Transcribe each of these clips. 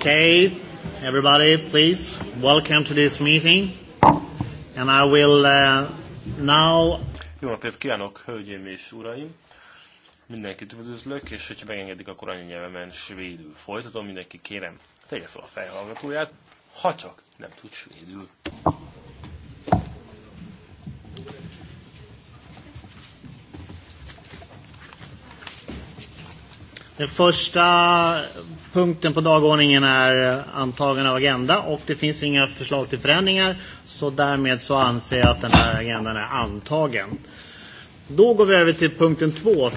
Okay, everybody, please, welcome to this meeting. And I will uh, now... Jó napot kívánok, hölgyeim és uraim! Mindenkit üdvözlök, és hogyha megengedik, akkor anyanyelvemen svédül folytatom. Mindenki kérem, tegye fel a fejhallgatóját, ha csak nem tud svédül. The first. Uh, Punkten på dagordningen är eh, antagande av agenda och det finns inga förslag till förändringar. Så därmed så anser jag att den här agendan är antagen. Då går vi över till punkten två.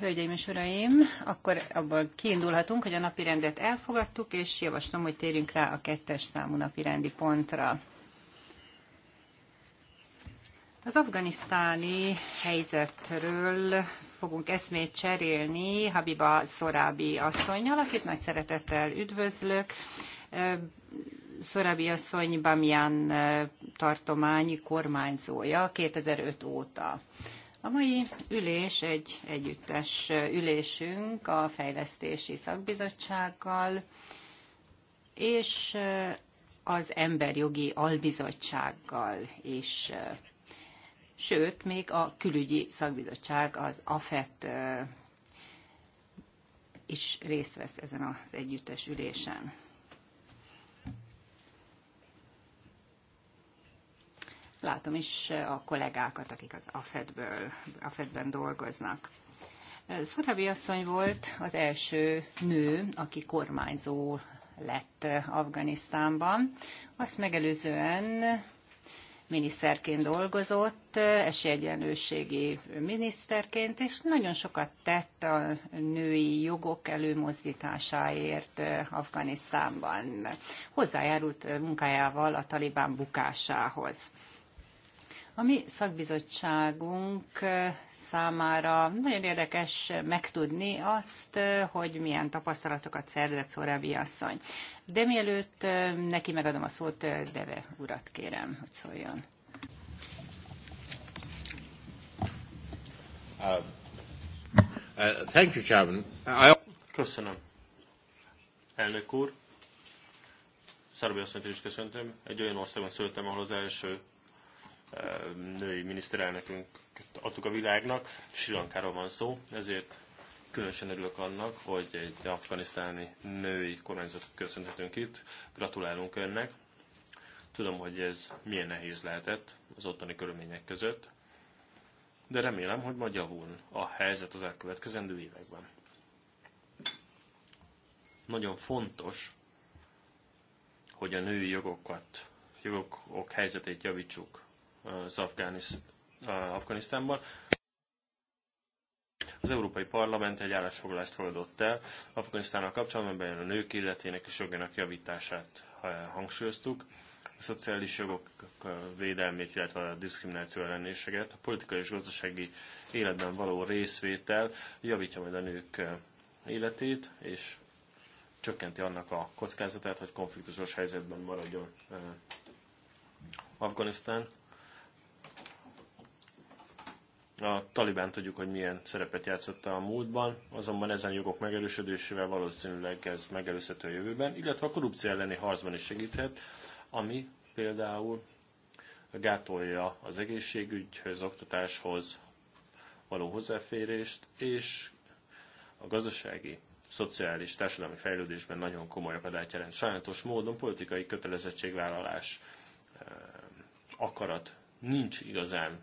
Hölgyeim és uraim, akkor abból kiindulhatunk, hogy a napi rendet elfogadtuk, és javaslom, hogy térjünk rá a kettes számú napi rendi pontra. Az afganisztáni helyzetről fogunk eszmét cserélni Habiba Szorábi asszonynal, akit nagy szeretettel üdvözlök. Szorábi asszony Bamian tartományi kormányzója 2005 óta. A mai ülés egy együttes ülésünk a Fejlesztési Szakbizottsággal és az Emberjogi Albizottsággal is sőt, még a külügyi szakbizottság, az AFET is részt vesz ezen az együttes ülésen. Látom is a kollégákat, akik az AFED-ből, AFED-ben dolgoznak. Szorabi asszony volt az első nő, aki kormányzó lett Afganisztánban. Azt megelőzően miniszterként dolgozott, esélyegyenlőségi miniszterként, és nagyon sokat tett a női jogok előmozdításáért Afganisztánban. Hozzájárult munkájával a talibán bukásához. A mi szakbizottságunk számára nagyon érdekes megtudni azt, hogy milyen tapasztalatokat szerzett Szorábi asszony. De mielőtt neki megadom a szót, Deve urat kérem, hogy szóljon. Uh, uh, thank you, Chairman. Köszönöm. Elnök úr, Szerbia asszonyt is köszöntöm. Egy olyan országban születtem, ahol az első uh, női miniszterelnökünk adtuk a világnak, Sri Lankáról van szó, ezért különösen örülök annak, hogy egy afganisztáni női kormányzat köszönhetünk itt. Gratulálunk önnek. Tudom, hogy ez milyen nehéz lehetett az ottani körülmények között, de remélem, hogy majd javul a helyzet az elkövetkezendő években. Nagyon fontos, hogy a női jogokat, jogok helyzetét javítsuk az afgánisz Afganisztánban. Az Európai Parlament egy állásfoglalást fogadott el Afganisztánnal kapcsolatban, a nők életének és jogának javítását eh, hangsúlyoztuk, a szociális jogok eh, védelmét, illetve a diszkrimináció ellenéseget, a politikai és gazdasági életben való részvétel javítja majd a nők eh, életét, és csökkenti annak a kockázatát, hogy konfliktusos helyzetben maradjon Afganisztán. A Talibán tudjuk, hogy milyen szerepet játszott a múltban, azonban ezen jogok megerősödésével valószínűleg ez megelőzhető a jövőben, illetve a korrupció elleni harcban is segíthet, ami például gátolja az egészségügyhöz, oktatáshoz való hozzáférést, és a gazdasági, szociális, társadalmi fejlődésben nagyon komoly akadályt jelent. Sajnálatos módon politikai kötelezettségvállalás, eh, akarat nincs igazán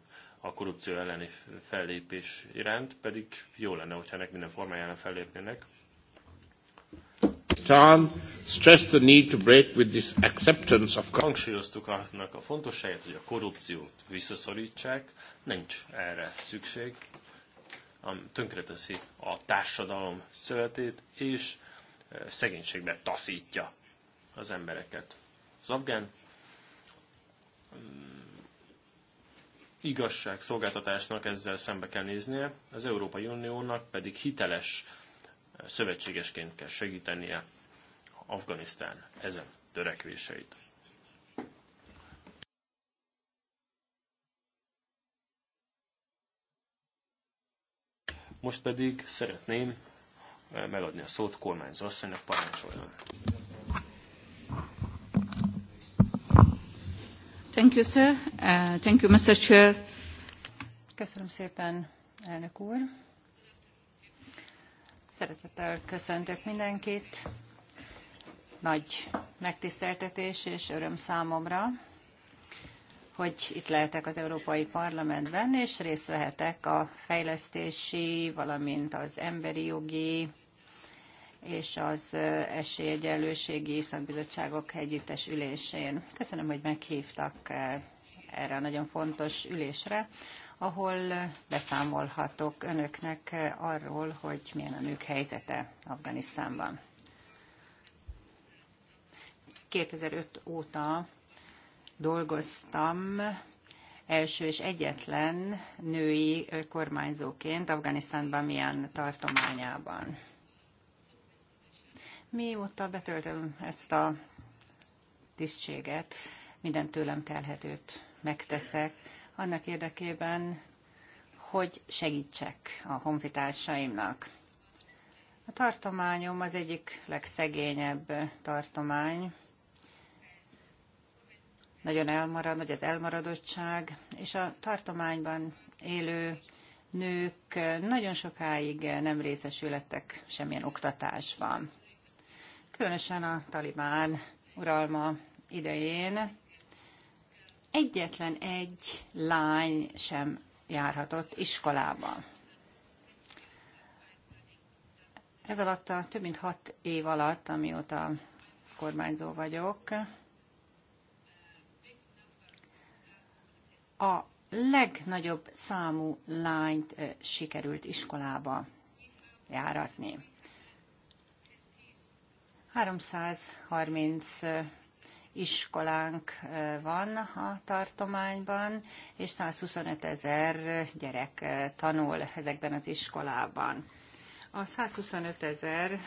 a korrupció elleni fellépés iránt, pedig jó lenne, hogyha ennek minden formájában fellépnének. Stressed the need to break with this acceptance of Hangsúlyoztuk annak a fontosságát, hogy a korrupciót visszaszorítsák, nincs erre szükség, tönkreteszi a társadalom szövetét, és e, szegénységbe taszítja az embereket. Az afgán mm, igazságszolgáltatásnak ezzel szembe kell néznie, az Európai Uniónak pedig hiteles szövetségesként kell segítenie Afganisztán ezen törekvéseit. Most pedig szeretném eh, megadni a szót kormányzó asszonynak parancsoljon. Thank you, sir. Uh, thank you, Mr. Chair. Köszönöm szépen, elnök úr. Szeretettel köszöntök mindenkit. Nagy megtiszteltetés és öröm számomra, hogy itt lehetek az Európai Parlamentben, és részt vehetek a fejlesztési, valamint az emberi jogi, és az Esélyegyenlőségi Szakbizottságok Együttes Ülésén. Köszönöm, hogy meghívtak erre a nagyon fontos ülésre, ahol beszámolhatok önöknek arról, hogy milyen a nők helyzete Afganisztánban. 2005 óta dolgoztam első és egyetlen női kormányzóként Afganisztánban milyen tartományában. Mióta betöltöm ezt a tisztséget, minden tőlem telhetőt megteszek, annak érdekében, hogy segítsek a honfitársaimnak. A tartományom az egyik legszegényebb tartomány. Nagyon elmarad, nagy az elmaradottság, és a tartományban élő nők nagyon sokáig nem részesülettek semmilyen oktatásban különösen a talibán uralma idején egyetlen egy lány sem járhatott iskolába. Ez alatt a több mint hat év alatt, amióta kormányzó vagyok, a legnagyobb számú lányt sikerült iskolába járatni. 330 iskolánk van a tartományban, és 125 ezer gyerek tanul ezekben az iskolában. A 125 ezer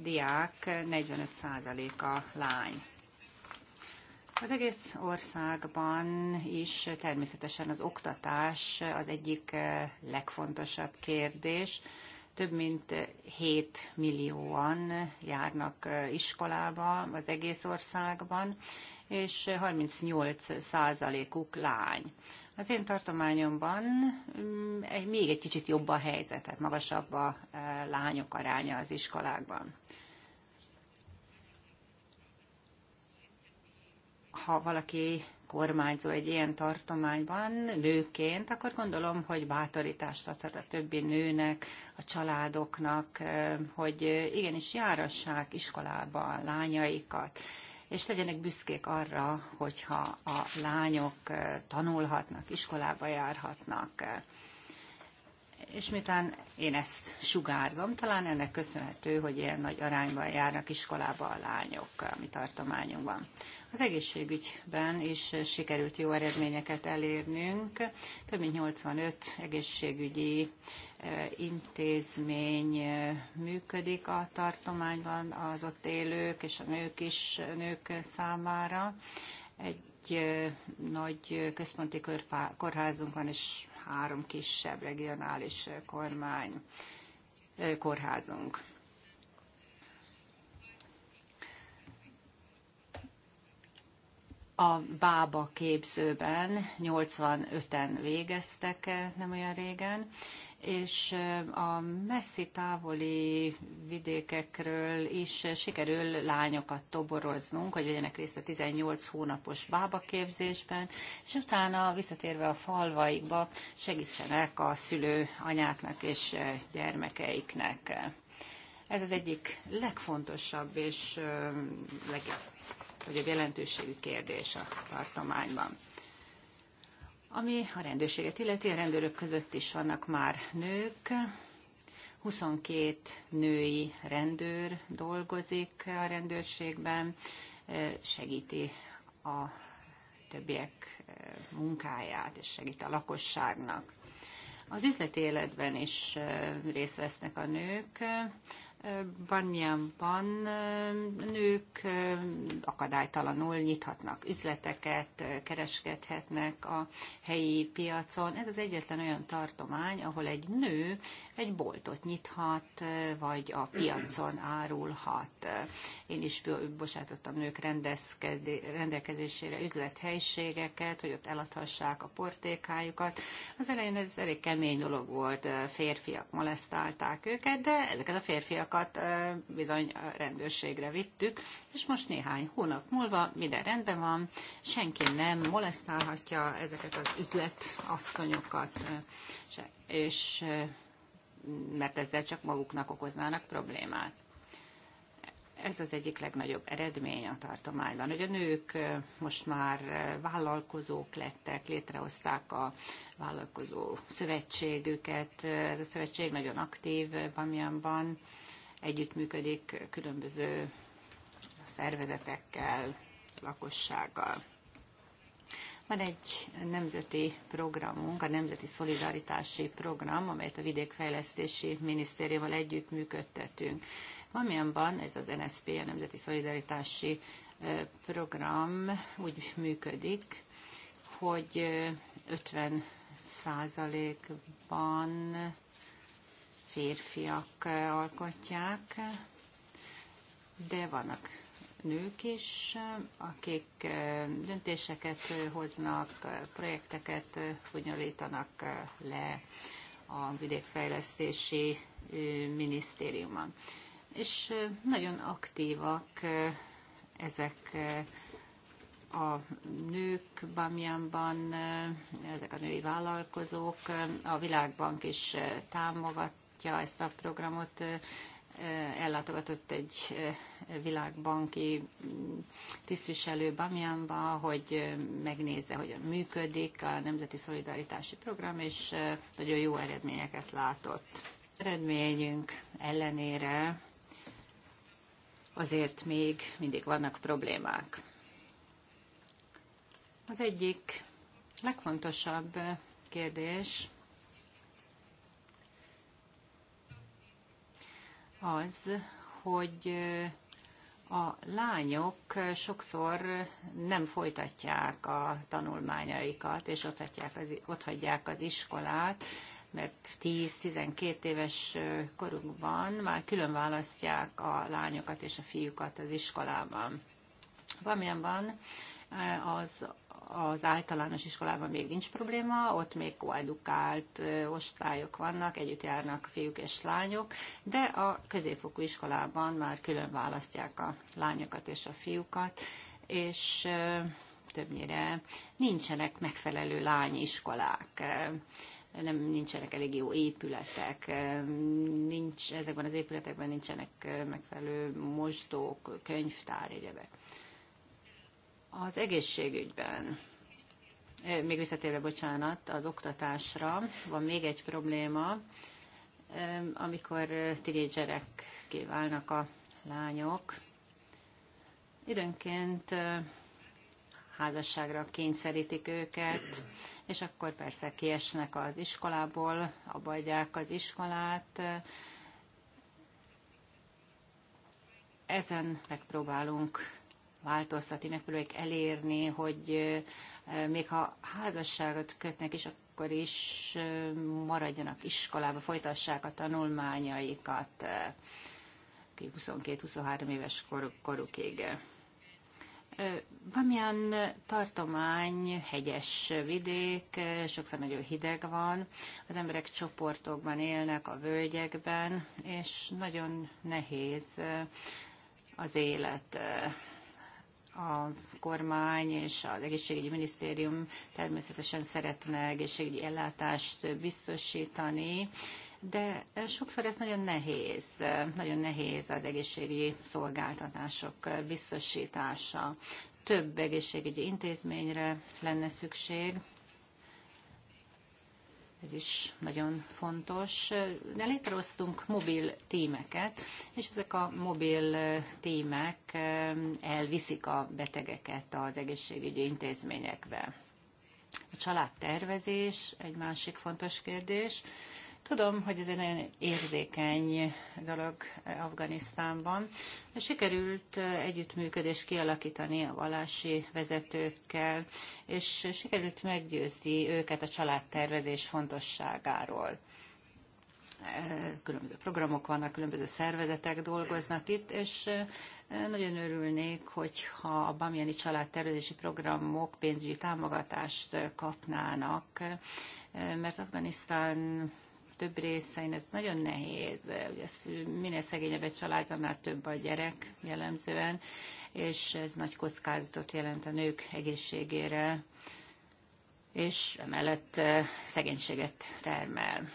diák 45%-a lány. Az egész országban is természetesen az oktatás az egyik legfontosabb kérdés, több mint 7 millióan járnak iskolába az egész országban, és 38 százalékuk lány. Az én tartományomban mm, még egy kicsit jobb a helyzet, tehát magasabb a lányok aránya az iskolákban. Ha valaki kormányzó egy ilyen tartományban nőként, akkor gondolom, hogy bátorítást adhat a többi nőnek, a családoknak, hogy igenis járassák iskolába a lányaikat, és legyenek büszkék arra, hogyha a lányok tanulhatnak, iskolába járhatnak. És miután én ezt sugárzom, talán ennek köszönhető, hogy ilyen nagy arányban járnak iskolába a lányok a mi tartományunkban. Az egészségügyben is sikerült jó eredményeket elérnünk. Több mint 85 egészségügyi eh, intézmény eh, működik a tartományban az ott élők és a nők is nők számára. Egy eh, nagy központi kórházunk van, és három kisebb regionális kormány kórházunk. a bába képzőben 85-en végeztek nem olyan régen, és a messzi távoli vidékekről is sikerül lányokat toboroznunk, hogy vegyenek részt a 18 hónapos képzésben, és utána visszatérve a falvaikba segítsenek a szülő anyáknak és gyermekeiknek. Ez az egyik legfontosabb és legjobb a jelentőségű kérdés a tartományban. Ami a rendőrséget illeti, a rendőrök között is vannak már nők, 22 női rendőr dolgozik a rendőrségben, segíti a többiek munkáját, és segít a lakosságnak. Az üzleti életben is részt vesznek a nők. Banyanban nők akadálytalanul nyithatnak üzleteket, kereskedhetnek a helyi piacon. Ez az egyetlen olyan tartomány, ahol egy nő egy boltot nyithat, vagy a piacon árulhat. Én is bocsátottam nők rendelkezésére üzlethelyiségeket, hogy ott eladhassák a portékájukat. Az elején ez elég kemény dolog volt, férfiak molesztálták őket, de ezeket a férfiakat bizony rendőrségre vittük, és most néhány hónap múlva minden rendben van, senki nem molesztálhatja ezeket az üzletasszonyokat, és mert ezzel csak maguknak okoznának problémát. Ez az egyik legnagyobb eredmény a tartományban, hogy a nők most már vállalkozók lettek, létrehozták a vállalkozó szövetségüket. Ez a szövetség nagyon aktív Bamianban, együttműködik különböző szervezetekkel, lakossággal. Van egy nemzeti programunk, a Nemzeti Szolidaritási Program, amelyet a Vidékfejlesztési Minisztériummal együtt működtetünk. Amienban ez az NSP, a Nemzeti Szolidaritási Program úgy működik, hogy 50 százalékban férfiak alkotják, de vannak nők is, akik eh, döntéseket eh, hoznak, eh, projekteket bonyolítanak le a vidékfejlesztési minisztériumon, És nagyon aktívak ezek a nők Bamianban, ezek a női vállalkozók, a Világbank is támogatja ezt a programot, ellátogatott egy világbanki tisztviselő Bamianba, hogy megnézze, hogyan működik a Nemzeti Szolidaritási Program, és nagyon jó eredményeket látott. Eredményünk ellenére azért még mindig vannak problémák. Az egyik legfontosabb kérdés, az, hogy a lányok sokszor nem folytatják a tanulmányaikat, és ott hagyják az, ott hagyják az iskolát, mert 10-12 éves korukban már külön választják a lányokat és a fiúkat az iskolában. van az az általános iskolában még nincs probléma, ott még koedukált osztályok vannak, együtt járnak fiúk és lányok, de a középfokú iskolában már külön választják a lányokat és a fiúkat, és többnyire nincsenek megfelelő lányiskolák nem nincsenek elég jó épületek, nincs, ezekben az épületekben nincsenek megfelelő mosdók, könyvtár, egyebek. Az egészségügyben, még visszatérve, bocsánat, az oktatásra van még egy probléma, amikor tinédzserek kiválnak a lányok. Időnként házasságra kényszerítik őket, és akkor persze kiesnek az iskolából, abbaadják az iskolát. Ezen megpróbálunk változtatni, megpróbáljuk elérni, hogy még ha házasságot kötnek is, akkor is maradjanak iskolába, folytassák a tanulmányaikat 22-23 éves korukig. Van ilyen tartomány, hegyes vidék, sokszor nagyon hideg van, az emberek csoportokban élnek a völgyekben, és nagyon nehéz az élet a kormány és az egészségügyi minisztérium természetesen szeretne egészségügyi ellátást biztosítani, de sokszor ez nagyon nehéz, nagyon nehéz az egészségügyi szolgáltatások biztosítása. Több egészségügyi intézményre lenne szükség, ez is nagyon fontos. De létrehoztunk mobil tímeket, és ezek a mobil tímek elviszik a betegeket az egészségügyi intézményekbe. A családtervezés egy másik fontos kérdés. Tudom, hogy ez egy nagyon érzékeny dolog Afganisztánban. Sikerült együttműködést kialakítani a vallási vezetőkkel, és sikerült meggyőzni őket a családtervezés fontosságáról különböző programok vannak, különböző szervezetek dolgoznak itt, és nagyon örülnék, hogyha a Bamiani családtervezési programok pénzügyi támogatást kapnának, mert Afganisztán több én ez nagyon nehéz. Ugye minél szegényebb egy család, annál több a gyerek jellemzően, és ez nagy kockázatot jelent a nők egészségére, és emellett szegénységet termel.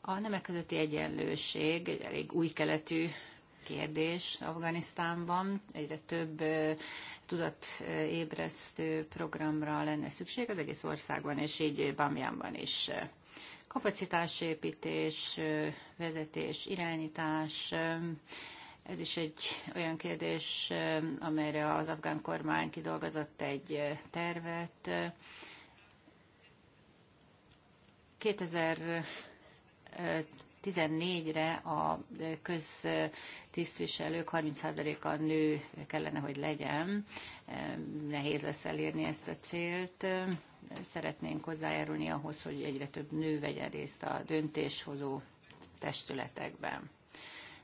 A nemek közötti egyenlőség egy elég új keletű kérdés Afganisztánban. Egyre több tudatébresztő programra lenne szükség az egész országban, és így Bamjánban is. Kapacitásépítés, vezetés, irányítás, ez is egy olyan kérdés, amelyre az afgán kormány kidolgozott egy tervet. 2014-re a köztisztviselők 30%-a nő kellene, hogy legyen. Nehéz lesz elérni ezt a célt szeretnénk hozzájárulni ahhoz, hogy egyre több nő vegyen részt a döntéshozó testületekben.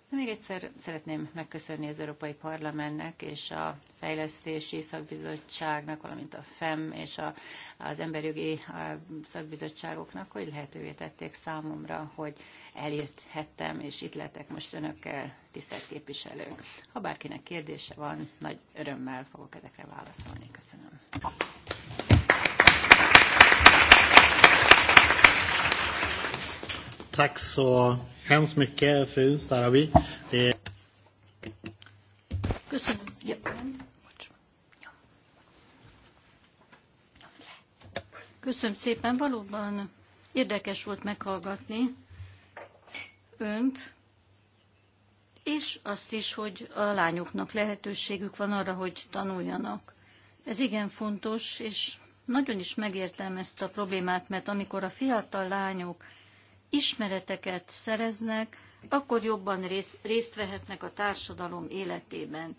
Még egyszer szeretném megköszönni az Európai Parlamentnek és a Fejlesztési Szakbizottságnak, valamint a FEM és a, az Emberjogi Szakbizottságoknak, hogy lehetővé tették számomra, hogy eljöthettem, és itt lehetek most önökkel, tisztelt képviselők. Ha bárkinek kérdése van, nagy örömmel fogok ezekre válaszolni. Köszönöm. tack så hemskt mycket, fru Sarabi. Det... Köszönöm Köszönöm szépen, valóban érdekes volt meghallgatni önt, és azt is, hogy a lányoknak lehetőségük van arra, hogy tanuljanak. Ez igen fontos, és nagyon is megértem ezt a problémát, mert amikor a fiatal lányok ismereteket szereznek, akkor jobban részt vehetnek a társadalom életében,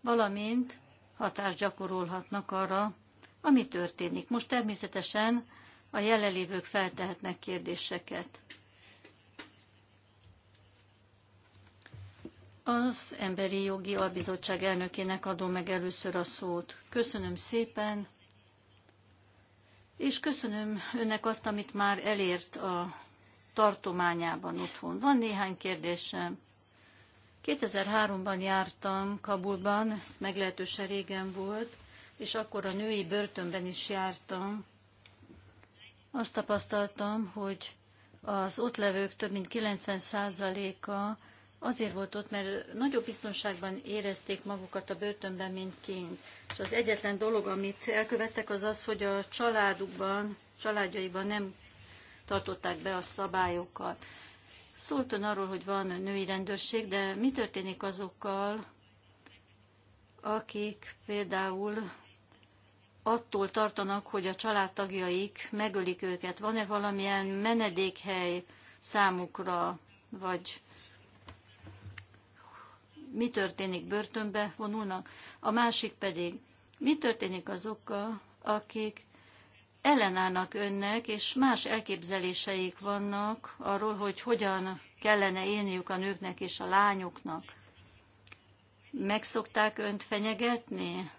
valamint hatást gyakorolhatnak arra, ami történik. Most természetesen a jelenlévők feltehetnek kérdéseket. Az Emberi Jogi Albizottság elnökének adom meg először a szót. Köszönöm szépen, és köszönöm önnek azt, amit már elért a tartományában otthon. Van néhány kérdésem. 2003-ban jártam Kabulban, ez meglehetősen régen volt, és akkor a női börtönben is jártam. Azt tapasztaltam, hogy az ott levők több mint 90%-a azért volt ott, mert nagyobb biztonságban érezték magukat a börtönben, mint kint. És az egyetlen dolog, amit elkövettek, az az, hogy a családukban, családjaiban nem tartották be a szabályokat. Szólt ön arról, hogy van női rendőrség, de mi történik azokkal, akik például attól tartanak, hogy a családtagjaik megölik őket. Van-e valamilyen menedékhely számukra, vagy mi történik, börtönbe vonulnak? A másik pedig, mi történik azokkal, akik ellenállnak önnek, és más elképzeléseik vannak arról, hogy hogyan kellene élniük a nőknek és a lányoknak. Megszokták önt fenyegetni?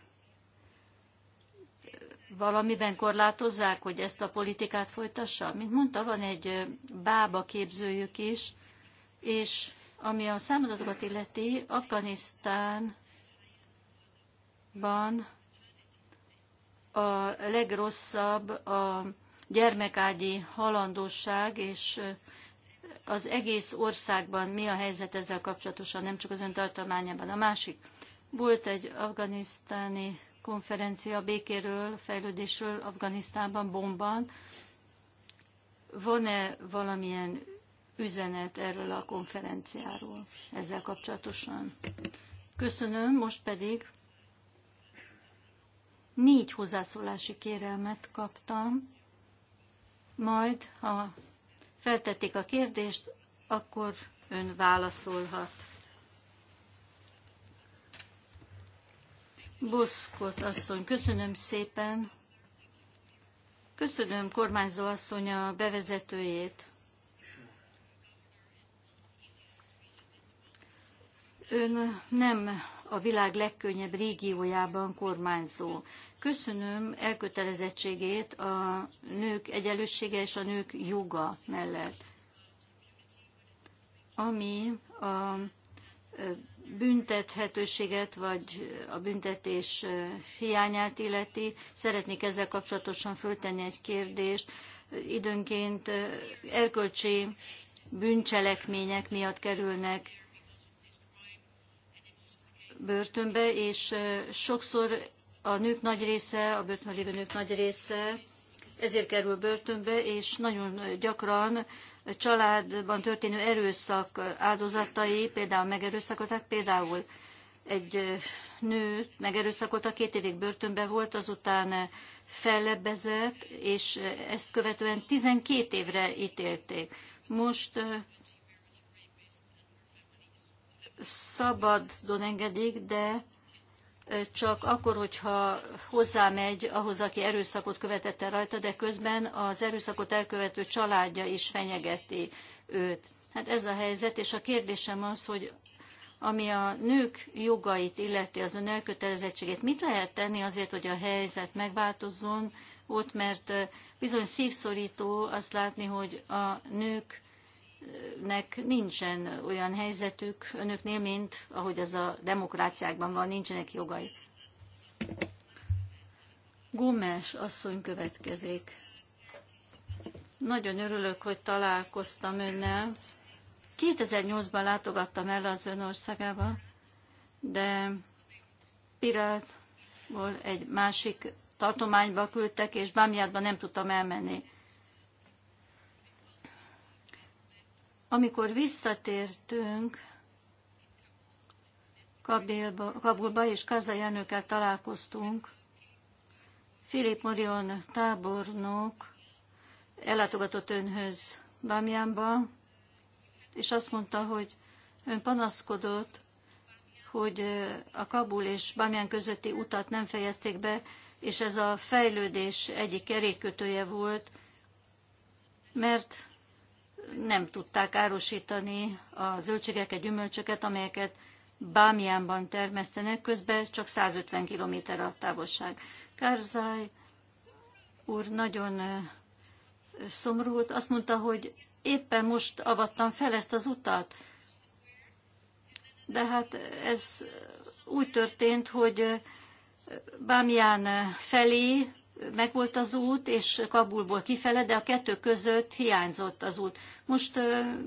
Valamiben korlátozzák, hogy ezt a politikát folytassa? Mint mondta, van egy bába képzőjük is, és ami a számadatokat illeti, Afganisztánban a legrosszabb a gyermekágyi halandóság, és az egész országban mi a helyzet ezzel kapcsolatosan, nem csak az ön tartományában. A másik, volt egy afganisztáni konferencia békéről, fejlődésről Afganisztánban, Bomban. Van-e valamilyen üzenet erről a konferenciáról ezzel kapcsolatosan? Köszönöm, most pedig Négy hozzászólási kérelmet kaptam, majd ha feltették a kérdést, akkor ön válaszolhat. Boszkot asszony, köszönöm szépen. Köszönöm kormányzó asszony a bevezetőjét. Ön nem a világ legkönnyebb régiójában kormányzó. Köszönöm elkötelezettségét a nők egyenlősége és a nők joga mellett, ami a büntethetőséget vagy a büntetés hiányát illeti. Szeretnék ezzel kapcsolatosan föltenni egy kérdést. Időnként erkölcsi bűncselekmények miatt kerülnek börtönbe, és sokszor a nők nagy része, a börtönben lévő nők nagy része ezért kerül börtönbe, és nagyon gyakran családban történő erőszak áldozatai, például megerőszakolták, például egy nő megerőszakolta, két évig börtönbe volt, azután fellebbezett, és ezt követően 12 évre ítélték. Most szabadon engedik, de csak akkor, hogyha hozzámegy ahhoz, aki erőszakot követett el rajta, de közben az erőszakot elkövető családja is fenyegeti őt. Hát ez a helyzet, és a kérdésem az, hogy ami a nők jogait illeti, az ön elkötelezettségét, mit lehet tenni azért, hogy a helyzet megváltozzon ott, mert bizony szívszorító azt látni, hogy a nők nek nincsen olyan helyzetük önöknél, mint ahogy az a demokráciákban van, nincsenek jogai. Gómez asszony következik. Nagyon örülök, hogy találkoztam önnel. 2008-ban látogattam el az ön országába, de Pirátból egy másik tartományba küldtek, és Bámjádba nem tudtam elmenni. Amikor visszatértünk Kabilba, Kabulba és Kazai elnökkel találkoztunk, Filip Morion tábornok ellátogatott önhöz Bámjánba, és azt mondta, hogy ön panaszkodott, hogy a Kabul és Bamián közötti utat nem fejezték be, és ez a fejlődés egyik kerékkötője volt, mert nem tudták árusítani a zöldségeket, gyümölcsöket, amelyeket Bámiánban termesztenek, közben csak 150 km a távolság. Kárzáj úr nagyon szomorult, azt mondta, hogy éppen most avattam fel ezt az utat, de hát ez úgy történt, hogy Bámián felé megvolt az út, és Kabulból kifele, de a kettő között hiányzott az út. Most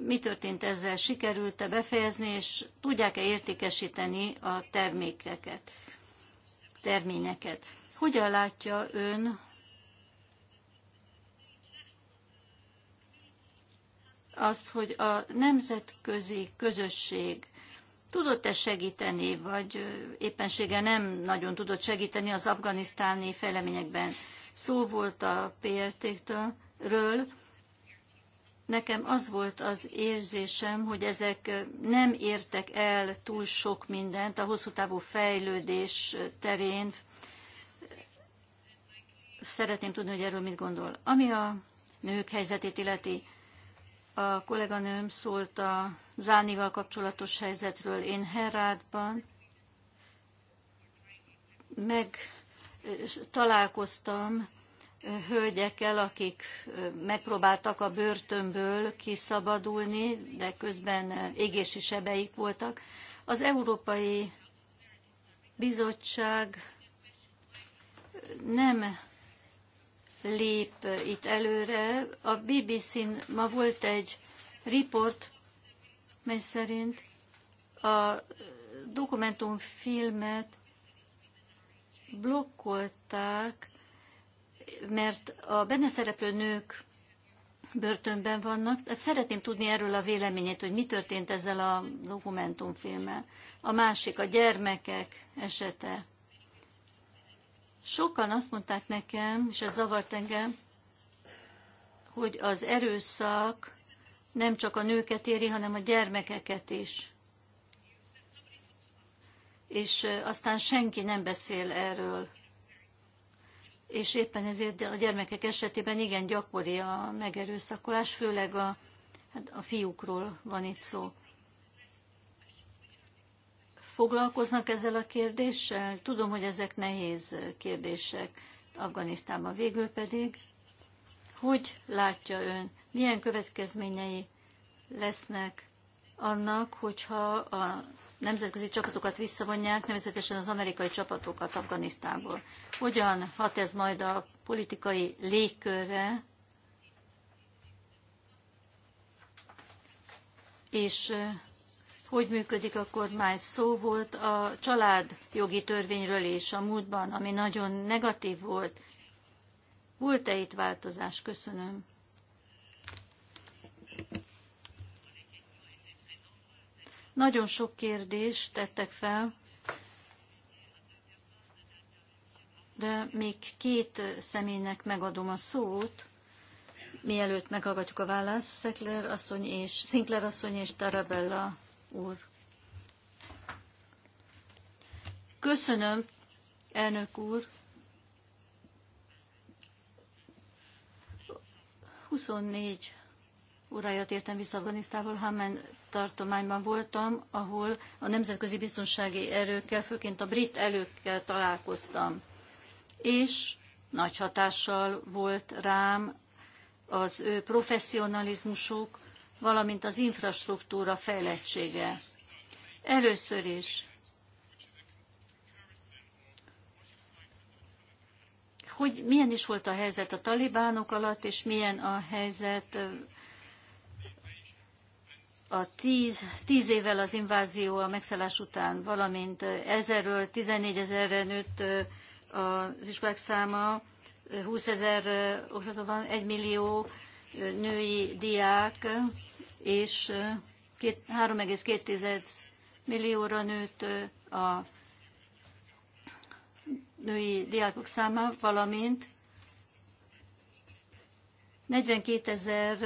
mi történt ezzel? Sikerült-e befejezni, és tudják-e értékesíteni a termékeket, terményeket? Hogyan látja ön azt, hogy a nemzetközi közösség tudott-e segíteni, vagy éppensége nem nagyon tudott segíteni az afganisztáni fejleményekben. Szó volt a PRT-ről. Nekem az volt az érzésem, hogy ezek nem értek el túl sok mindent a hosszú távú fejlődés terén. Szeretném tudni, hogy erről mit gondol. Ami a nők helyzetét illeti, a kolléganőm szólt a Zánival kapcsolatos helyzetről. Én Herádban meg találkoztam hölgyekkel, akik megpróbáltak a börtönből kiszabadulni, de közben égési sebeik voltak. Az Európai Bizottság nem lép itt előre. A BBC-n ma volt egy riport, mely szerint a dokumentumfilmet blokkolták, mert a benne szereplő nők börtönben vannak. Hát szeretném tudni erről a véleményét, hogy mi történt ezzel a dokumentumfilmmel. A másik, a gyermekek esete. Sokan azt mondták nekem, és ez zavart engem, hogy az erőszak nem csak a nőket éri, hanem a gyermekeket is. És aztán senki nem beszél erről. És éppen ezért a gyermekek esetében igen gyakori a megerőszakolás, főleg a, hát a fiúkról van itt szó foglalkoznak ezzel a kérdéssel? Tudom, hogy ezek nehéz kérdések Afganisztánban. Végül pedig, hogy látja ön, milyen következményei lesznek annak, hogyha a nemzetközi csapatokat visszavonják, nevezetesen az amerikai csapatokat Afganisztánból. Hogyan hat ez majd a politikai légkörre, és hogy működik a kormány. Szó volt a családjogi törvényről is a múltban, ami nagyon negatív volt. Volt-e itt változás? Köszönöm. Nagyon sok kérdést tettek fel, de még két személynek megadom a szót, mielőtt meghallgatjuk a választ, Szekler asszony és, Sinclair asszony és Tarabella úr. Köszönöm, elnök úr. 24 óráját értem vissza Afganisztából, Hamen tartományban voltam, ahol a nemzetközi biztonsági erőkkel, főként a brit előkkel találkoztam. És nagy hatással volt rám az ő professzionalizmusuk, valamint az infrastruktúra fejlettsége. Először is, hogy milyen is volt a helyzet a talibánok alatt, és milyen a helyzet a tíz, tíz évvel az invázió a megszállás után, valamint ezerről 14 ezerre nőtt az iskolák száma, 20 ezer oktató van, 1 millió női diák, és 3,2 millióra nőtt a női diákok száma, valamint 42 ezer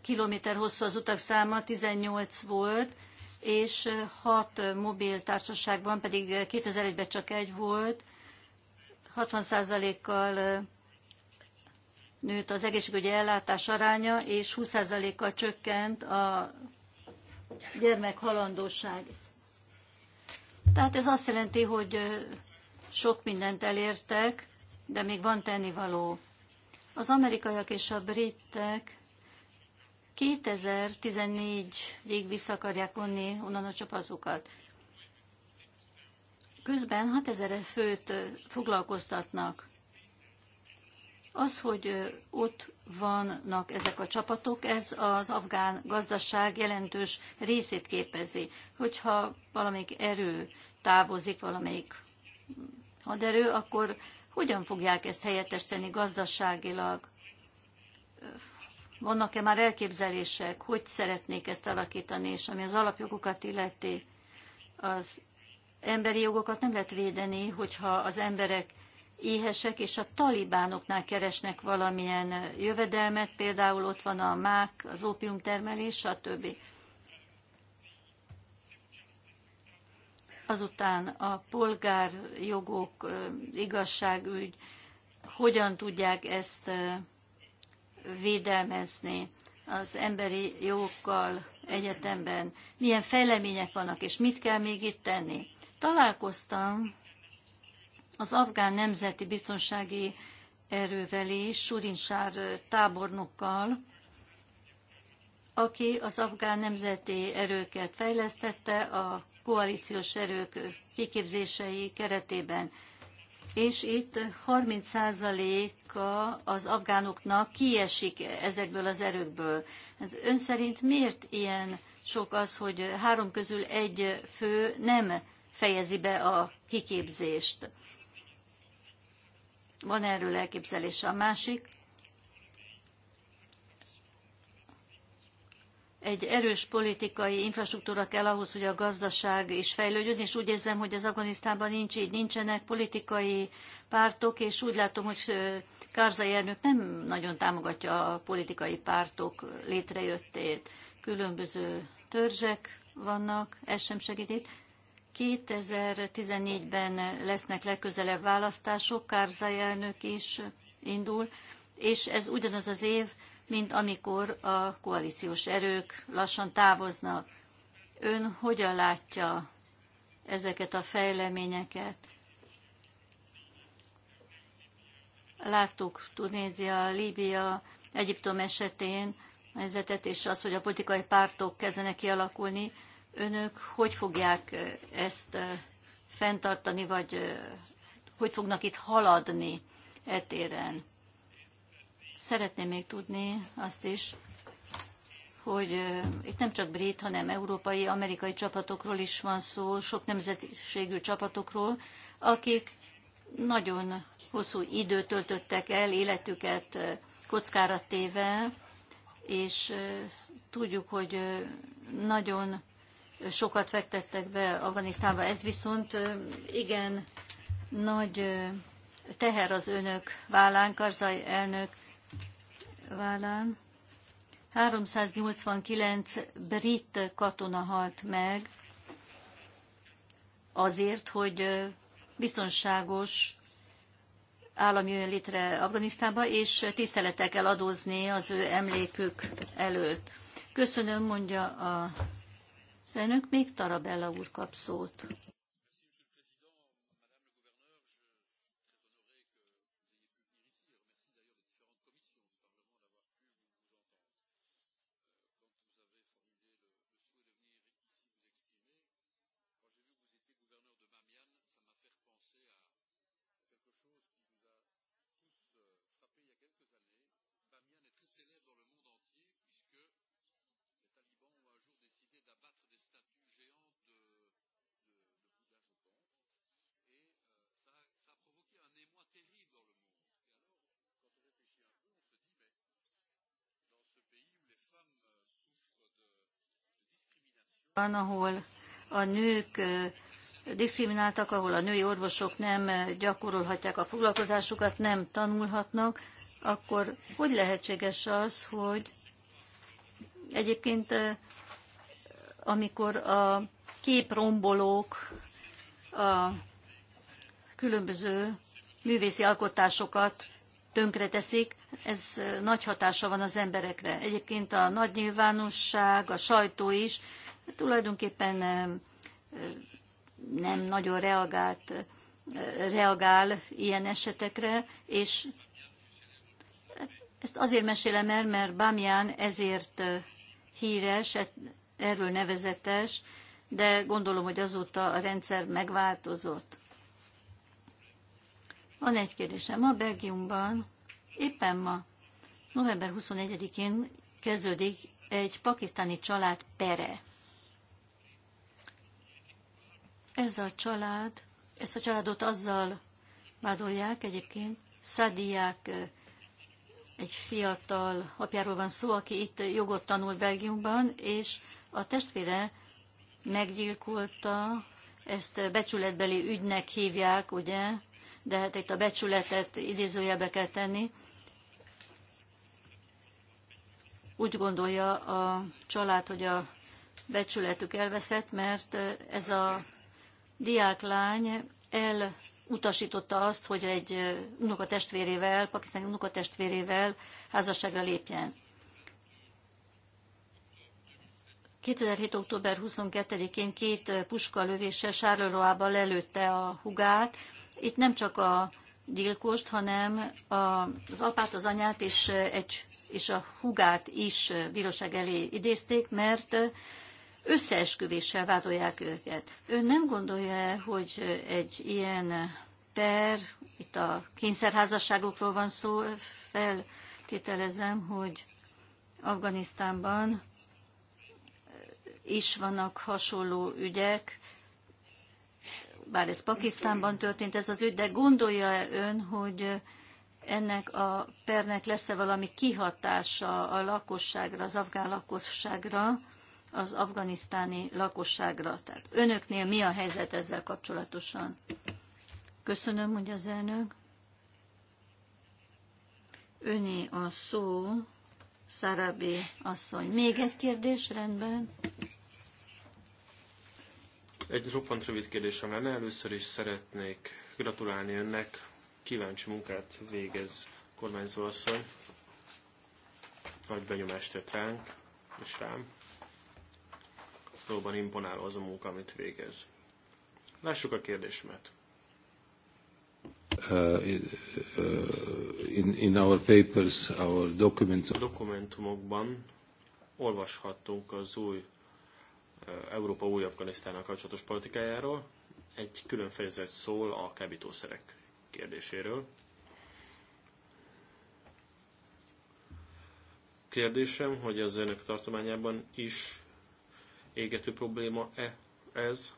kilométer hosszú az utak száma, 18 volt, és 6 mobil társaságban pedig 2001-ben csak egy volt, 60%-kal nőtt az egészségügyi ellátás aránya, és 20%-kal csökkent a gyermekhalandóság. Tehát ez azt jelenti, hogy sok mindent elértek, de még van tennivaló. Az amerikaiak és a britek 2014-ig vissza akarják vonni onnan a csapatukat. Közben 6000 főt foglalkoztatnak. Az, hogy ott vannak ezek a csapatok, ez az afgán gazdaság jelentős részét képezi. Hogyha valamelyik erő távozik, valamelyik haderő, akkor hogyan fogják ezt helyettesíteni gazdaságilag? Vannak-e már elképzelések, hogy szeretnék ezt alakítani, és ami az alapjogokat illeti, az emberi jogokat nem lehet védeni, hogyha az emberek éhesek, és a talibánoknál keresnek valamilyen jövedelmet, például ott van a mák, az ópiumtermelés, stb. Azután a polgárjogok, igazságügy, hogyan tudják ezt védelmezni az emberi jogokkal egyetemben, milyen fejlemények vannak, és mit kell még itt tenni. Találkoztam az afgán nemzeti biztonsági erővel és Surinsár tábornokkal, aki az afgán nemzeti erőket fejlesztette a koalíciós erők kiképzései keretében. És itt 30%-a az afgánoknak kiesik ezekből az erőkből. Hát ön szerint miért ilyen sok az, hogy három közül egy fő nem fejezi be a kiképzést? Van erről elképzelése a másik. Egy erős politikai infrastruktúra kell ahhoz, hogy a gazdaság is fejlődjön, és úgy érzem, hogy az Afganisztánban nincs így, nincsenek politikai pártok, és úgy látom, hogy Kárzai elnök nem nagyon támogatja a politikai pártok létrejöttét. Különböző törzsek vannak, ez sem segít itt. 2014-ben lesznek legközelebb választások, Kárzai elnök is indul, és ez ugyanaz az év, mint amikor a koalíciós erők lassan távoznak. Ön hogyan látja ezeket a fejleményeket? Láttuk Tunézia, Líbia, Egyiptom esetén helyzetet, és az, hogy a politikai pártok kezdenek kialakulni önök hogy fogják ezt fenntartani, vagy hogy fognak itt haladni etéren? Szeretném még tudni azt is, hogy itt nem csak brit, hanem európai, amerikai csapatokról is van szó, sok nemzetiségű csapatokról, akik nagyon hosszú időt töltöttek el, életüket kockára téve, és tudjuk, hogy nagyon sokat fektettek be Afganisztánba. Ez viszont igen nagy teher az önök vállán, Karzai elnök vállán. 389 brit katona halt meg azért, hogy biztonságos állam jön létre Afganisztánba, és tisztelettel kell adózni az ő emlékük előtt. Köszönöm, mondja a Szenök még Tarabella úr kap szót. ahol a nők diszkrimináltak, ahol a női orvosok nem gyakorolhatják a foglalkozásukat, nem tanulhatnak, akkor hogy lehetséges az, hogy egyébként amikor a képrombolók a különböző művészi alkotásokat tönkreteszik, ez nagy hatása van az emberekre. Egyébként a nagy nyilvánosság, a sajtó is tulajdonképpen nem nagyon reagált, reagál ilyen esetekre, és ezt azért mesélem el, mert Bámián ezért híres, e, erről nevezetes, de gondolom, hogy azóta a rendszer megváltozott. Van egy kérdésem. Ma Belgiumban éppen ma, november 21-én kezdődik egy pakisztáni család pere. Ez a család, ezt a családot azzal vádolják egyébként, szadiák egy fiatal apjáról van szó, aki itt jogot tanul Belgiumban, és a testvére meggyilkolta, ezt becsületbeli ügynek hívják, ugye, de hát itt a becsületet idézőjelbe kell tenni. Úgy gondolja a család, hogy a becsületük elveszett, mert ez a diáklány elutasította azt, hogy egy unokatestvérével, pakisztáni unokatestvérével házasságra lépjen. 2007. október 22-én két puska lövése Sárlóában lelőtte a hugát. Itt nem csak a gyilkost, hanem az apát, az anyát és, egy, és a hugát is bíróság elé idézték, mert összeesküvéssel vádolják őket. Ön nem gondolja, hogy egy ilyen per, itt a kényszerházasságokról van szó, feltételezem, hogy Afganisztánban is vannak hasonló ügyek, bár ez Pakisztánban történt ez az ügy, de gondolja -e ön, hogy ennek a pernek lesz-e valami kihatása a lakosságra, az afgán lakosságra, az afganisztáni lakosságra. Tehát önöknél mi a helyzet ezzel kapcsolatosan? Köszönöm, mondja az elnök. Öné a szó, Szarabi asszony. Még egy kérdés, rendben. Egy roppant rövid kérdésem lenne. Először is szeretnék gratulálni önnek. Kíváncsi munkát végez kormányzó asszony. Nagy benyomást tett ránk és rám valóban imponáló az a munka, amit végez. Lássuk a kérdésemet. Uh, uh, in, in our papers, our document... A dokumentumokban olvashattunk az új uh, Európa új Afganisztánnal kapcsolatos politikájáról. Egy külön fejezet szól a kábítószerek kérdéséről. Kérdésem, hogy az önök tartományában is égető probléma-e ez.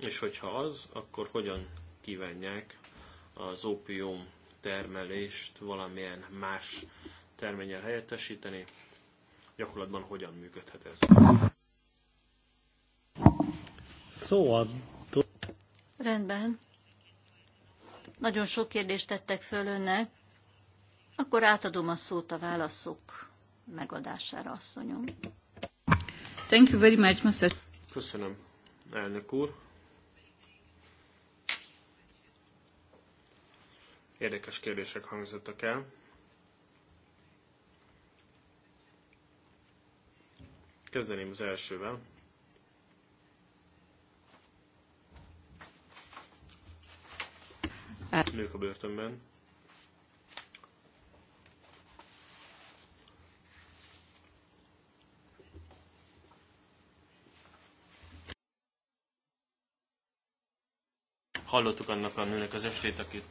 És hogyha az, akkor hogyan kívánják az ópium termelést valamilyen más terménnyel helyettesíteni? Gyakorlatban hogyan működhet ez? Szóval... Rendben. Nagyon sok kérdést tettek föl önnek. Akkor átadom a szót a válaszok megadására, asszonyom. Thank you very much, Mr. Köszönöm, elnök úr. Érdekes kérdések hangzottak el. Kezdeném az elsővel. Nők a börtönben. Hallottuk annak a nőnek az estét, akit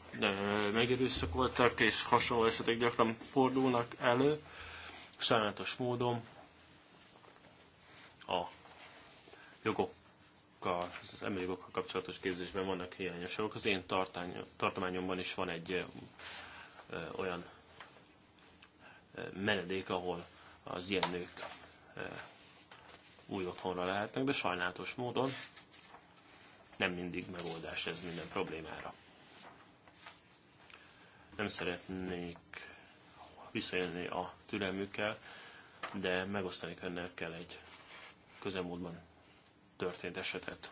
megerőszakoltak, és hasonló esetek gyakran fordulnak elő. Sajnálatos módon a jogok jogokkal, az emberi jogokkal kapcsolatos képzésben vannak hiányosok. Az én tartományomban is van egy olyan menedék, ahol az ilyen nők új otthonra lehetnek, de sajnálatos módon nem mindig megoldás ez minden problémára. Nem szeretnék visszaélni a türelmükkel, de megosztani önnel kell egy közelmúltban történt esetet.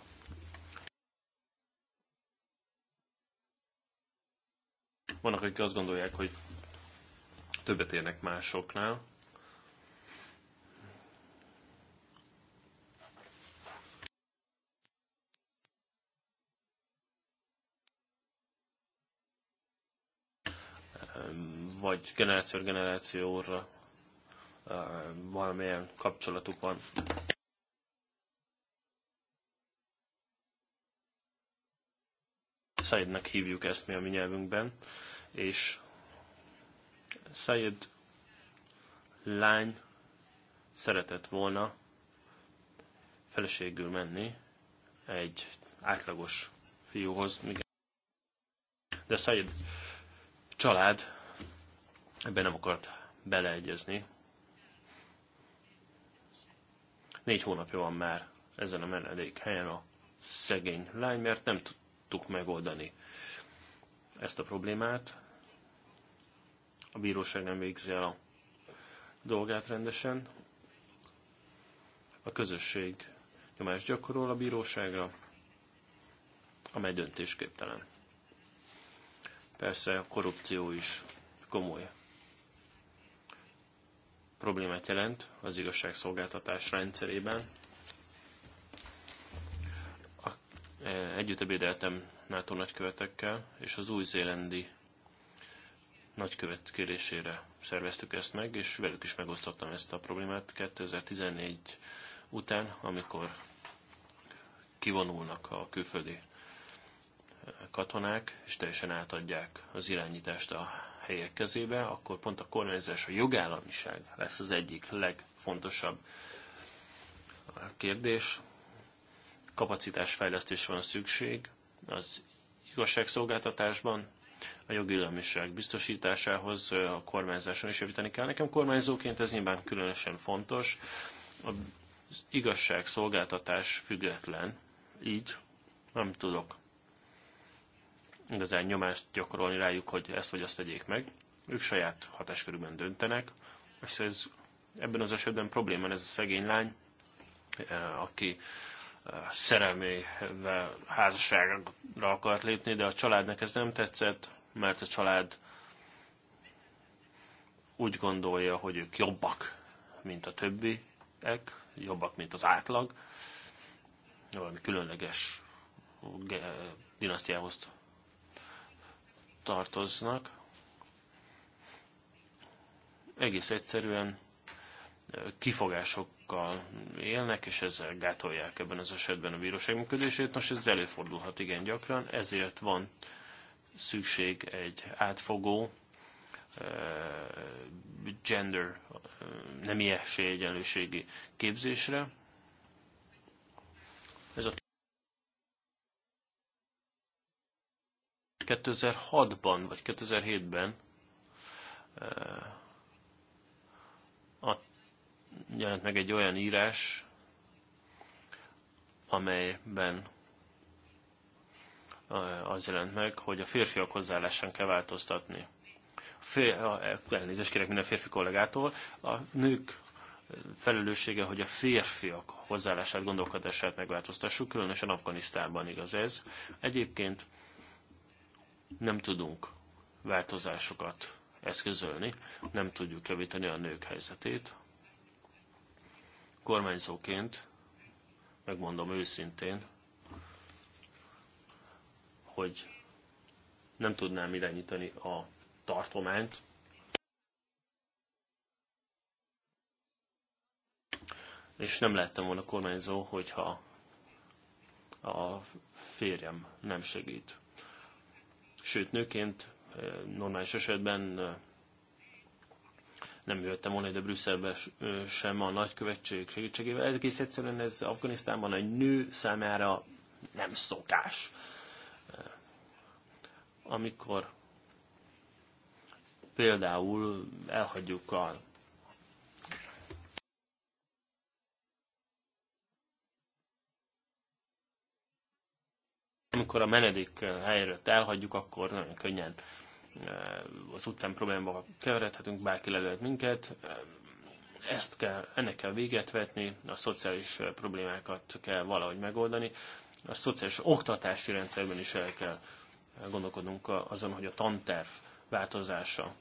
Vannak, akik azt gondolják, hogy többet érnek másoknál, vagy generáció generációra valamilyen kapcsolatuk van. Szájednek hívjuk ezt mi a mi nyelvünkben, és Szájed lány szeretett volna feleségül menni egy átlagos fiúhoz, de Szájed család Ebben nem akart beleegyezni. Négy hónapja van már ezen a helyen a szegény lány, mert nem tudtuk megoldani ezt a problémát. A bíróság nem végzi el a dolgát rendesen. A közösség nyomást gyakorol a bíróságra, amely döntésképtelen. Persze a korrupció is komoly problémát jelent az igazságszolgáltatás rendszerében. A, e, együtt ebédeltem NATO nagykövetekkel, és az új-zélandi nagykövet kérésére szerveztük ezt meg, és velük is megosztottam ezt a problémát 2014 után, amikor kivonulnak a külföldi katonák, és teljesen átadják az irányítást a helyek kezébe, akkor pont a kormányzás, a jogállamiság lesz az egyik legfontosabb kérdés. Kapacitásfejlesztésre van szükség az igazságszolgáltatásban, a jogillemiság biztosításához a kormányzáson is javítani kell. Nekem kormányzóként ez nyilván különösen fontos. Az igazságszolgáltatás független, így nem tudok igazán nyomást gyakorolni rájuk, hogy ezt vagy azt tegyék meg. Ők saját hatáskörükben döntenek, és ez ebben az esetben probléma ez a szegény lány, eh, aki eh, szerelmével házasságra akart lépni, de a családnak ez nem tetszett, mert a család úgy gondolja, hogy ők jobbak, mint a többiek, jobbak, mint az átlag, valami különleges dinasztiához tartoznak. Egész egyszerűen kifogásokkal élnek, és ezzel gátolják ebben az esetben a bíróság működését. Nos, ez előfordulhat igen gyakran, ezért van szükség egy átfogó gender nemi egyenlőségi képzésre, 2006-ban vagy 2007-ben a, jelent meg egy olyan írás, amelyben az jelent meg, hogy a férfiak hozzáállásán kell változtatni. Fér, elnézést kérek minden férfi kollégától, a nők felelőssége, hogy a férfiak hozzáállását, gondolkodását megváltoztassuk, különösen Afganisztánban igaz ez. Egyébként nem tudunk változásokat eszközölni, nem tudjuk javítani a nők helyzetét. Kormányzóként, megmondom őszintén, hogy nem tudnám irányítani a tartományt. És nem lettem volna kormányzó, hogyha a férjem nem segít sőt nőként eh, normális esetben eh, nem jöttem volna ide Brüsszelbe eh, sem a nagykövetség segítségével. Ez egész egyszerűen ez Afganisztánban egy nő számára nem szokás. Amikor például elhagyjuk a amikor a menedék eh, helyről elhagyjuk, akkor nagyon könnyen eh, az utcán problémába keveredhetünk, bárki lelőhet minket. Eh, ezt kell, ennek kell véget vetni, a szociális problémákat kell valahogy megoldani. A szociális oktatási rendszerben is el kell gondolkodnunk azon, hogy a tanterv változása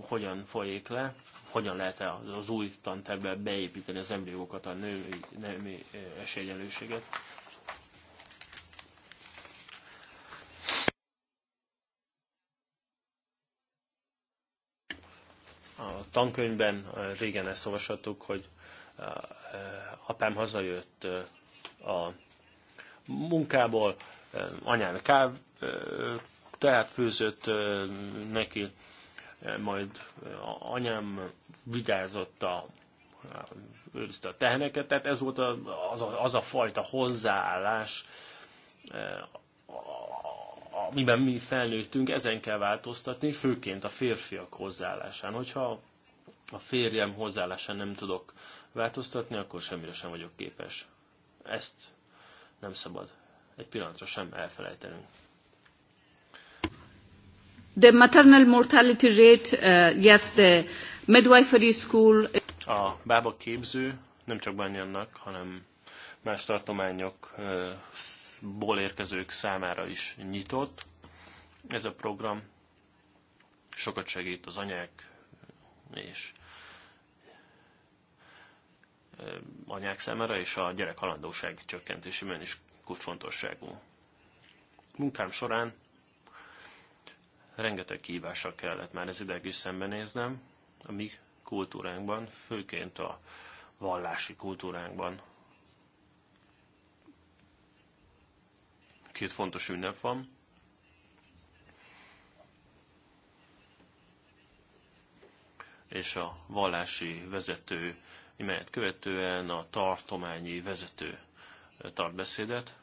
hogyan folyik le, hogyan lehet -e az új tantervbe beépíteni az embriókat, a női, női esélyegyenlőséget tankönyvben, régen ezt olvashattuk, hogy e, apám hazajött e, a munkából, e, anyám káv, tehát főzött neki, majd anyám vigyázott a őrizte a teheneket, tehát ez volt az a, az a fajta hozzáállás, amiben mi felnőttünk, ezen kell változtatni, főként a férfiak hozzáállásán. Hogyha a férjem hozzáállásán nem tudok változtatni, akkor semmire sem vagyok képes. Ezt nem szabad egy pillanatra sem elfelejtenünk. The maternal mortality rate, uh, yes, the midwifery school. A bába képző nem csak bányannak, hanem más tartományokból uh, érkezők számára is nyitott. Ez a program sokat segít az anyák és anyák számára, és a gyerek halandóság csökkentésében is kulcsfontosságú. Munkám során rengeteg kihívással kellett már ez ideig is szembenéznem, a mi kultúránkban, főként a vallási kultúránkban. Két fontos ünnep van, és a vallási vezető, melyet követően a tartományi vezető tart beszédet,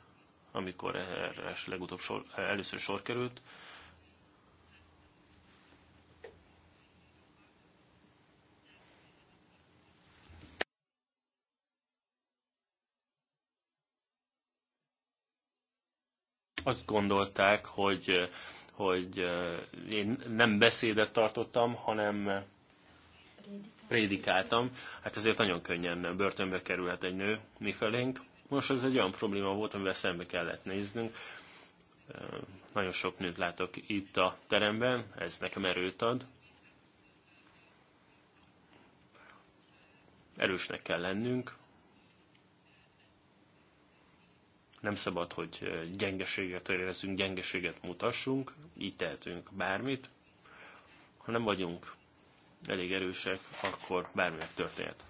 amikor erre legutóbb sor, először sor került. Azt gondolták, hogy, hogy eh, én nem beszédet tartottam, hanem prédikáltam, hát ezért nagyon könnyen börtönbe kerülhet egy nő mi felénk. Most ez egy olyan probléma volt, amivel szembe kellett néznünk. Nagyon sok nőt látok itt a teremben, ez nekem erőt ad. Erősnek kell lennünk. Nem szabad, hogy gyengeséget érezzünk, gyengeséget mutassunk, így tehetünk bármit. Ha nem vagyunk elég erősek, akkor bármi megtörténhet.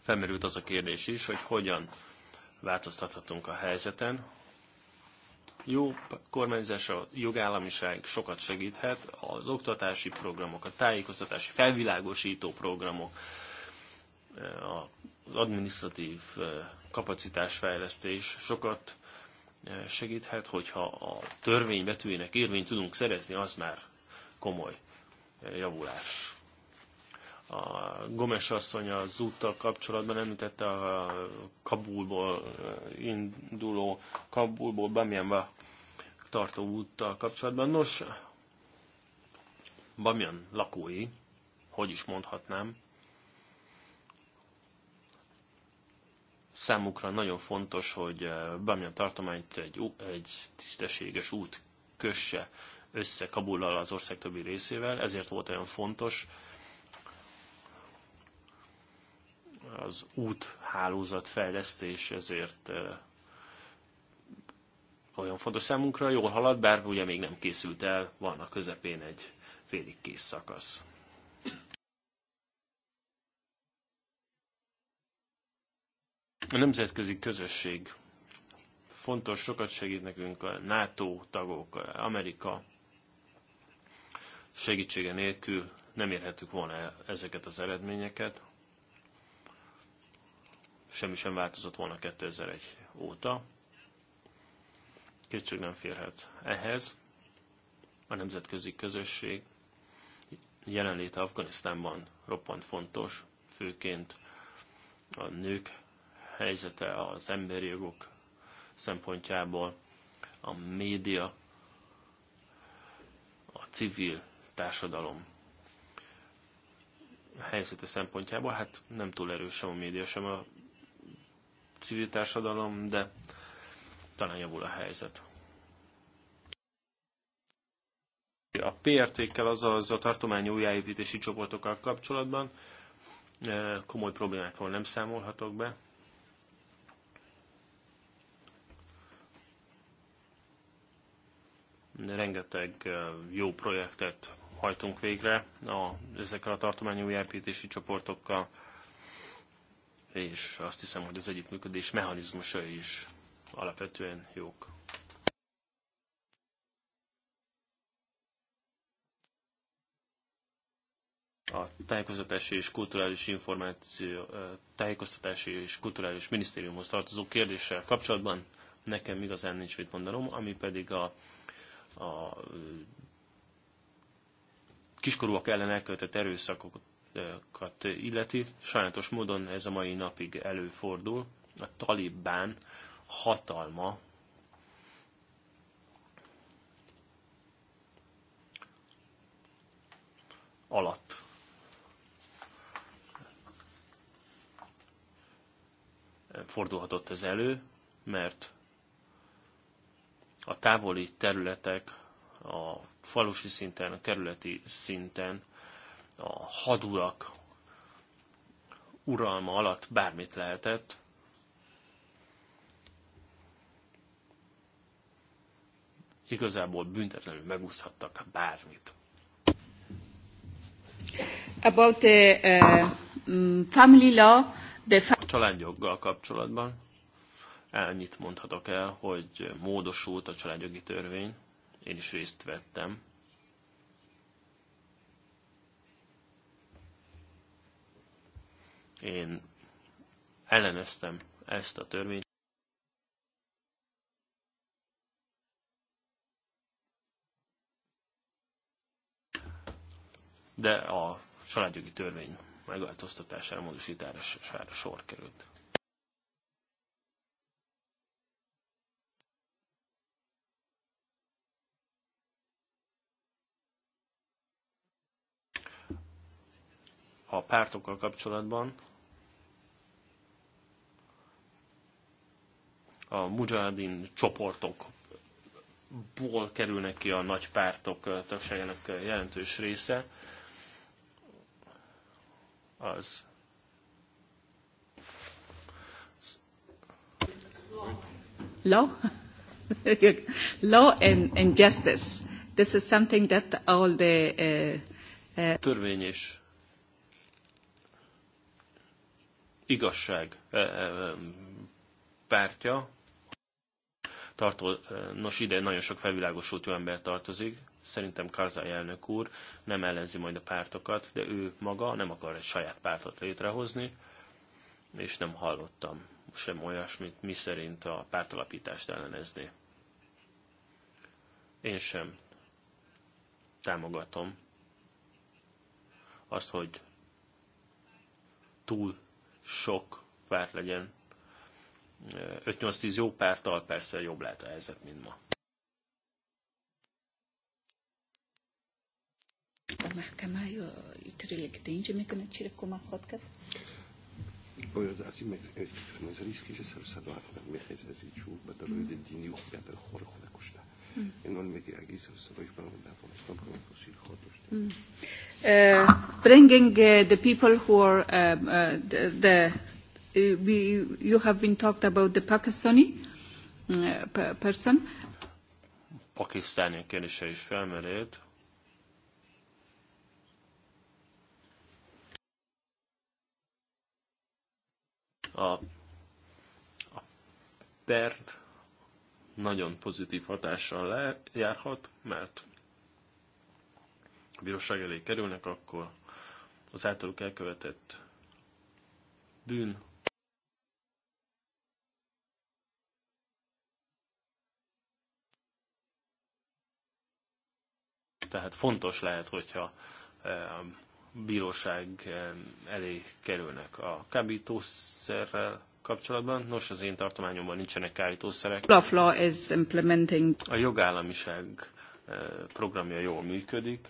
Felmerült az a kérdés is, hogy hogyan változtathatunk a helyzeten. Jó kormányzás, a jogállamiság sokat segíthet, az oktatási programok, a tájékoztatási, felvilágosító programok, eh, az adminisztratív eh, kapacitásfejlesztés sokat segíthet, hogyha a törvény betűjének érvényt tudunk szerezni, az már komoly eh, javulás. A Gomes asszony az úttal kapcsolatban említette a Kabulból eh, induló, Kabulból Bamianba tartó úttal kapcsolatban. Nos, Bamian lakói, hogy is mondhatnám, számukra nagyon fontos, hogy eh, bármilyen tartományt egy, egy tisztességes út kösse össze Kabullal az ország többi részével, ezért volt olyan fontos az úthálózat fejlesztés, ezért eh, olyan fontos számunkra, jól halad, bár ugye még nem készült el, van a közepén egy félig kész szakasz. A nemzetközi közösség fontos, sokat segít nekünk a NATO tagok, Amerika segítsége nélkül nem érhetük volna ezeket az eredményeket. Semmi sem változott volna 2001 óta. Kétség nem férhet ehhez. A nemzetközi közösség jelenléte Afganisztánban roppant fontos, főként a nők helyzete az emberi jogok szempontjából, a média, a civil társadalom helyzete szempontjából, hát nem túl erős sem a média, sem a civil társadalom, de talán javul a helyzet. A PRT-kkel, azaz a tartományi újjáépítési csoportokkal kapcsolatban eh, komoly problémákról nem számolhatok be. rengeteg jó projektet hajtunk végre a, ezekkel a tartományi e újjáépítési csoportokkal, és azt hiszem, hogy az együttműködés mechanizmusa is alapvetően jók. a tájékoztatási és kulturális információ, tájékoztatási és kulturális minisztériumhoz tartozó kérdéssel kapcsolatban nekem igazán nincs mit mondanom, ami pedig a a kiskorúak ellen elkövetett erőszakokat illeti. Sajnos módon ez a mai napig előfordul. A talibán hatalma alatt. Fordulhatott ez elő, mert a távoli területek a falusi szinten, a kerületi szinten, a hadurak uralma alatt bármit lehetett, igazából büntetlenül megúszhattak bármit. About the uh, mm, family law, the fa- családjoggal kapcsolatban. Annyit mondhatok el, hogy módosult a családjogi törvény, én is részt vettem. Én elleneztem ezt a törvényt. De a családjogi törvény megváltoztatására, módosítására sor került. a pártokkal kapcsolatban, a Mujahideen csoportokból kerülnek ki a nagy pártok tagságának jelentős része, az law, law and, and justice. This is something that all the uh, uh, törvény és igazság eh, eh, pártja, tartó, eh, nos ide nagyon sok felvilágosult jó ember tartozik, szerintem Karzai elnök úr nem ellenzi majd a pártokat, de ő maga nem akar egy saját pártot létrehozni, és nem hallottam sem olyasmit, mi szerint a pártalapítást ellenezni. Én sem támogatom azt, hogy túl sok párt legyen. 5-8-10 jó pártal persze jobb lehet a helyzet, mint ma. Bojodáci, meg egy fenezeri, skýže se rozhodla, jak mi chce zjistit, že se rozhodla, jak mi chce zjistit, že se rozhodla, jak mi chce zjistit, že se rozhodla, jak mi chce zjistit, že Mm. Uh, bringing uh, the people who are uh, uh, the, the we, you have been talked about the Pakistani uh, person. Pakisztáni kérdése is felmerült. A, a PERT nagyon pozitív hatással lejárhat, mert a bíróság elé kerülnek, akkor az általuk elkövetett bűn tehát fontos lehet, hogyha eh, a bíróság eh, elé kerülnek a kábítószerrel kapcsolatban. Nos, az én tartományomban nincsenek implementing. A jogállamiság eh, programja jól működik.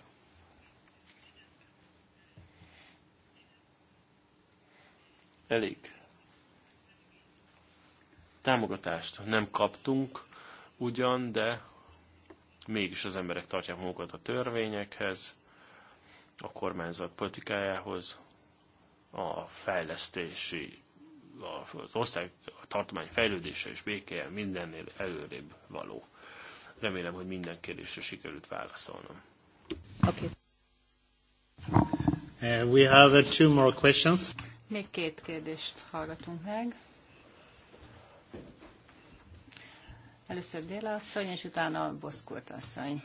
Elég támogatást nem kaptunk ugyan, de mégis az emberek tartják magukat a törvényekhez, a kormányzat politikájához, a fejlesztési az ország, a tartomány fejlődése és békéje mindennél előrébb való. Remélem, hogy minden kérdésre sikerült válaszolnom. Okay. Uh, we have uh, two more questions. Még két kérdést hallgatunk meg. Először Déla asszony, és utána Boszkurt asszony.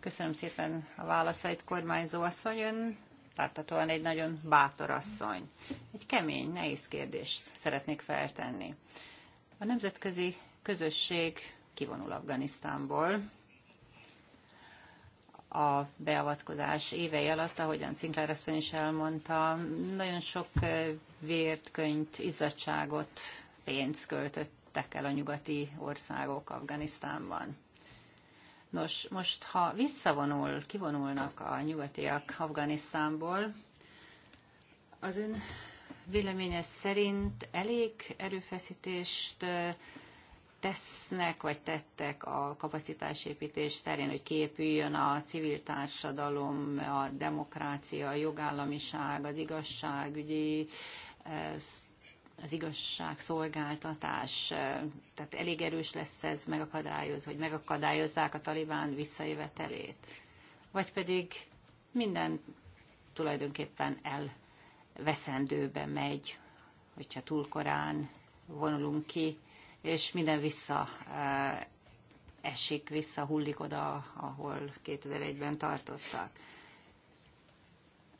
Köszönöm szépen a válaszait, kormányzó asszony. Ön láthatóan egy nagyon bátor asszony. Egy kemény, nehéz kérdést szeretnék feltenni. A nemzetközi közösség kivonul Afganisztánból, a beavatkozás évei alatt, ahogyan Sinclair asszony is elmondta, nagyon sok vért, könyvt, izzadságot, pénzt költött el a nyugati országok Afganisztánban. Nos, most ha visszavonul, kivonulnak a nyugatiak Afganisztánból, az ön véleménye szerint elég erőfeszítést tesznek, vagy tettek a kapacitásépítés terén, hogy képüljön a civil társadalom, a demokrácia, a jogállamiság, az igazságügyi az igazságszolgáltatás, tehát elég erős lesz ez megakadályoz, hogy megakadályozzák a talibán visszajövetelét. Vagy pedig minden tulajdonképpen elveszendőbe megy, hogyha túl korán vonulunk ki, és minden vissza esik, vissza hullik oda, ahol 2001-ben tartottak.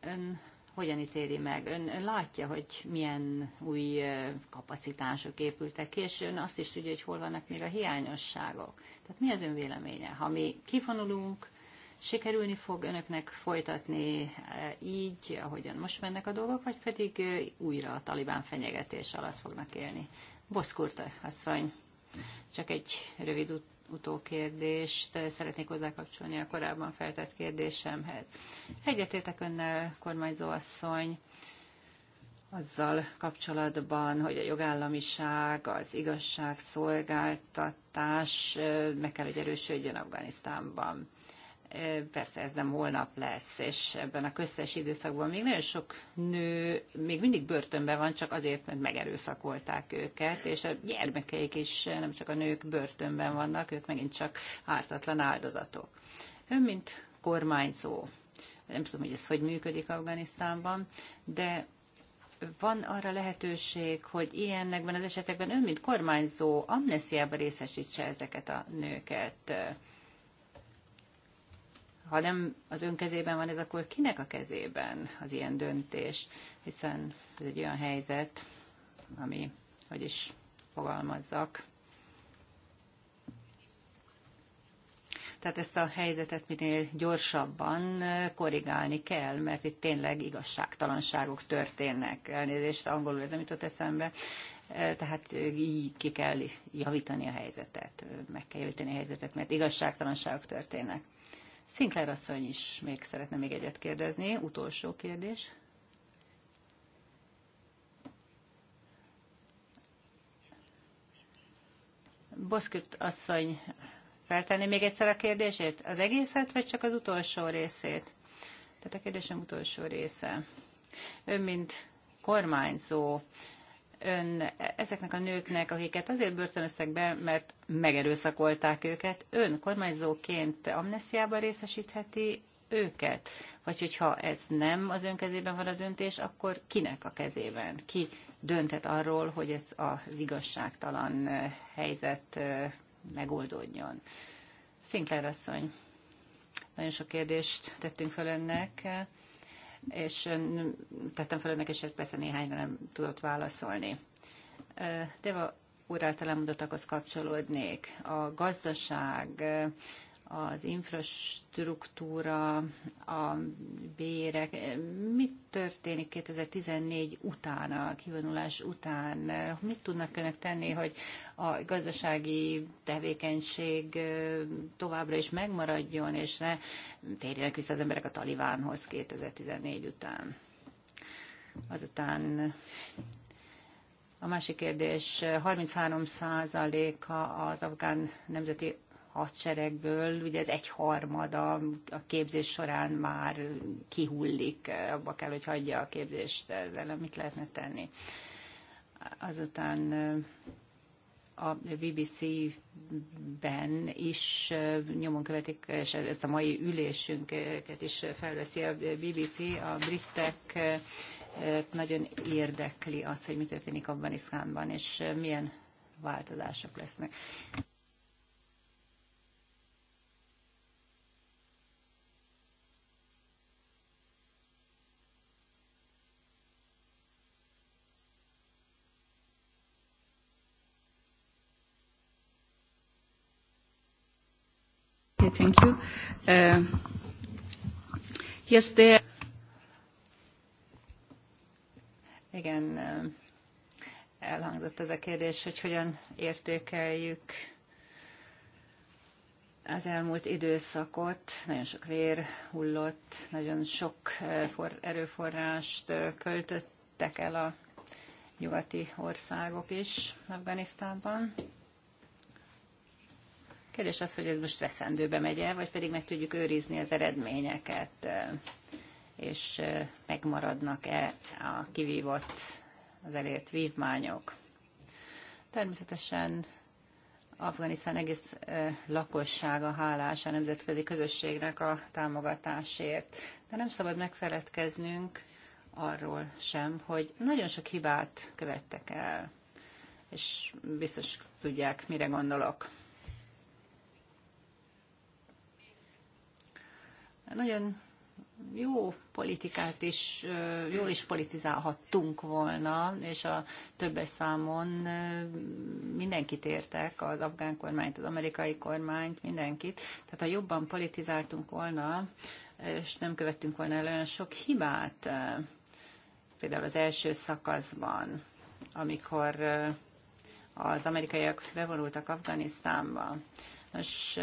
Ön hogyan ítéli meg? Ön, ön látja, hogy milyen új kapacitások épültek ki, és ön azt is tudja, hogy hol vannak még a hiányosságok. Tehát mi az ön véleménye? Ha mi kifonulunk, sikerülni fog önöknek folytatni e, így, ahogyan most mennek a dolgok, vagy pedig újra a talibán fenyegetés alatt fognak élni? Boszkurta asszony. Csak egy rövid ut- utókérdés, eh, szeretnék hozzákapcsolni a korábban feltett kérdésemhez. Egyetértek önnel, kormányzó asszony, azzal kapcsolatban, hogy a jogállamiság, az igazságszolgáltatás eh, meg kell, hogy erősödjön Afganisztánban persze ez nem holnap lesz, és ebben a köztes időszakban még nagyon sok nő még mindig börtönben van, csak azért, mert megerőszakolták őket, és a gyermekeik is nem csak a nők börtönben vannak, ők megint csak ártatlan áldozatok. Ön, mint kormányzó, nem tudom, hogy ez hogy működik Afganisztánban, de van arra lehetőség, hogy ilyenekben az esetekben ön, mint kormányzó, amnesziába részesítse ezeket a nőket ha nem az ön kezében van ez, akkor kinek a kezében az ilyen döntés? Hiszen ez egy olyan helyzet, ami, hogy is fogalmazzak, Tehát ezt a helyzetet minél gyorsabban eh, korrigálni kell, mert itt tényleg igazságtalanságok történnek. Elnézést, angolul ez nem jutott eszembe. Eh, tehát eh, így ki kell javítani a helyzetet, meg kell javítani a helyzetet, mert igazságtalanságok történnek. Sinclair asszony is még szeretne még egyet kérdezni. Utolsó kérdés. Boszkürt asszony feltenni még egyszer a kérdését? Az egészet, vagy csak az utolsó részét? Tehát a kérdésem utolsó része. Ön, mint kormányzó, ön ezeknek a nőknek, akiket azért börtönöztek be, mert megerőszakolták őket, ön kormányzóként amnesziába részesítheti őket? Vagy hogyha ez nem az ön kezében van a döntés, akkor kinek a kezében? Ki dönthet arról, hogy ez az igazságtalan eh, helyzet eh, megoldódjon? Sinclair asszony, nagyon sok kérdést tettünk fel önnek és tettem fel önnek, és hát persze néhányra nem tudott válaszolni. Deva úr által elmondottakhoz kapcsolódnék. A gazdaság, az infrastruktúra, a bérek, mit történik 2014 után, a kivonulás után, mit tudnak önök tenni, hogy a gazdasági tevékenység továbbra is megmaradjon, és ne térjenek vissza az emberek a talibánhoz 2014 után. Azután a másik kérdés, 33%-a az afgán nemzeti hadseregből ugye ez harmada a képzés során már kihullik, abba kell, hogy hagyja a képzést, ezzel mit lehetne tenni. Azután a BBC-ben is nyomon követik, és ezt a mai ülésünket is felveszi a BBC, a britek nagyon érdekli az, hogy mi történik Afganisztánban, és milyen változások lesznek. thank you. Uh, yes, there... Igen, uh, elhangzott ez a kérdés, hogy hogyan értékeljük az elmúlt időszakot, nagyon sok vér hullott, nagyon sok uh, erőforrást uh, költöttek el a nyugati országok is Afganisztánban. Kérdés az, hogy ez most veszendőbe megy el, vagy pedig meg tudjuk őrizni az eredményeket, és megmaradnak-e a kivívott, az elért vívmányok. Természetesen Afganisztán egész lakossága hálás a nemzetközi közösségnek a támogatásért. De nem szabad megfeledkeznünk arról sem, hogy nagyon sok hibát követtek el, és biztos tudják, mire gondolok. nagyon jó politikát is, jól is politizálhattunk volna, és a többes számon mindenkit értek, az afgán kormányt, az amerikai kormányt, mindenkit. Tehát ha jobban politizáltunk volna, és nem követtünk volna el olyan sok hibát, például az első szakaszban, amikor az amerikaiak bevonultak Afganisztánba, Nos,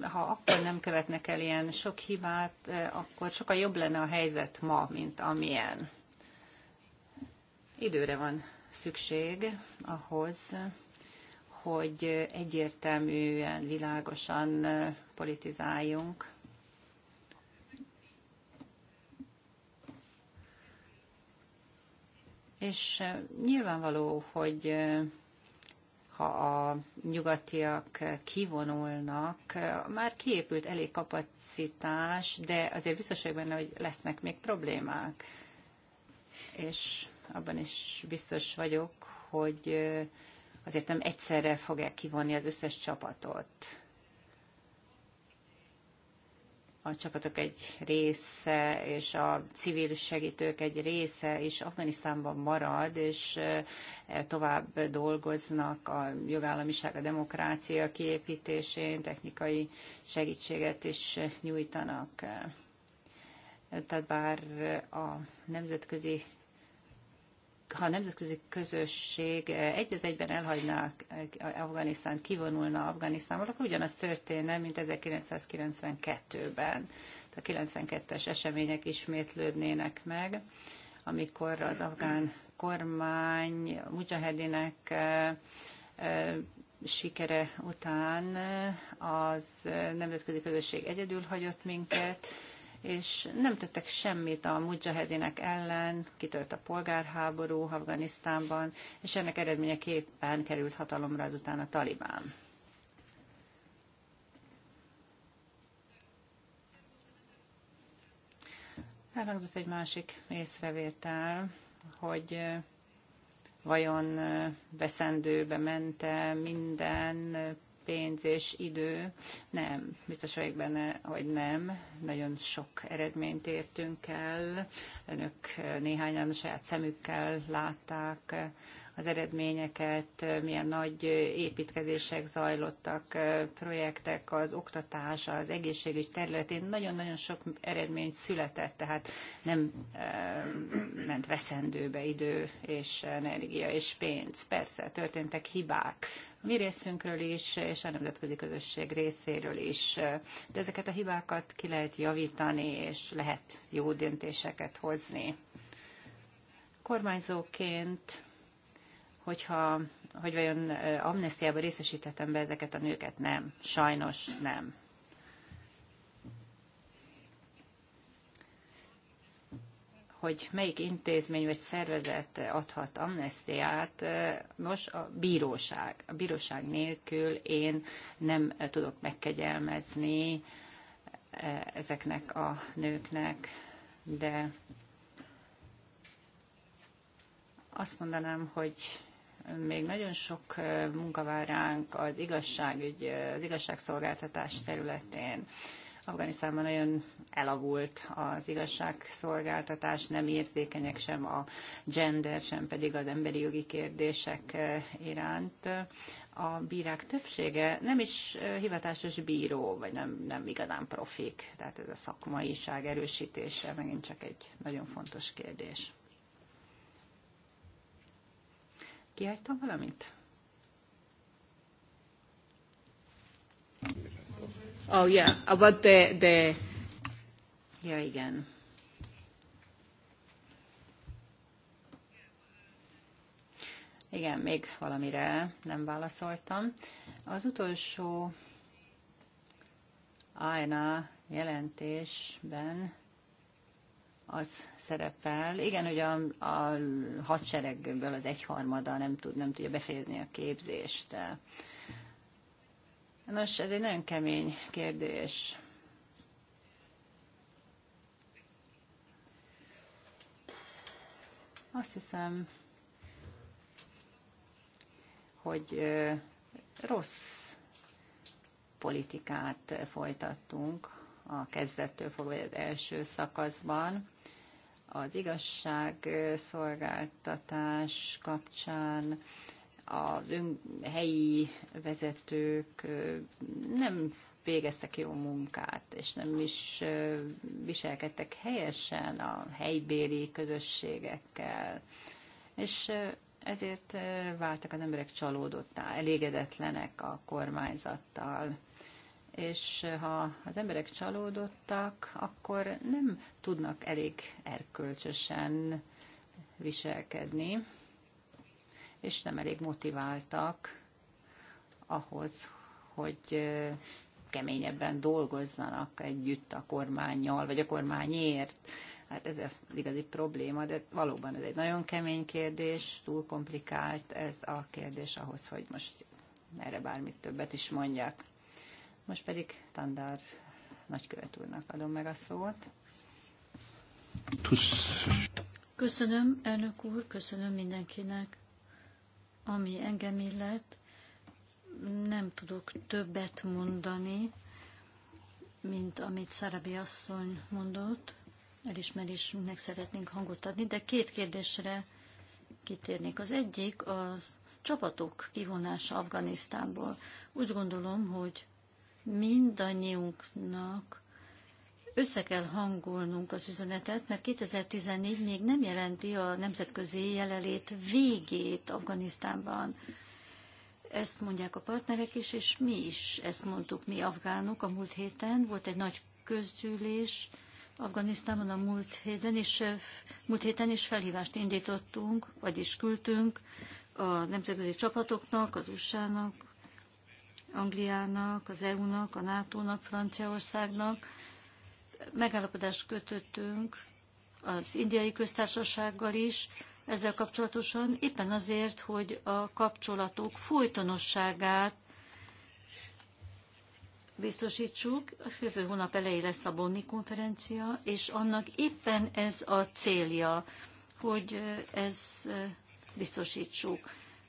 ha akkor nem követnek el ilyen sok hibát, akkor sokkal jobb lenne a helyzet ma, mint amilyen. Időre van szükség ahhoz, hogy egyértelműen, világosan politizáljunk. És nyilvánvaló, hogy ha a nyugatiak kivonulnak, már kiépült elég kapacitás, de azért biztos vagyok benne, hogy lesznek még problémák. És abban is biztos vagyok, hogy azért nem egyszerre fogják kivonni az összes csapatot a csapatok egy része és a civil segítők egy része is Afganisztánban marad, és e, tovább dolgoznak a jogállamiság, a demokrácia kiépítésén, technikai segítséget is nyújtanak. E, tehát bár a nemzetközi ha a nemzetközi közösség eh, egy az egyben elhagyná eh, Afganisztánt, kivonulna Afganisztánból, akkor ugyanaz történne, mint 1992-ben. A 92-es események ismétlődnének meg, amikor az afgán kormány mujahedinek eh, sikere után az nemzetközi közösség egyedül hagyott minket, és nem tettek semmit a mujahedinek ellen, kitört a polgárháború Afganisztánban, és ennek eredményeképpen került hatalomra azután a Talibán. Elhangzott egy másik észrevétel, hogy vajon veszendőbe mente minden pénz és idő. Nem, biztos vagyok benne, hogy nem. Nagyon sok eredményt értünk el. Önök néhányan a saját szemükkel látták az eredményeket, milyen nagy építkezések zajlottak, projektek, az oktatás, az egészségügy területén nagyon-nagyon sok eredmény született, tehát nem eh, ment veszendőbe idő és energia és pénz. Persze, történtek hibák, mi részünkről is, és a nemzetközi közösség részéről is. De ezeket a hibákat ki lehet javítani, és lehet jó döntéseket hozni. Kormányzóként, hogyha hogy vajon amnestiába részesíthetem be ezeket a nőket? Nem, sajnos nem. hogy melyik intézmény vagy szervezet adhat amnestiát, nos, a bíróság. A bíróság nélkül én nem tudok megkegyelmezni eh, ezeknek a nőknek, de azt mondanám, hogy még nagyon sok eh, munka vár ránk az igazságügy, eh, az igazságszolgáltatás területén. Afganisztánban nagyon elavult az igazságszolgáltatás, nem érzékenyek sem a gender, sem pedig az emberi jogi kérdések eh, iránt. A bírák többsége nem is eh, hivatásos bíró, vagy nem, nem igazán profik. Tehát ez a szakmaiság erősítése megint csak egy nagyon fontos kérdés. Kihagytam valamit? Oh yeah, about the the. Ja igen. Igen, még valamire nem válaszoltam. Az utolsó ANA jelentésben az szerepel, igen, hogy a, a hadseregből az egyharmada nem, tud, nem tudja befejezni a képzést. Nos, ez egy nagyon kemény kérdés. Azt hiszem, hogy rossz politikát folytattunk a kezdettől fogva az első szakaszban. Az igazságszolgáltatás kapcsán a helyi vezetők nem végeztek jó munkát, és nem is viselkedtek helyesen a helybéli közösségekkel. És ezért váltak az emberek csalódottá, elégedetlenek a kormányzattal. És ha az emberek csalódottak, akkor nem tudnak elég erkölcsösen viselkedni és nem elég motiváltak ahhoz, hogy keményebben dolgozzanak együtt a kormányjal, vagy a kormányért. Hát ez az igazi probléma, de valóban ez egy nagyon kemény kérdés, túl komplikált ez a kérdés ahhoz, hogy most erre bármit többet is mondjak. Most pedig Tandár nagykövet úrnak adom meg a szót. Köszönöm, elnök úr, köszönöm mindenkinek ami engem illet, nem tudok többet mondani, mint amit Szarabi asszony mondott. Elismerésünknek szeretnénk hangot adni, de két kérdésre kitérnék. Az egyik az csapatok kivonása Afganisztánból. Úgy gondolom, hogy mindannyiunknak össze kell hangolnunk az üzenetet, mert 2014 még nem jelenti a nemzetközi jelenlét végét Afganisztánban. Ezt mondják a partnerek is, és mi is ezt mondtuk, mi afgánok a múlt héten. Volt egy nagy közgyűlés Afganisztánban a múlt héten, és múlt héten is felhívást indítottunk, vagyis küldtünk a nemzetközi csapatoknak, az USA-nak, Angliának, az EU-nak, a NATO-nak, Franciaországnak, megállapodást kötöttünk az indiai köztársasággal is ezzel kapcsolatosan, éppen azért, hogy a kapcsolatok folytonosságát biztosítsuk. A jövő hónap elején lesz a Bonni konferencia, és annak éppen ez a célja, hogy ez biztosítsuk.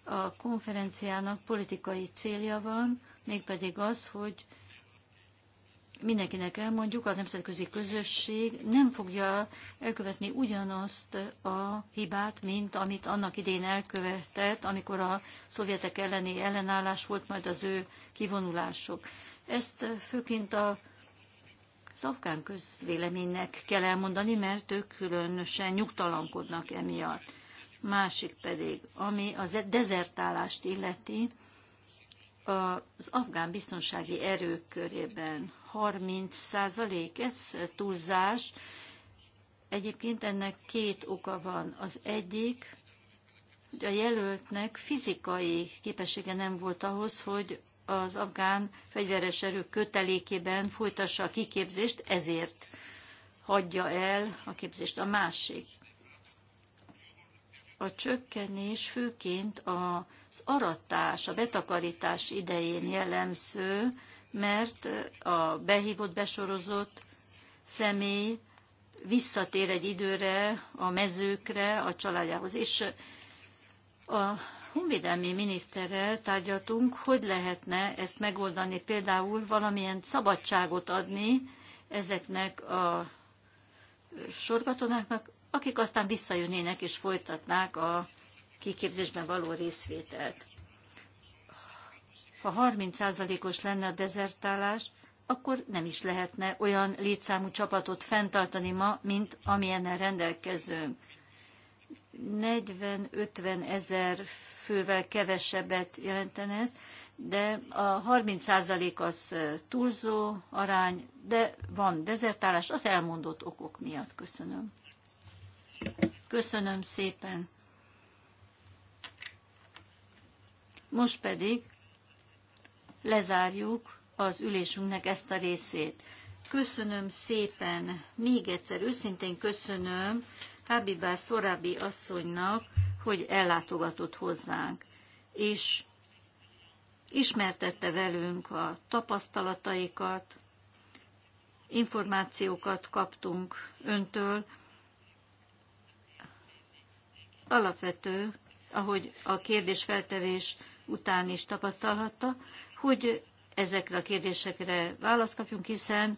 A konferenciának politikai célja van, mégpedig az, hogy mindenkinek elmondjuk, a nemzetközi közösség nem fogja elkövetni ugyanazt a hibát, mint amit annak idén elkövetett, amikor a szovjetek elleni ellenállás volt, majd az ő kivonulások. Ezt főként a az afgán közvéleménynek kell elmondani, mert ők különösen nyugtalankodnak emiatt. Másik pedig, ami a dezertálást illeti, az afgán biztonsági erők körében 30 százalék, ez túlzás. Egyébként ennek két oka van. Az egyik, hogy a jelöltnek fizikai képessége nem volt ahhoz, hogy az afgán fegyveres erők kötelékében folytassa a kiképzést, ezért hagyja el a képzést a másik. A csökkenés főként az aratás, a betakarítás idején jellemző, mert a behívott, besorozott személy visszatér egy időre a mezőkre, a családjához. És a honvédelmi miniszterrel tárgyaltunk, hogy lehetne ezt megoldani, például valamilyen szabadságot adni ezeknek a sorgatonáknak, akik aztán visszajönnének és folytatnák a kiképzésben való részvételt ha 30%-os lenne a dezertálás, akkor nem is lehetne olyan létszámú csapatot fenntartani ma, mint amilyennel rendelkezünk. 40-50 ezer fővel kevesebbet jelentene ez, de a 30% az túlzó arány, de van dezertálás az elmondott okok miatt. Köszönöm. Köszönöm szépen. Most pedig lezárjuk az ülésünknek ezt a részét. Köszönöm szépen, még egyszer őszintén köszönöm Habibá Szorábi asszonynak, hogy ellátogatott hozzánk, és ismertette velünk a tapasztalataikat, információkat kaptunk öntől. Alapvető, ahogy a kérdés feltevés után is tapasztalhatta, hogy ezekre a kérdésekre választ kapjunk, hiszen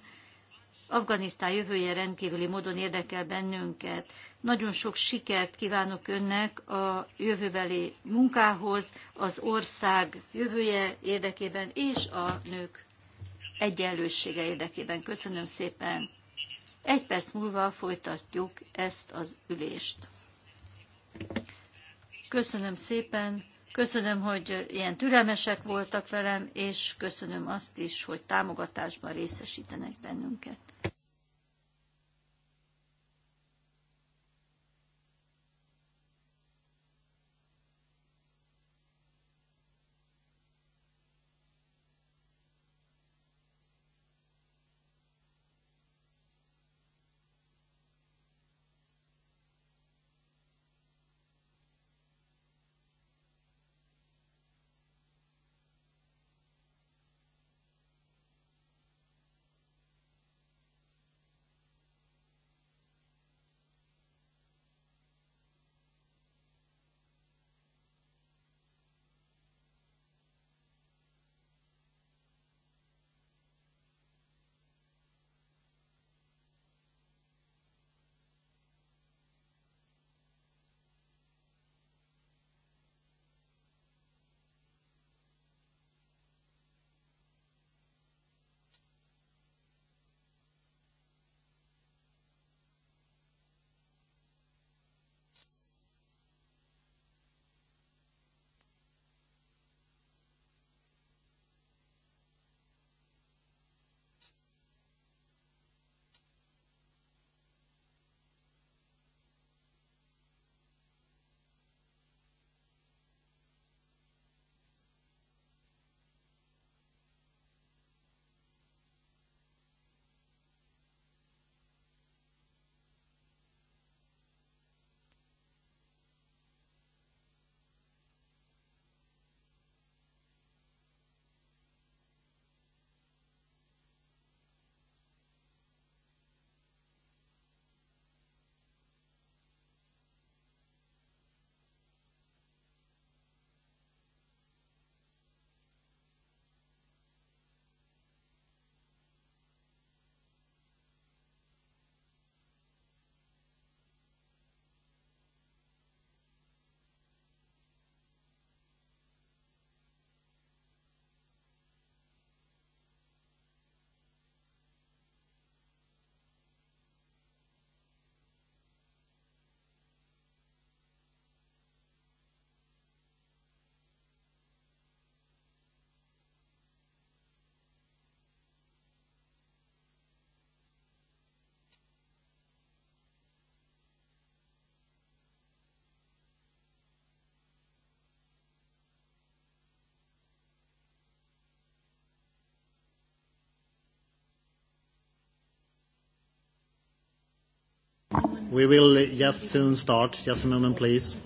Afganisztán jövője rendkívüli módon érdekel bennünket. Nagyon sok sikert kívánok önnek a jövőbeli munkához, az ország jövője érdekében és a nők egyenlősége érdekében. Köszönöm szépen. Egy perc múlva folytatjuk ezt az ülést. Köszönöm szépen. Köszönöm, hogy ilyen türelmesek voltak velem, és köszönöm azt is, hogy támogatásban részesítenek bennünket. We will just soon start. Just a moment, please.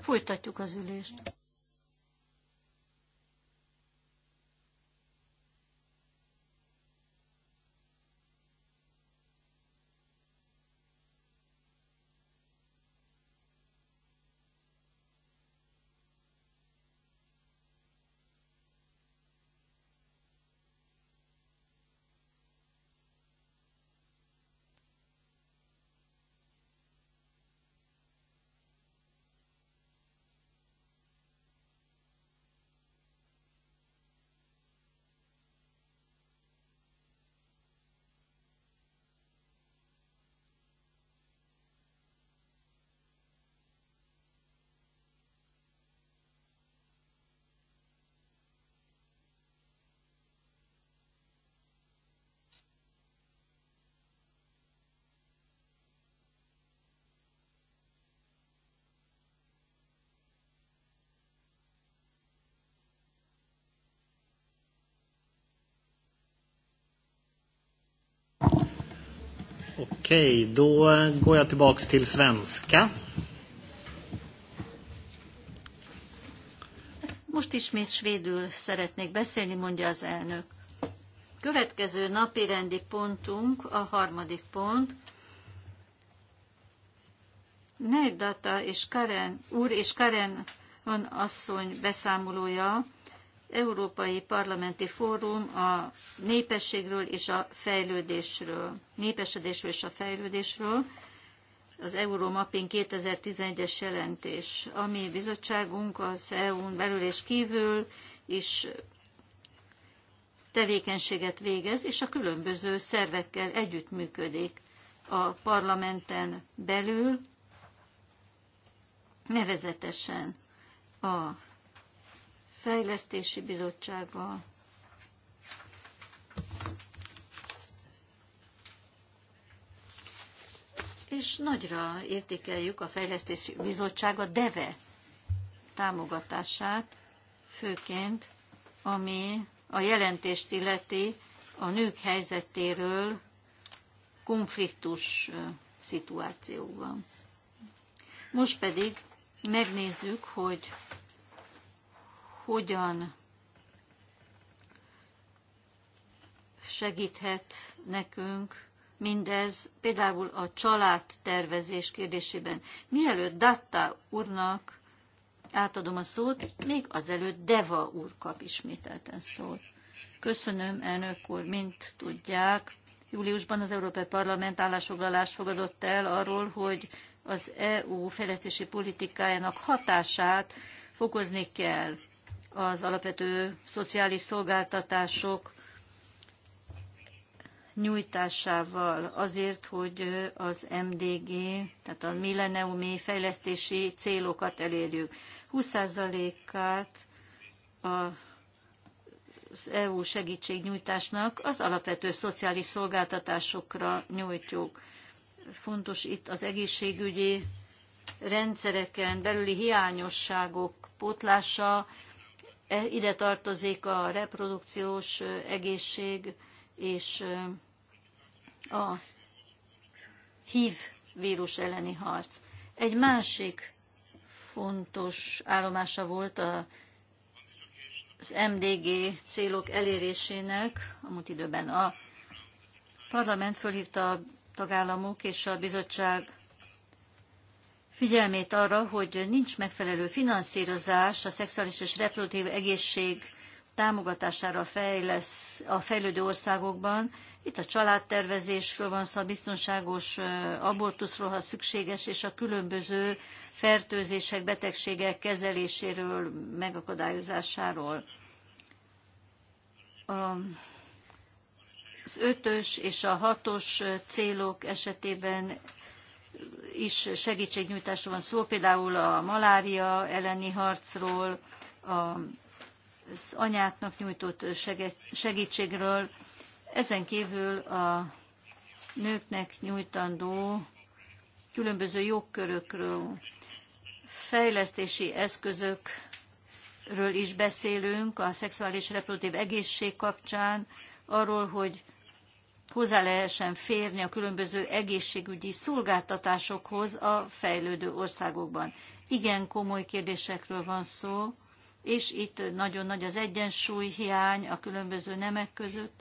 Folytatjuk az ülést. Okej, då går jag tillbaks till svenska. Most ismét svédül szeretnék beszélni, mondja az elnök. Következő napi rendi pontunk, a harmadik pont. Nerdata és Karen, úr és Karen van asszony beszámolója Európai Parlamenti Fórum a népességről és a fejlődésről, népesedésről és a fejlődésről, az Euromapping 2011-es jelentés. A mi bizottságunk az EU-n belül és kívül is tevékenységet végez, és a különböző szervekkel együttműködik a parlamenten belül, nevezetesen a Fejlesztési Bizottsággal. És nagyra értékeljük a Fejlesztési Bizottság a DEVE támogatását, főként ami a jelentést illeti a nők helyzetéről konfliktus szituációban. Most pedig megnézzük, hogy hogyan segíthet nekünk mindez, például a családtervezés kérdésében. Mielőtt Datta úrnak átadom a szót, még azelőtt Deva úr kap ismételten szót. Köszönöm, elnök úr, mint tudják, júliusban az Európai Parlament állásfoglalást fogadott el arról, hogy az EU fejlesztési politikájának hatását fokozni kell az alapvető szociális szolgáltatások nyújtásával azért, hogy az MDG, tehát a milleniumi fejlesztési célokat elérjük. 20%-át az EU segítségnyújtásnak az alapvető szociális szolgáltatásokra nyújtjuk. Fontos itt az egészségügyi rendszereken belüli hiányosságok pótlása, E, ide tartozik a reprodukciós egészség és a HIV vírus elleni harc. Egy másik fontos állomása volt a, az MDG célok elérésének, amúgy időben a parlament fölhívta a tagállamok és a bizottság figyelmét arra, hogy nincs megfelelő finanszírozás a szexuális és reproduktív egészség támogatására fejlesz, a fejlődő országokban. Itt a családtervezésről van szó, a biztonságos abortuszról, ha szükséges, és a különböző fertőzések, betegségek kezeléséről, megakadályozásáról. Az ötös és a hatos célok esetében is segítségnyújtásról van szó, például a malária elleni harcról, az anyáknak nyújtott segítségről, ezen kívül a nőknek nyújtandó különböző jogkörökről, fejlesztési eszközökről is beszélünk a szexuális reproduktív egészség kapcsán, arról, hogy hozzá lehessen férni a különböző egészségügyi szolgáltatásokhoz a fejlődő országokban. Igen komoly kérdésekről van szó, és itt nagyon nagy az egyensúly hiány a különböző nemek között,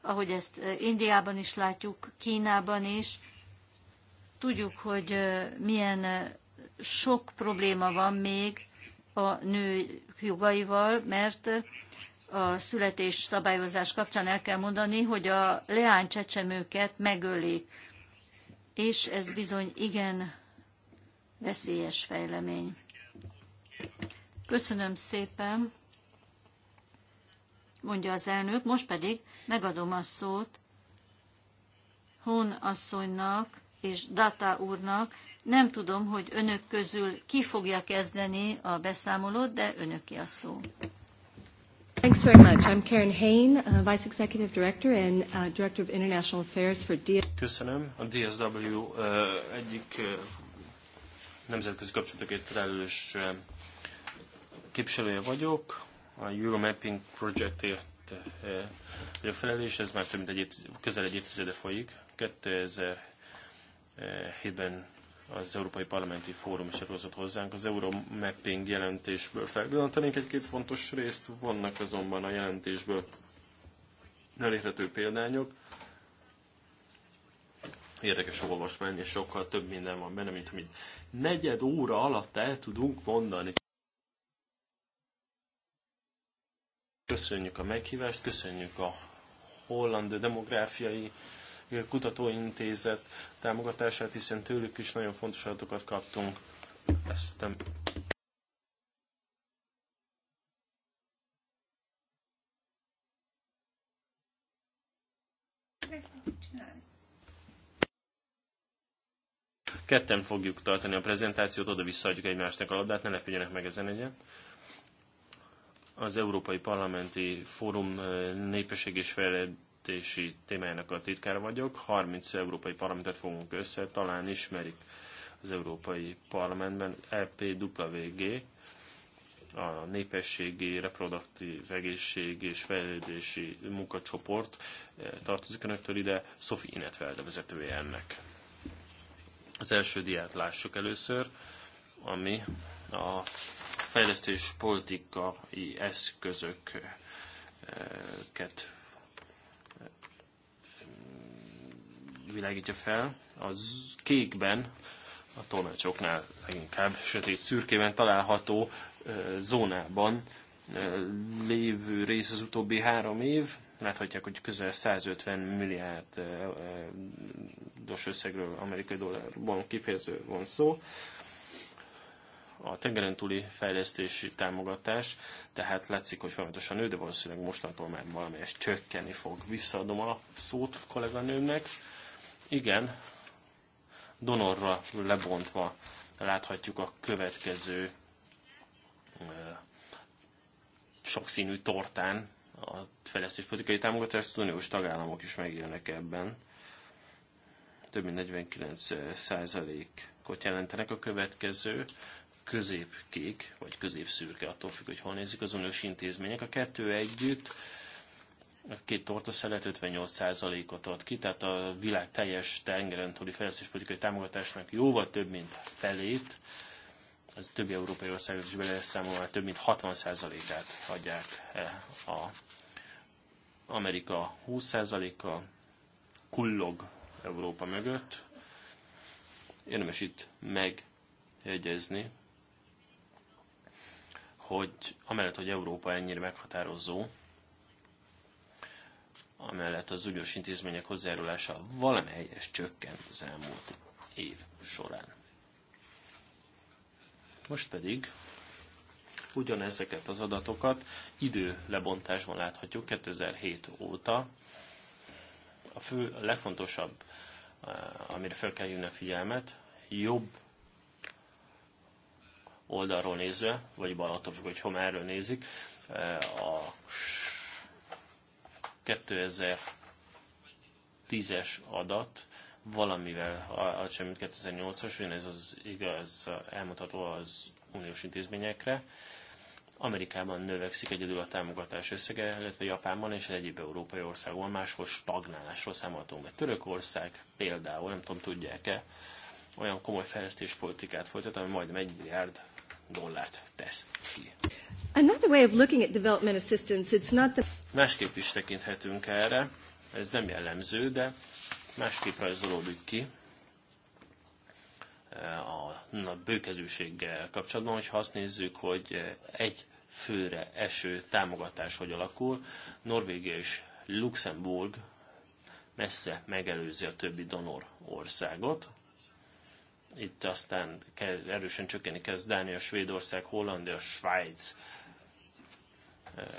ahogy ezt eh, Indiában is látjuk, Kínában is. Tudjuk, hogy eh, milyen eh, sok probléma van még a nő jogaival, mert a születés szabályozás kapcsán el kell mondani, hogy a leány csecsemőket megölik, és ez bizony igen veszélyes fejlemény. Köszönöm szépen, mondja az elnök, most pedig megadom a szót Hon asszonynak és Data úrnak. Nem tudom, hogy önök közül ki fogja kezdeni a beszámolót, de önöki a szó. Thanks very much. I'm Karen Hain, uh, Vice Executive Director and uh, Director of International Affairs for DSW. Köszönöm. A DSW uh, egyik uh, nemzetközi kapcsolatokért felelős uh, képviselője vagyok. A Euromapping Projectért uh, vagyok felelős. Ez már több mint egy, közel egy évtizede folyik. 2000 uh, hétben az Európai Parlamenti Fórum is elhozott hozzánk. Az Euromapping jelentésből felvillantanénk egy-két fontos részt, vannak azonban a jelentésből elérhető példányok. Érdekes olvasmány, és sokkal több minden van benne, mint amit negyed óra alatt el tudunk mondani. Köszönjük a meghívást, köszönjük a holland demográfiai Kutatóintézet támogatását, hiszen tőlük is nagyon fontos adatokat kaptunk. Ezt nem. Ketten fogjuk tartani a prezentációt, oda visszaadjuk egymásnak a labdát, ne lepjenek meg ezen egyet az Európai Parlamenti Fórum eh, Népesség és költségvetési témájának a titkára vagyok. 30 európai parlamentet fogunk össze, talán ismerik az Európai Parlamentben EPWG, a népességi, reproduktív egészség és fejlődési munkacsoport eh, tartozik önöktől ide, Sophie a vezetője ennek. Az első diát lássuk először, ami a fejlesztés politikai eszközöket világítja fel. A kékben a tolmácsoknál leginkább sötét szürkében található zónában lévő rész az utóbbi három év. Láthatják, hogy közel 150 milliárd dos összegről, amerikai dollárban kifejező van szó. A tengeren túli fejlesztési támogatás, tehát látszik, hogy folyamatosan nő, de valószínűleg mostantól már valamelyest csökkenni fog. Visszaadom a szót kolléganőmnek. Igen, donorra lebontva láthatjuk a következő sokszínű tortán a politikai támogatást, az uniós tagállamok is megélnek ebben. Több mint 49%-ot jelentenek a következő középkék, vagy középszürke, attól függ, hogy hol nézik az uniós intézmények. A kettő együtt két torta szelet 58%-ot ad ki, tehát a világ teljes tengeren túli fejlesztéspolitikai támogatásnak jóval több, mint felét, az többi európai országot is beleszámolva több mint 60%-át adják e a Amerika 20%-a kullog Európa mögött. Érdemes itt megjegyezni, hogy amellett, hogy Európa ennyire meghatározó, amellett az ügyös intézmények hozzájárulása valamelyes csökkent az elmúlt év során. Most pedig ugyanezeket az adatokat idő lebontásban láthatjuk 2007 óta. A fő, a legfontosabb, amire fel kell jönni a figyelmet, jobb oldalról nézve, vagy bal attól függ, hogy hol erről nézik, a 2010-es adat valamivel alacsony, mint 2008-as, ez az igaz elmutató az uniós intézményekre. Amerikában növekszik egyedül a támogatás összege, illetve Japánban és egyéb európai országban máshol stagnálásról számolhatunk be. Törökország például, nem tudom tudják-e, olyan komoly fejlesztéspolitikát folytat, ami majdnem egy milliárd dollárt tesz ki. Another way of looking at development assistance, it's not the... Másképp is tekinthetünk erre, ez nem jellemző, de másképp rajzolódik ki eh, a, a bőkezűséggel kapcsolatban, hogyha azt nézzük, hogy egy főre eső támogatás hogy alakul, Norvégia és Luxemburg messze megelőzi a többi donor országot. Itt aztán erősen csökkenni kezd Dánia, Svédország, Hollandia, Svájc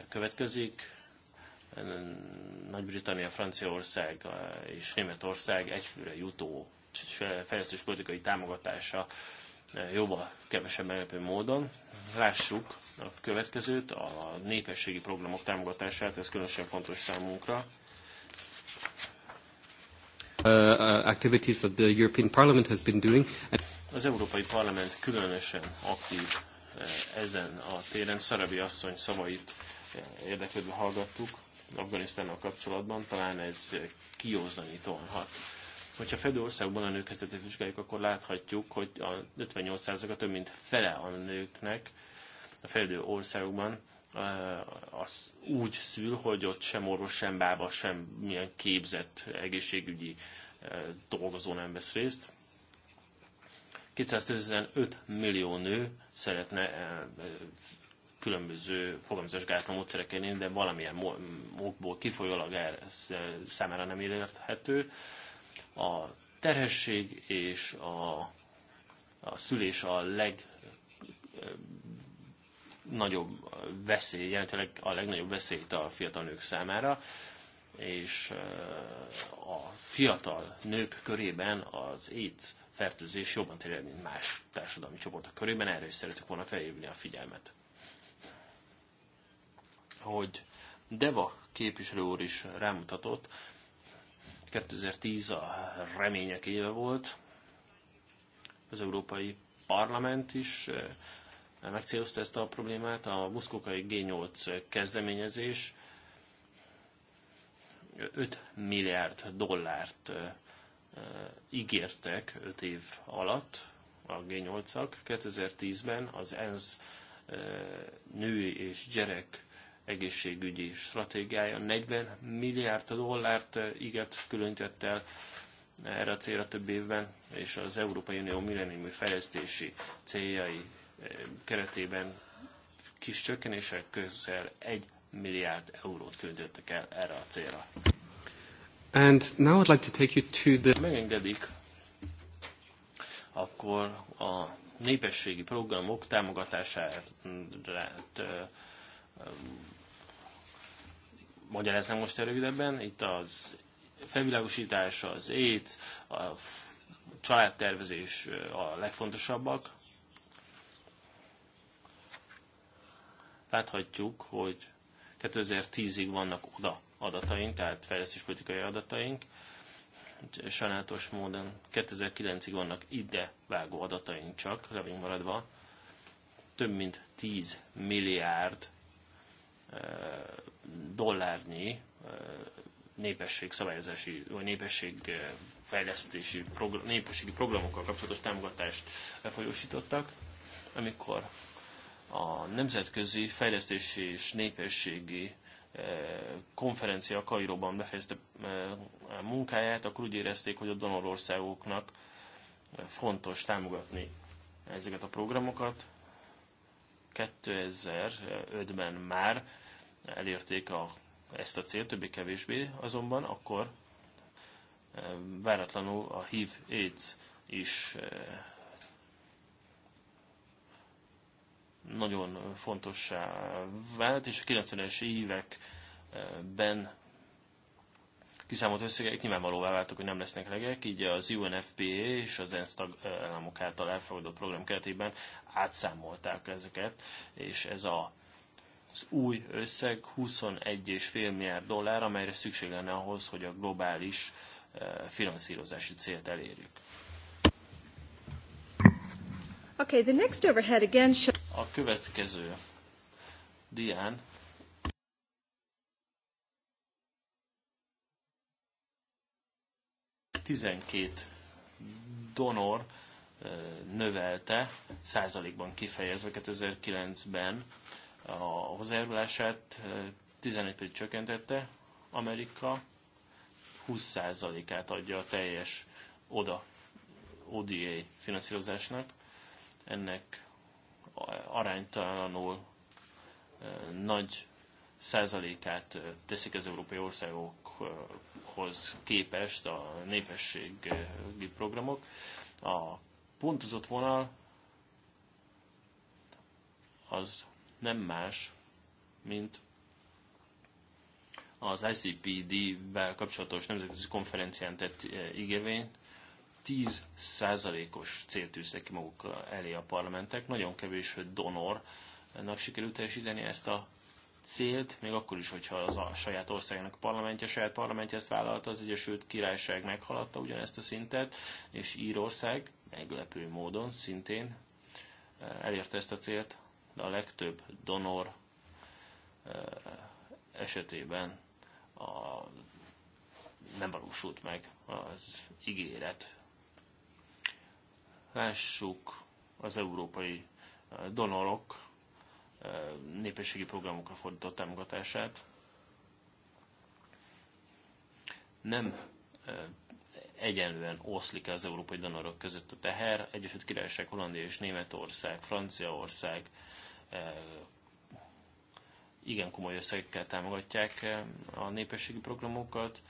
következik. Nagy-Britannia, Franciaország és Németország egyfőre jutó fejlesztős politikai támogatása jóval kevesebb meglepő módon. Lássuk a következőt, a népességi programok támogatását, ez különösen fontos számunkra. Uh, uh, activities that the European Parliament has been doing. Az Európai Parlament különösen aktív Eh, ezen a téren. Szarabi asszony szavait eh, érdeklődve hallgattuk Afganisztánnal kapcsolatban, talán ez eh, kiózanítóan hat. Hogyha fedő országban a nőkezdetet vizsgáljuk, akkor láthatjuk, hogy a 58%-a több mint fele a nőknek a fedő országokban az úgy szül, hogy ott sem orvos, sem bába, sem milyen képzett egészségügyi dolgozó nem vesz részt. 215 millió nő szeretne eh, különböző fogamzásgátló módszerekkel élni, de valamilyen okból kifolyólag ez eh, számára nem érthető. A terhesség és a, a szülés a legnagyobb eh, veszély, jelentőleg a legnagyobb veszélyt a fiatal nők számára és a fiatal nők körében az AIDS fertőzés jobban terjed, mint más társadalmi csoportok körében, erre is szeretük volna felhívni a figyelmet. Hogy Deva képviselő úr is rámutatott, 2010 a remények éve volt, az Európai Parlament is eh, megcélozta ezt a problémát, a muszkokai G8 kezdeményezés 5 milliárd dollárt eh, ígértek 5 év alatt, a G8-ak. 2010-ben az ENSZ nő és gyerek egészségügyi stratégiája 40 milliárd dollárt ígért különített el erre a célra több évben, és az Európai Unió milleniumi fejlesztési céljai keretében kis csökkenések közel 1 milliárd eurót költöttek el erre a célra. And now I'd like to take you to the... Megengedik, akkor a népességi programok támogatására hát, magyaráznám most rövidebben. Itt az felvilágosítás, az AIDS, a családtervezés a legfontosabbak. Láthatjuk, hogy 2010-ig vannak oda adataink, tehát fejlesztéspolitikai adataink. Sajnálatos módon 2009-ig vannak ide vágó adataink csak, levénk maradva. Több mint 10 milliárd dollárnyi népesség szabályozási, vagy népesség fejlesztési, program, népességi programokkal kapcsolatos támogatást folyósítottak, amikor a nemzetközi fejlesztési és népességi Eh, konferencia Kairóban befejezte eh, a munkáját, akkor úgy érezték, hogy a donorországoknak eh, fontos támogatni ezeket a programokat. 2005-ben már elérték a, ezt a célt, többé-kevésbé, azonban akkor váratlanul a HIV-AIDS is nagyon fontossá vált, és a 90-es években kiszámolt összegek nyilvánvalóvá váltak, hogy nem lesznek legek, így az UNFPA és az ENSZ tagállamok által elfogadott program keretében átszámolták ezeket, és ez a az új összeg 21,5 milliárd dollár, amelyre szükség lenne ahhoz, hogy a globális finanszírozási célt elérjük. Okay, the next overhead again A következő dián tizenkét donor növelte, százalékban kifejezve 2009-ben a hozzájárulását, 15 pedig csökkentette Amerika, 20%-át adja a teljes ODA, ODA finanszírozásnak ennek aránytalanul nagy százalékát teszik az európai országokhoz képest a népességi programok. A pontozott vonal az nem más, mint az ICPD-vel kapcsolatos nemzetközi konferencián tett ígérvény, 10%-os célt tűztek ki maguk elé a parlamentek. Nagyon kevés donornak sikerült teljesíteni ezt a célt, még akkor is, hogyha az a saját országnak a parlamentje, a saját parlamentje ezt vállalta, az Egyesült Királyság meghaladta ugyanezt a szintet, és Írország meglepő módon szintén eh, elérte ezt a célt, de a legtöbb donor eh, esetében a, nem valósult meg az ígéret, Lássuk az európai eh, donorok eh, népességi programokra fordított támogatását. Nem eh, egyenlően oszlik az európai donorok között a teher. Egyesült Királyság, Hollandia és Németország, Franciaország igen komoly összegekkel támogatják a népességi programokat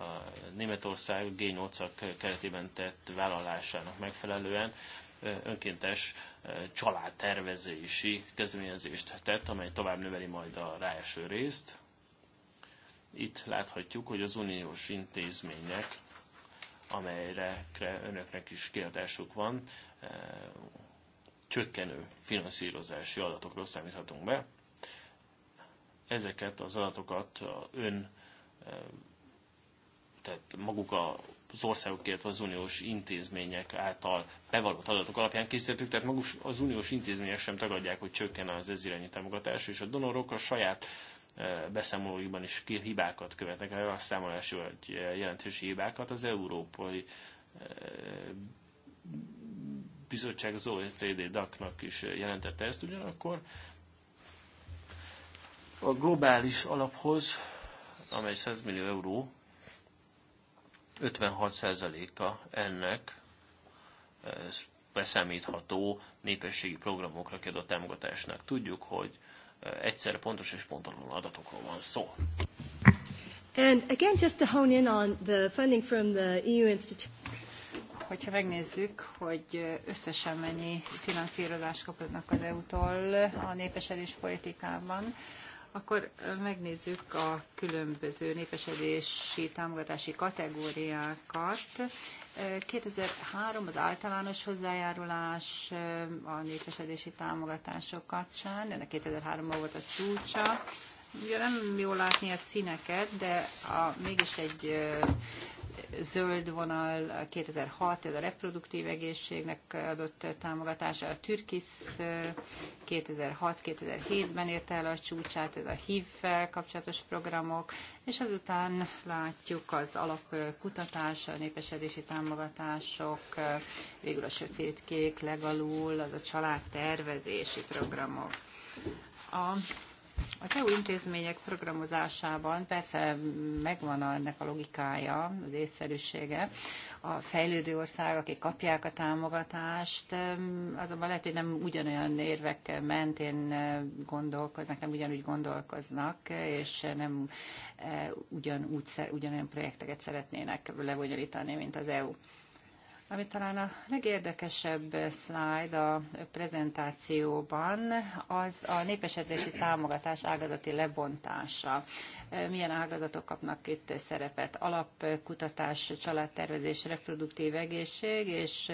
a Németország g 8 keretében tett vállalásának megfelelően önkéntes családtervezési kezdeményezést tett, amely tovább növeli majd a ráeső részt. Itt láthatjuk, hogy az uniós intézmények, amelyre önöknek is kérdésük van, csökkenő finanszírozási adatokról számíthatunk be. Ezeket az adatokat ön tehát maguk a az országok, illetve az uniós intézmények által bevallott adatok alapján készítettük, tehát maguk az uniós intézmények sem tagadják, hogy csökken az ez irányú támogatás, és a donorok a saját e, beszámolóikban is hibákat követnek, a számolási vagy jelentősi hibákat. Az Európai e, Bizottság az OECD DAC-nak is jelentette ezt ugyanakkor. A globális alaphoz, amely 100 millió euró, 56%-a ennek beszámítható népességi programokra kiadott támogatásnak. Tudjuk, hogy eh, egyszerre pontos és pontatlan adatokról van szó. And again, just to hone in on the funding from the EU institution. Hogyha megnézzük, hogy eh, összesen mennyi finanszírozást kapnak az EU-tól a népesedés politikában, akkor megnézzük a különböző népesedési támogatási kategóriákat. 2003 az általános hozzájárulás a népesedési támogatások kapcsán, ennek 2003 volt a csúcsa. Ugye nem jól látni a színeket, de a, mégis egy zöld vonal, 2006, ez a reproduktív egészségnek adott támogatása, a Türkis 2006-2007-ben érte el a csúcsát, ez a HIV-fel kapcsolatos programok, és azután látjuk az alapkutatás, a népesedési támogatások, végül a sötétkék, legalul, az a családtervezési programok. A az EU intézmények programozásában persze megvan a, ennek a logikája, az észszerűsége. A fejlődő országok, akik kapják a támogatást, azonban lehet, hogy nem ugyanolyan érvek mentén gondolkoznak, nem ugyanúgy gondolkoznak, és nem eh, ugyanúgy, ugyanolyan projekteket szeretnének lebonyolítani, mint az EU. Ami talán a legérdekesebb szlájd a prezentációban, az a népesedési támogatás ágazati lebontása. Milyen ágazatok kapnak itt szerepet? Alapkutatás, családtervezés, reproduktív egészség, és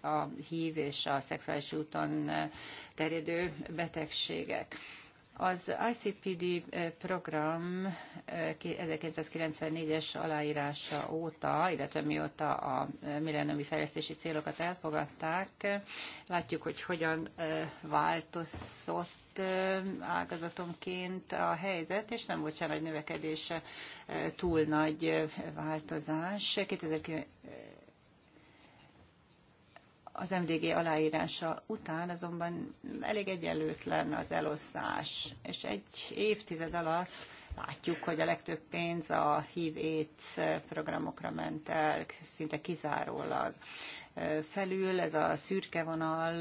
a hív és a szexuális úton terjedő betegségek. Az ICPD eh, program 1994-es eh, aláírása óta, illetve mióta a eh, millenniumi fejlesztési célokat elfogadták, látjuk, hogy hogyan változott ágazatonként a helyzet, és nem volt sem nagy növekedés, túl nagy változás. 2009 az MDG aláírása után azonban elég egyenlőtlen az elosztás, és egy évtized alatt látjuk, hogy a legtöbb pénz a hiv programokra ment el, szinte kizárólag felül, ez a szürke vonal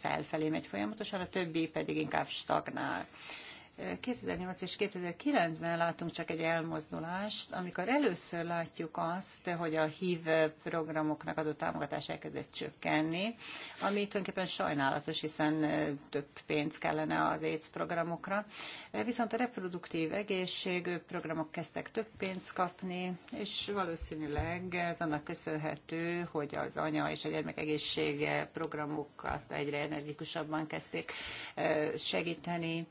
felfelé megy folyamatosan, a többi pedig inkább stagnál. 2008 és 2009-ben látunk csak egy elmozdulást, amikor először látjuk azt, hogy a HIV programoknak adott támogatás elkezdett csökkenni, ami tulajdonképpen sajnálatos, hiszen több pénz kellene az AIDS programokra. Viszont a reproduktív egészség programok kezdtek több pénzt kapni, és valószínűleg ez annak köszönhető, hogy az anya és a gyermek egészsége programokat egyre energikusabban kezdték segíteni.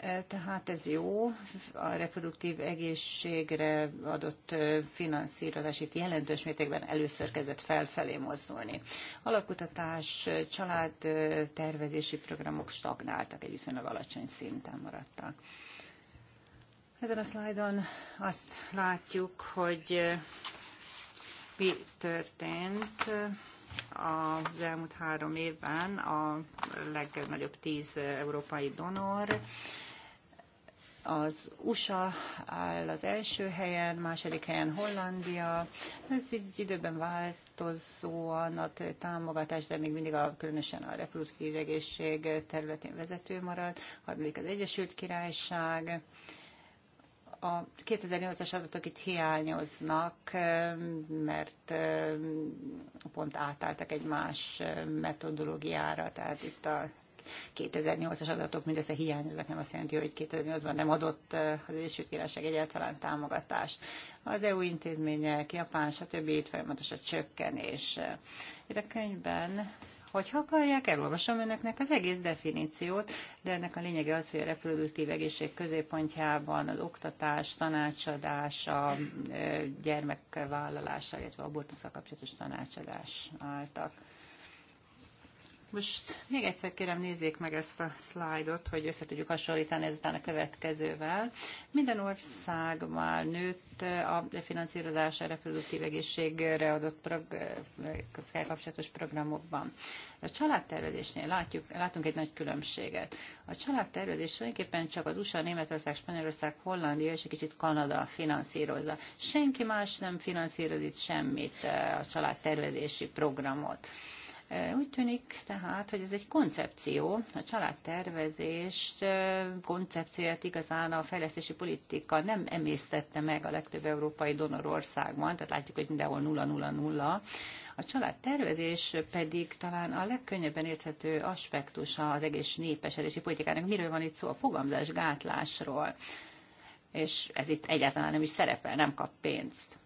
E, tehát ez jó, a reproduktív egészségre adott e, finanszírozás itt jelentős mértékben először kezdett felfelé mozdulni. Alapkutatás, család e, tervezési programok stagnáltak, egy viszonylag alacsony szinten maradtak. Ezen a szlájdon azt látjuk, hogy mi történt az elmúlt három évben a legnagyobb tíz európai donor az USA áll az első helyen, második helyen Hollandia. Ez így időben változóan a támogatás, de még mindig a, különösen a reproduktív egészség területén vezető marad. Harmadik az Egyesült Királyság a 2008-as adatok itt hiányoznak, mert eh, pont átálltak egy más metodológiára, tehát itt a 2008-as adatok mindössze hiányoznak, nem azt jelenti, hogy 2008-ban nem adott eh, az Egyesült Királyság egyáltalán támogatást. Az EU intézmények, Japán, stb. itt folyamatos a csökkenés. Itt a könyvben hogyha akarják, elolvasom önöknek az egész definíciót, de ennek a lényege az, hogy a reproduktív egészség középpontjában az oktatás, tanácsadás, a eh, gyermekvállalása, illetve a kapcsolatos tanácsadás álltak. Most még egyszer kérem nézzék meg ezt a szlájdot, hogy össze tudjuk hasonlítani ezután a következővel. Minden ország már nőtt eh, a finanszírozás a reproduktív egészségre adott prog- felkapcsolatos eh, programokban. A családtervezésnél látjuk, látunk egy nagy különbséget. A családtervezés tulajdonképpen csak az USA, Németország, Spanyolország, Hollandia és egy kicsit Kanada finanszírozza. Senki más nem finanszírozik semmit eh, a családtervezési programot. Úgy tűnik tehát, hogy ez egy koncepció, a családtervezés koncepcióját igazán a fejlesztési politika nem emésztette meg a legtöbb európai donorországban, tehát látjuk, hogy mindenhol nulla, nulla, nulla. A családtervezés pedig talán a legkönnyebben érthető aspektusa az egész népesedési politikának. Miről van itt szó? A fogamzás gátlásról. És ez itt egyáltalán nem is szerepel, nem kap pénzt.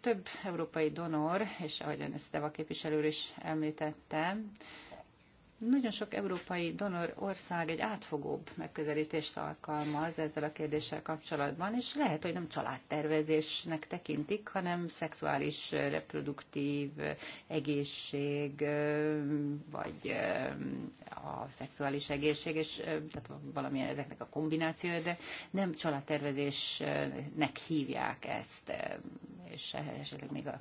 Több európai donor, és ahogyan ezt Deva képviselő is említette, nagyon sok európai donor ország egy átfogóbb megközelítést alkalmaz ezzel a kérdéssel kapcsolatban, és lehet, hogy nem családtervezésnek tekintik, hanem szexuális, reproduktív egészség, vagy a szexuális egészség, és tehát valamilyen ezeknek a kombinációja, de nem családtervezésnek hívják ezt, és esetleg még a,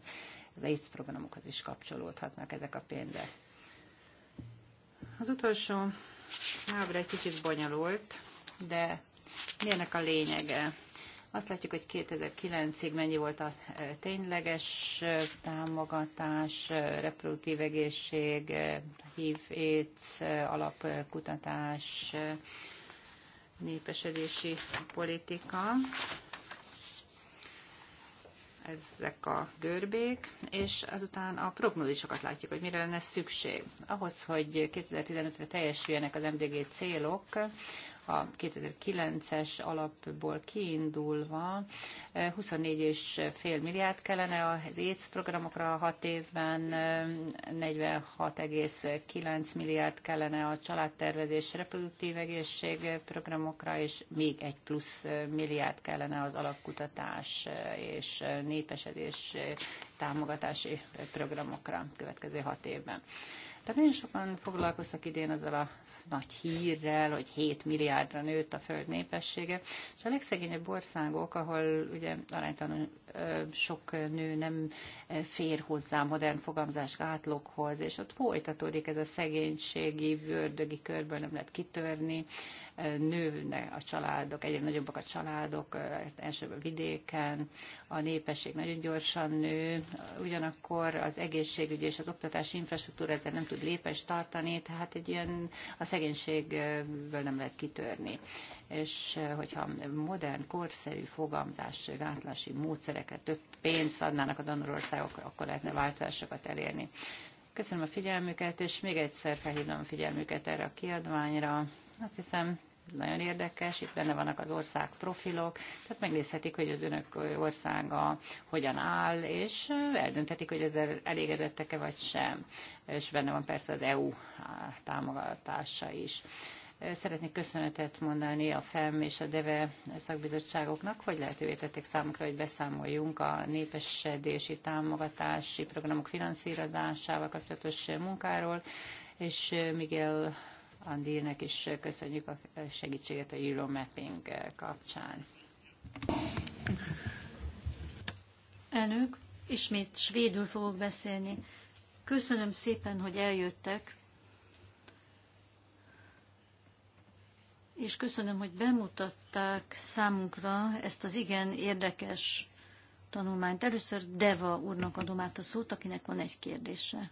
az AIDS programokhoz is kapcsolódhatnak ezek a pénzek. Az utolsó ábra egy kicsit bonyolult, de mi ennek a lényege? Azt látjuk, hogy 2009-ig mennyi volt a e, tényleges e, támogatás, e, reproduktív egészség, HIV, AIDS, alapkutatás, népesedési politika ezek a görbék, és azután a prognózisokat látjuk, hogy mire lenne szükség. Ahhoz, hogy 2015-re teljesüljenek az MDG célok, a 2009-es alapból kiindulva 24,5 eh, milliárd kellene az ÉC programokra 6 évben, 46,9 eh, milliárd kellene a családtervezés reproduktív egészség programokra, és még egy plusz eh, milliárd kellene az alapkutatás és népesedés támogatási programokra következő hat évben. Tehát nagyon sokan foglalkoztak idén azzal a nagy hírrel, hogy 7 milliárdra nőtt a föld népessége, és a legszegényebb országok, ahol ugye aránytalanul sok nő nem fér hozzá modern fogamzás gátlókhoz, és ott folytatódik ez a szegénységi, vördögi körből nem lehet kitörni, nőnek a családok, egyre nagyobbak a családok, elsőbb a vidéken, a népesség nagyon gyorsan nő, ugyanakkor az egészségügy és az oktatási infrastruktúra ezzel nem tud lépést tartani, tehát egy ilyen a szegénységből nem lehet kitörni és hogyha modern, korszerű fogamzás, gátlási módszereket, több pénzt adnának a donorországok, akkor lehetne változásokat elérni. Köszönöm a figyelmüket, és még egyszer felhívom a figyelmüket erre a kiadványra. Azt hiszem, nagyon érdekes, itt benne vannak az ország profilok, tehát megnézhetik, hogy az önök országa hogyan áll, és eldönthetik, hogy ezzel elégedettek-e vagy sem. És benne van persze az EU támogatása is. Szeretnék köszönetet mondani a FEM és a DEVE szakbizottságoknak, hogy lehetővé tették számukra, hogy beszámoljunk a népesedési támogatási programok finanszírozásával kapcsolatos munkáról, és Miguel Andírnek is köszönjük a segítséget a Euro Mapping kapcsán. Elnök, ismét svédül fogok beszélni. Köszönöm szépen, hogy eljöttek, és köszönöm, hogy bemutatták számunkra ezt az igen érdekes tanulmányt. Először Deva úrnak adom át a szót, akinek van egy kérdése.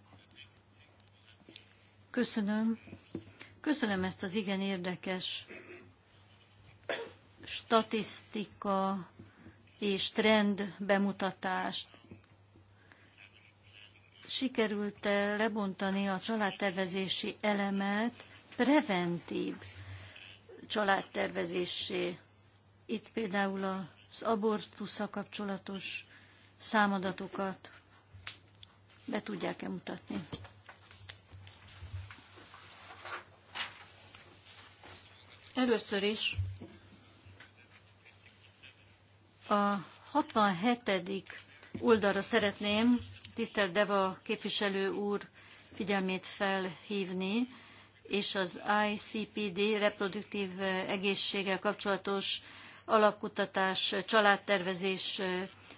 Köszönöm. Köszönöm ezt az igen érdekes statisztika és trend bemutatást. Sikerült -e lebontani a családtervezési elemet preventív családtervezésé. Itt például az abortussal kapcsolatos számadatokat be tudják-e mutatni. Először is a 67. oldalra szeretném tisztelt Deva képviselő úr figyelmét felhívni, és az ICPD reproduktív egészséggel kapcsolatos alapkutatás, családtervezés,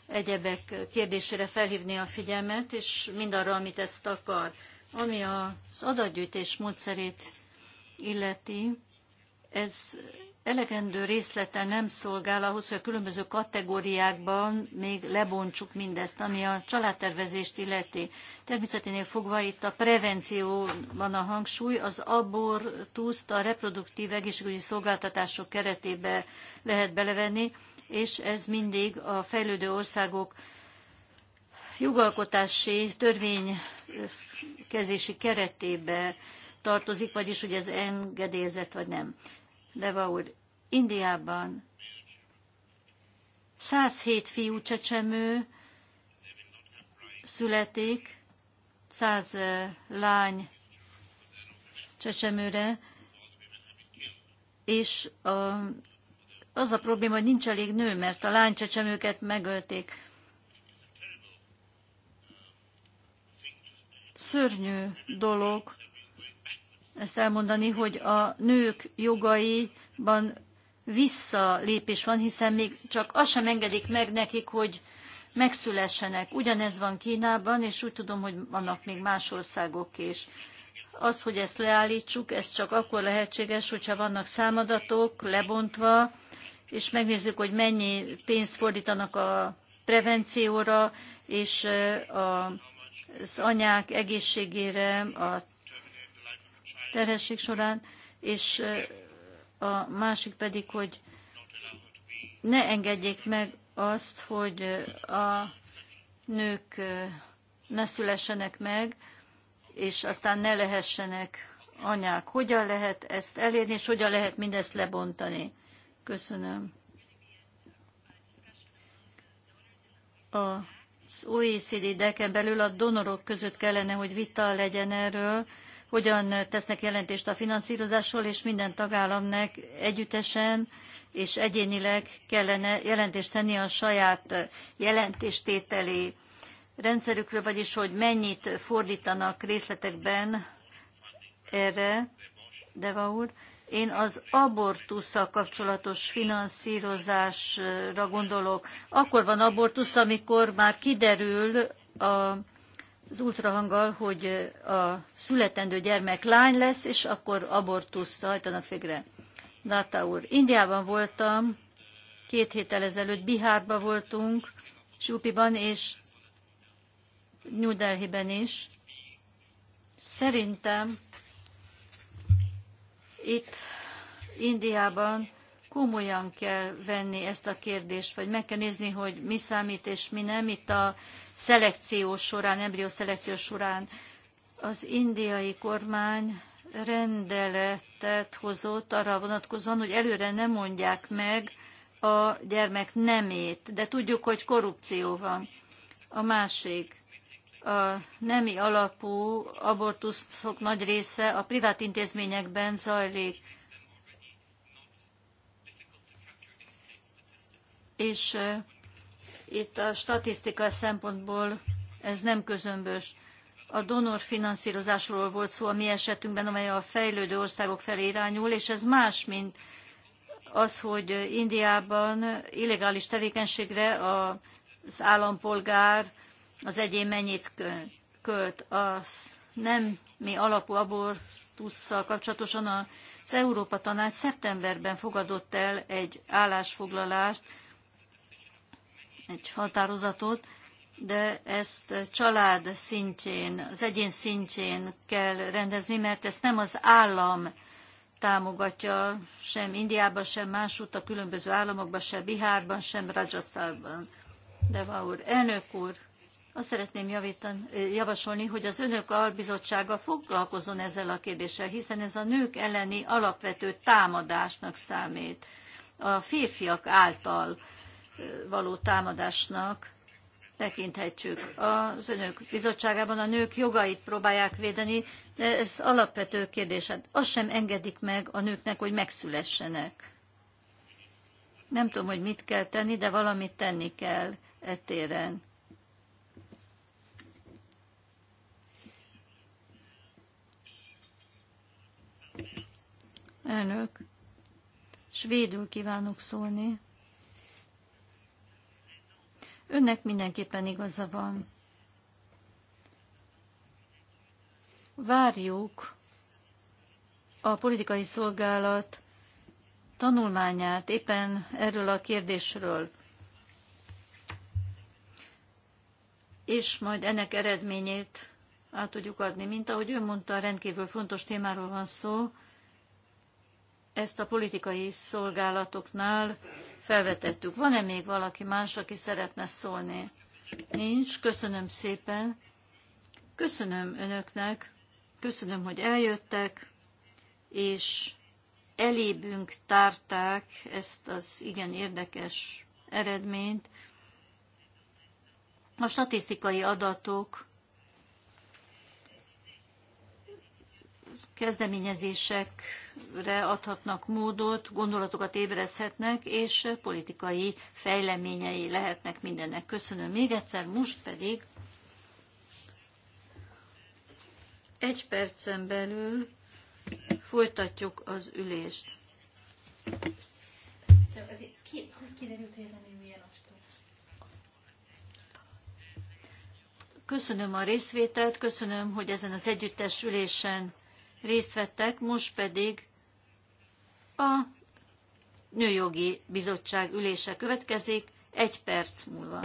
egyebek kérdésére felhívni a figyelmet, és mindarra, amit ezt akar. Ami az adatgyűjtés módszerét illeti, ez elegendő részlete nem szolgál ahhoz, hogy a különböző kategóriákban még lebontsuk mindezt, ami a családtervezést illeti. Természeténél fogva itt a prevenció van a hangsúly, az abortuszt a reproduktív egészségügyi szolgáltatások keretébe lehet belevenni, és ez mindig a fejlődő országok jogalkotási törvénykezési keretébe tartozik, vagyis hogy ez engedélyezett vagy nem. Deva úr, Indiában 107 fiú csecsemő születik, 100 lány csecsemőre, és a, az a probléma, hogy nincs elég nő, mert a lány csecsemőket megölték. Szörnyű dolog, ezt elmondani, hogy a nők jogaiban visszalépés van, hiszen még csak azt sem engedik meg nekik, hogy megszülessenek. Ugyanez van Kínában, és úgy tudom, hogy vannak még más országok is. Az, hogy ezt leállítsuk, ez csak akkor lehetséges, hogyha vannak számadatok lebontva, és megnézzük, hogy mennyi pénzt fordítanak a prevencióra, és az anyák egészségére, a terhesség során, és a másik pedig, hogy ne engedjék meg azt, hogy a nők ne szülessenek meg, és aztán ne lehessenek anyák. Hogyan lehet ezt elérni, és hogyan lehet mindezt lebontani? Köszönöm. Az OECD deken belül a donorok között kellene, hogy vita legyen erről, hogyan tesznek jelentést a finanszírozásról, és minden tagállamnak együttesen és egyénileg kellene jelentést tenni a saját jelentéstételi rendszerükről, vagyis hogy mennyit fordítanak részletekben erre, Deva úr. Én az abortussal kapcsolatos finanszírozásra gondolok. Akkor van abortusz, amikor már kiderül a az ultrahanggal, hogy a születendő gyermek lány lesz, és akkor abortuszt hajtanak végre. Data úr, Indiában voltam, két héttel ezelőtt Bihárban voltunk, Súpiban és New Delhi-ben is. Szerintem itt Indiában komolyan kell venni ezt a kérdést, vagy meg kell nézni, hogy mi számít és mi nem. Itt a szelekció során, embrió szelekció során az indiai kormány rendeletet hozott arra vonatkozóan, hogy előre nem mondják meg a gyermek nemét, de tudjuk, hogy korrupció van. A másik, a nemi alapú abortuszok nagy része a privát intézményekben zajlik és itt a statisztika szempontból ez nem közömbös. A donor finanszírozásról volt szó a mi esetünkben, amely a fejlődő országok felé irányul, és ez más, mint az, hogy Indiában illegális tevékenységre az állampolgár az egyén mennyit költ. A mi alapú abortusszal kapcsolatosan az Európa Tanács szeptemberben fogadott el egy állásfoglalást, egy határozatot, de ezt család szintjén, az egyén szintjén kell rendezni, mert ezt nem az állam támogatja sem Indiában, sem másutt a különböző államokban, sem Bihárban, sem Rajasztánban. De Vaur, elnök úr, azt szeretném javítani, javasolni, hogy az önök albizottsága foglalkozzon ezzel a kérdéssel, hiszen ez a nők elleni alapvető támadásnak számít a férfiak által való támadásnak tekinthetjük. Az önök bizottságában a nők jogait próbálják védeni, de ez alapvető kérdés. Hát azt sem engedik meg a nőknek, hogy megszülessenek. Nem tudom, hogy mit kell tenni, de valamit tenni kell e téren Elnök, svédül kívánok szólni. Önnek mindenképpen igaza van. Várjuk a politikai szolgálat tanulmányát éppen erről a kérdésről. És majd ennek eredményét át tudjuk adni. Mint ahogy ön mondta, rendkívül fontos témáról van szó. Ezt a politikai szolgálatoknál felvetettük. Van-e még valaki más, aki szeretne szólni? Nincs. Köszönöm szépen. Köszönöm önöknek. Köszönöm, hogy eljöttek, és elébünk tárták ezt az igen érdekes eredményt. A statisztikai adatok kezdeményezésekre adhatnak módot, gondolatokat ébreszhetnek, és politikai fejleményei lehetnek mindennek. Köszönöm még egyszer, most pedig egy percen belül folytatjuk az ülést. Köszönöm a részvételt, köszönöm, hogy ezen az együttes ülésen részt vettek, most pedig a Nőjogi Bizottság ülése következik egy perc múlva.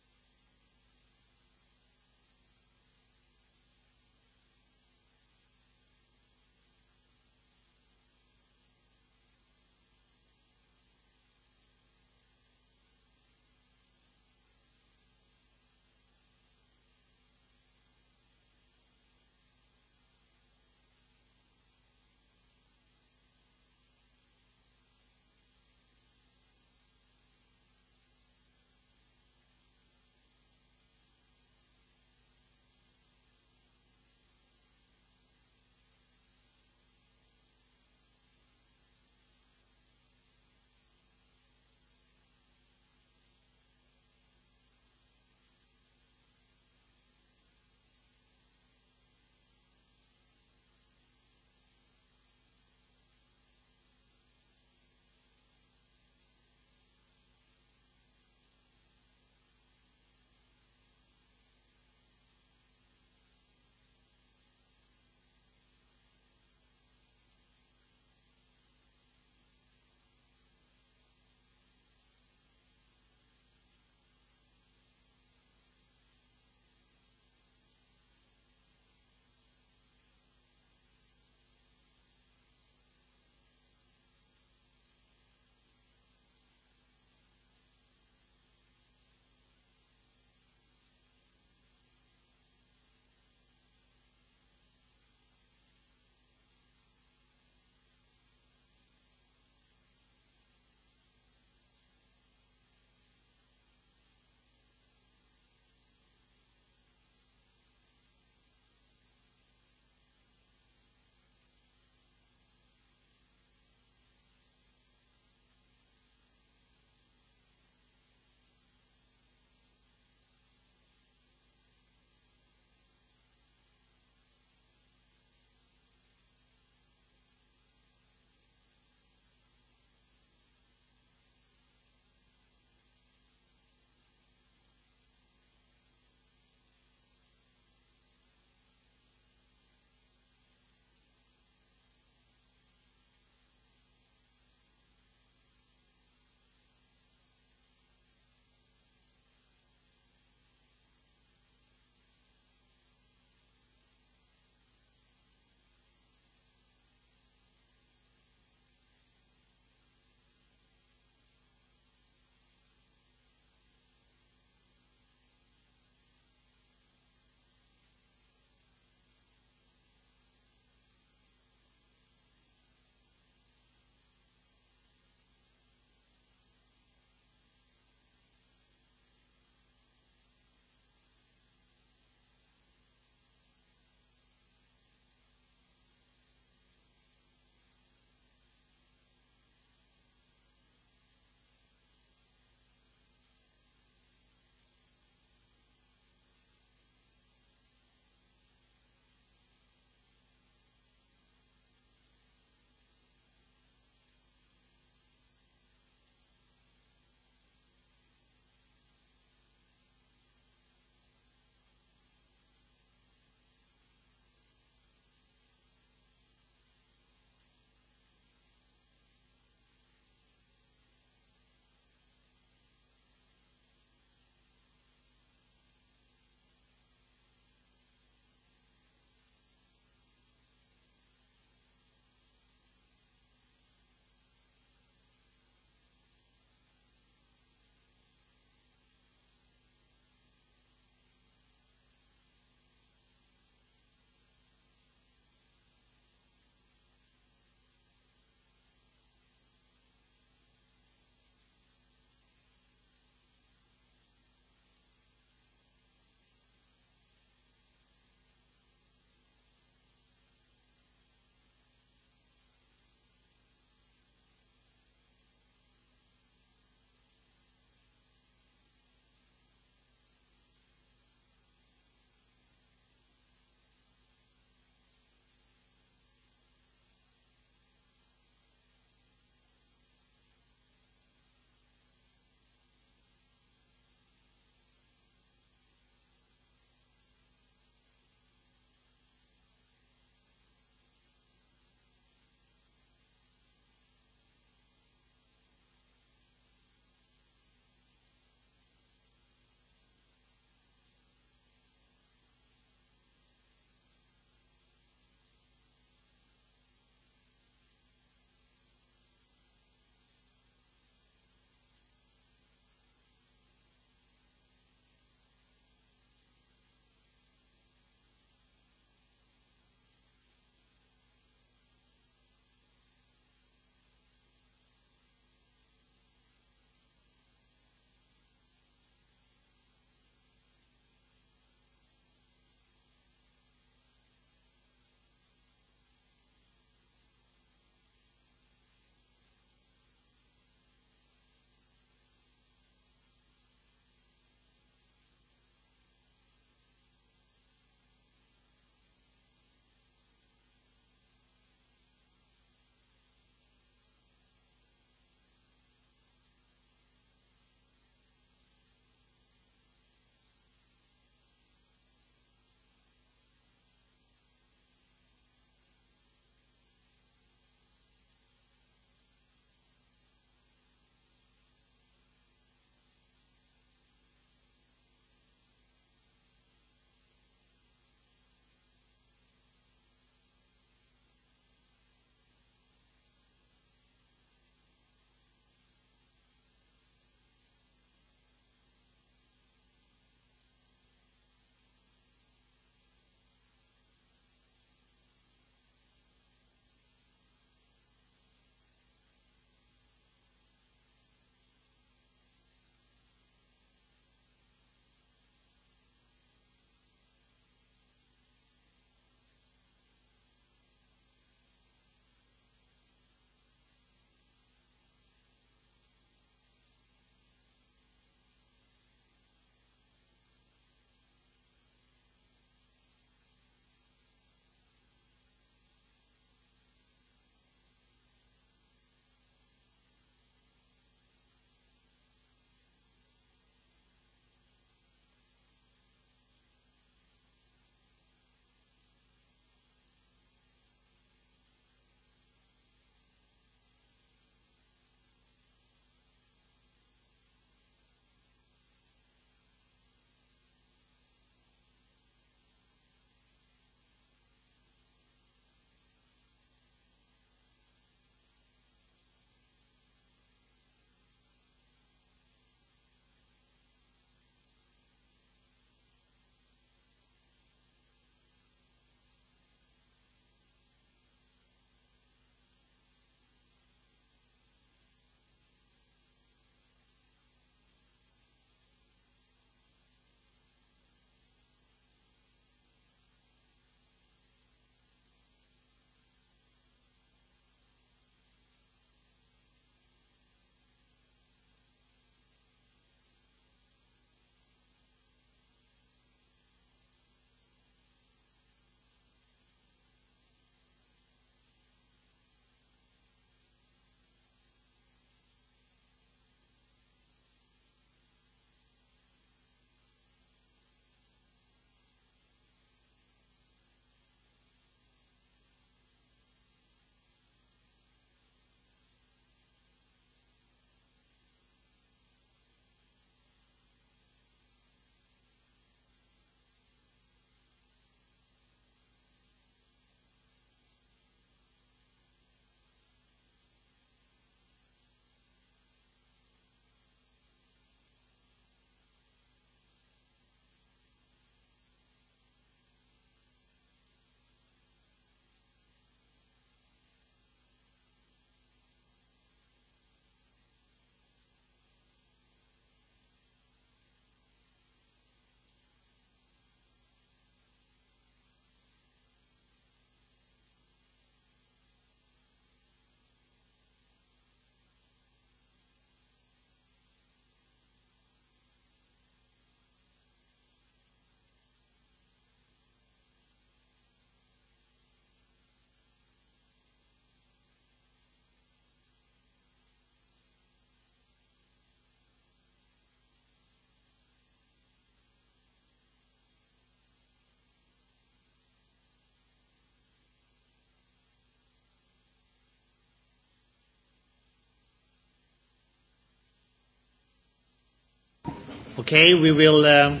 Okay, we will. Uh,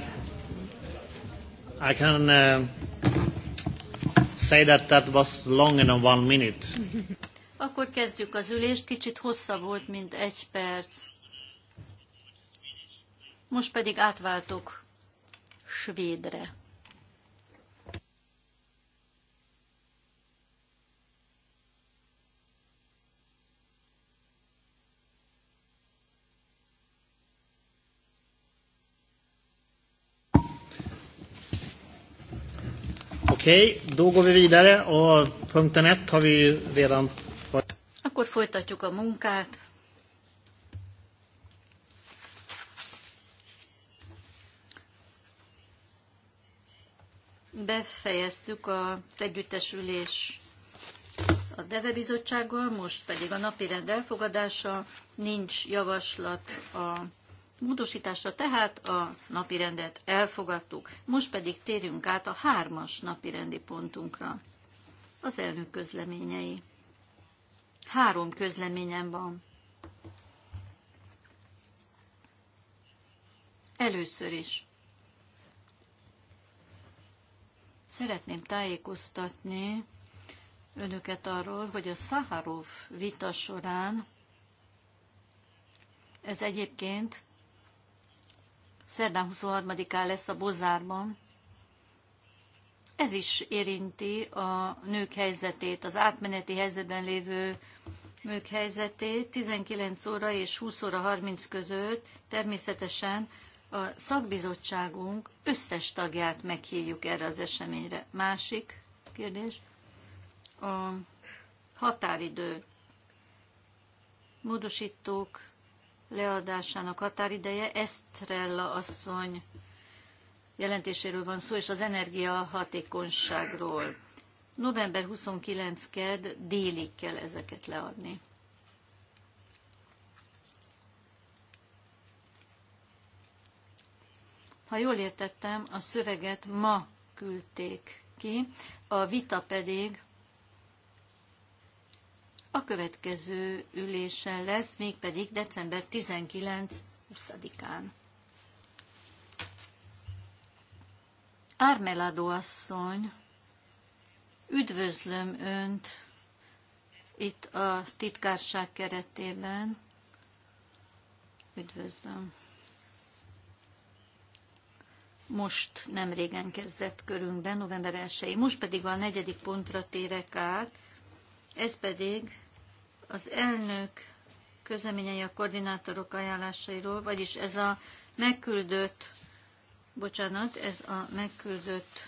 I can uh, say that that was longer than one minute. Akkor kezdjük az ülést, kicsit hosszabb volt, mint egy perc. Most pedig átváltok svédre. Okej, okay, då går vi vidare och punkten ett har vi ju redan... Akkor folytatjuk a munkát. Befejeztük az együttesülés a DEVE bizottsággal, most pedig a napirend elfogadása, nincs javaslat a módosításra, tehát a napirendet elfogadtuk. Most pedig térjünk át a hármas napirendi pontunkra. Az elnök közleményei. Három közleményem van. Először is. Szeretném tájékoztatni önöket arról, hogy a Szaharov vita során, ez egyébként szerdán 23-án lesz a Bozárban. Ez is érinti a nők helyzetét, az átmeneti helyzetben lévő nők helyzetét 19 óra és 20 óra 30 között természetesen a szakbizottságunk összes tagját meghívjuk erre az eseményre. Másik kérdés, a határidő módosítók leadásának határideje. Esztrella asszony jelentéséről van szó, és az energiahatékonyságról. November 29 ked délig kell ezeket leadni. Ha jól értettem, a szöveget ma küldték ki, a vita pedig a következő ülésen lesz, mégpedig december 19-20-án. Ármeládó asszony, üdvözlöm Önt itt a titkárság keretében. Üdvözlöm. Most nem régen kezdett körünkben, november 1 -i. Most pedig a negyedik pontra térek át, ez pedig az elnök közleményei a koordinátorok ajánlásairól, vagyis ez a megküldött, bocsánat, ez a megküldött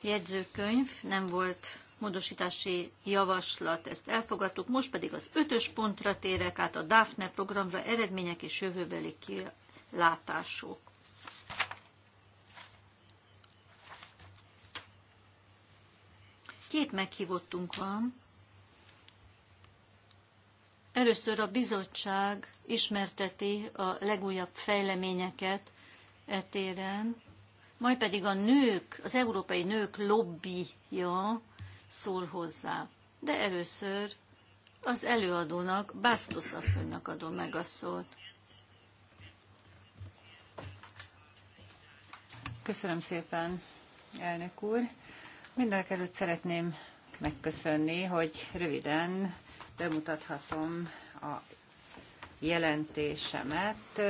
jegyzőkönyv nem volt módosítási javaslat, ezt elfogadtuk, most pedig az ötös pontra térek át a DAFNE programra eredmények és jövőbeli kilátások. Két meghívottunk van, Először a bizottság ismerteti a legújabb fejleményeket etéren. majd pedig a nők, az európai nők lobbija szól hozzá. De először az előadónak, Bastos asszonynak adom meg a szót. Köszönöm szépen, elnök úr. Mindenek előtt szeretném megköszönni, hogy röviden bemutathatom a jelentésemet.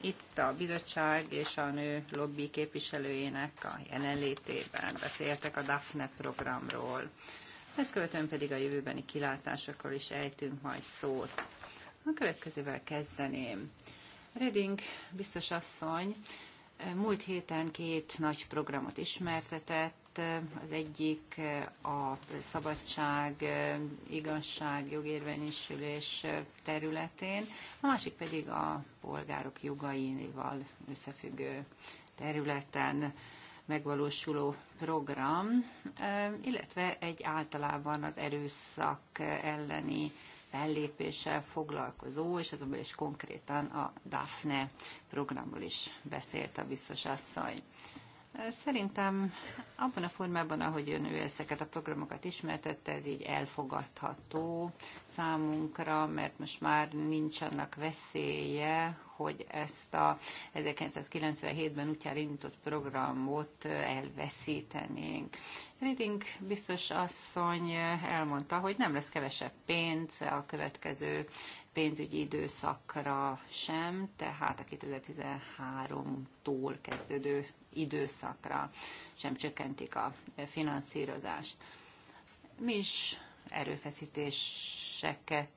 Itt a bizottság és a nő lobby képviselőjének a jelenlétében beszéltek a DAFNE programról. Ezt követően pedig a jövőbeni kilátásokról is ejtünk majd szót. A következővel kezdeném. Reding biztos asszony múlt héten két nagy programot ismertetett, az egyik a szabadság, igazság, jogérvényesülés területén, a másik pedig a polgárok jogainival összefüggő területen megvalósuló program, illetve egy általában az erőszak elleni fellépéssel foglalkozó, és azonban is konkrétan a DAFNE programról is beszélt a biztos asszony. Szerintem abban a formában, ahogy ön ő ezeket a programokat ismertette, ez így elfogadható számunkra, mert most már nincs annak veszélye, hogy ezt a 1997-ben útjára indított programot elveszítenénk. Reading biztos asszony elmondta, hogy nem lesz kevesebb pénz a következő pénzügyi időszakra sem, tehát a 2013-tól kezdődő időszakra, sem csökkentik a finanszírozást. Mi is erőfeszítéseket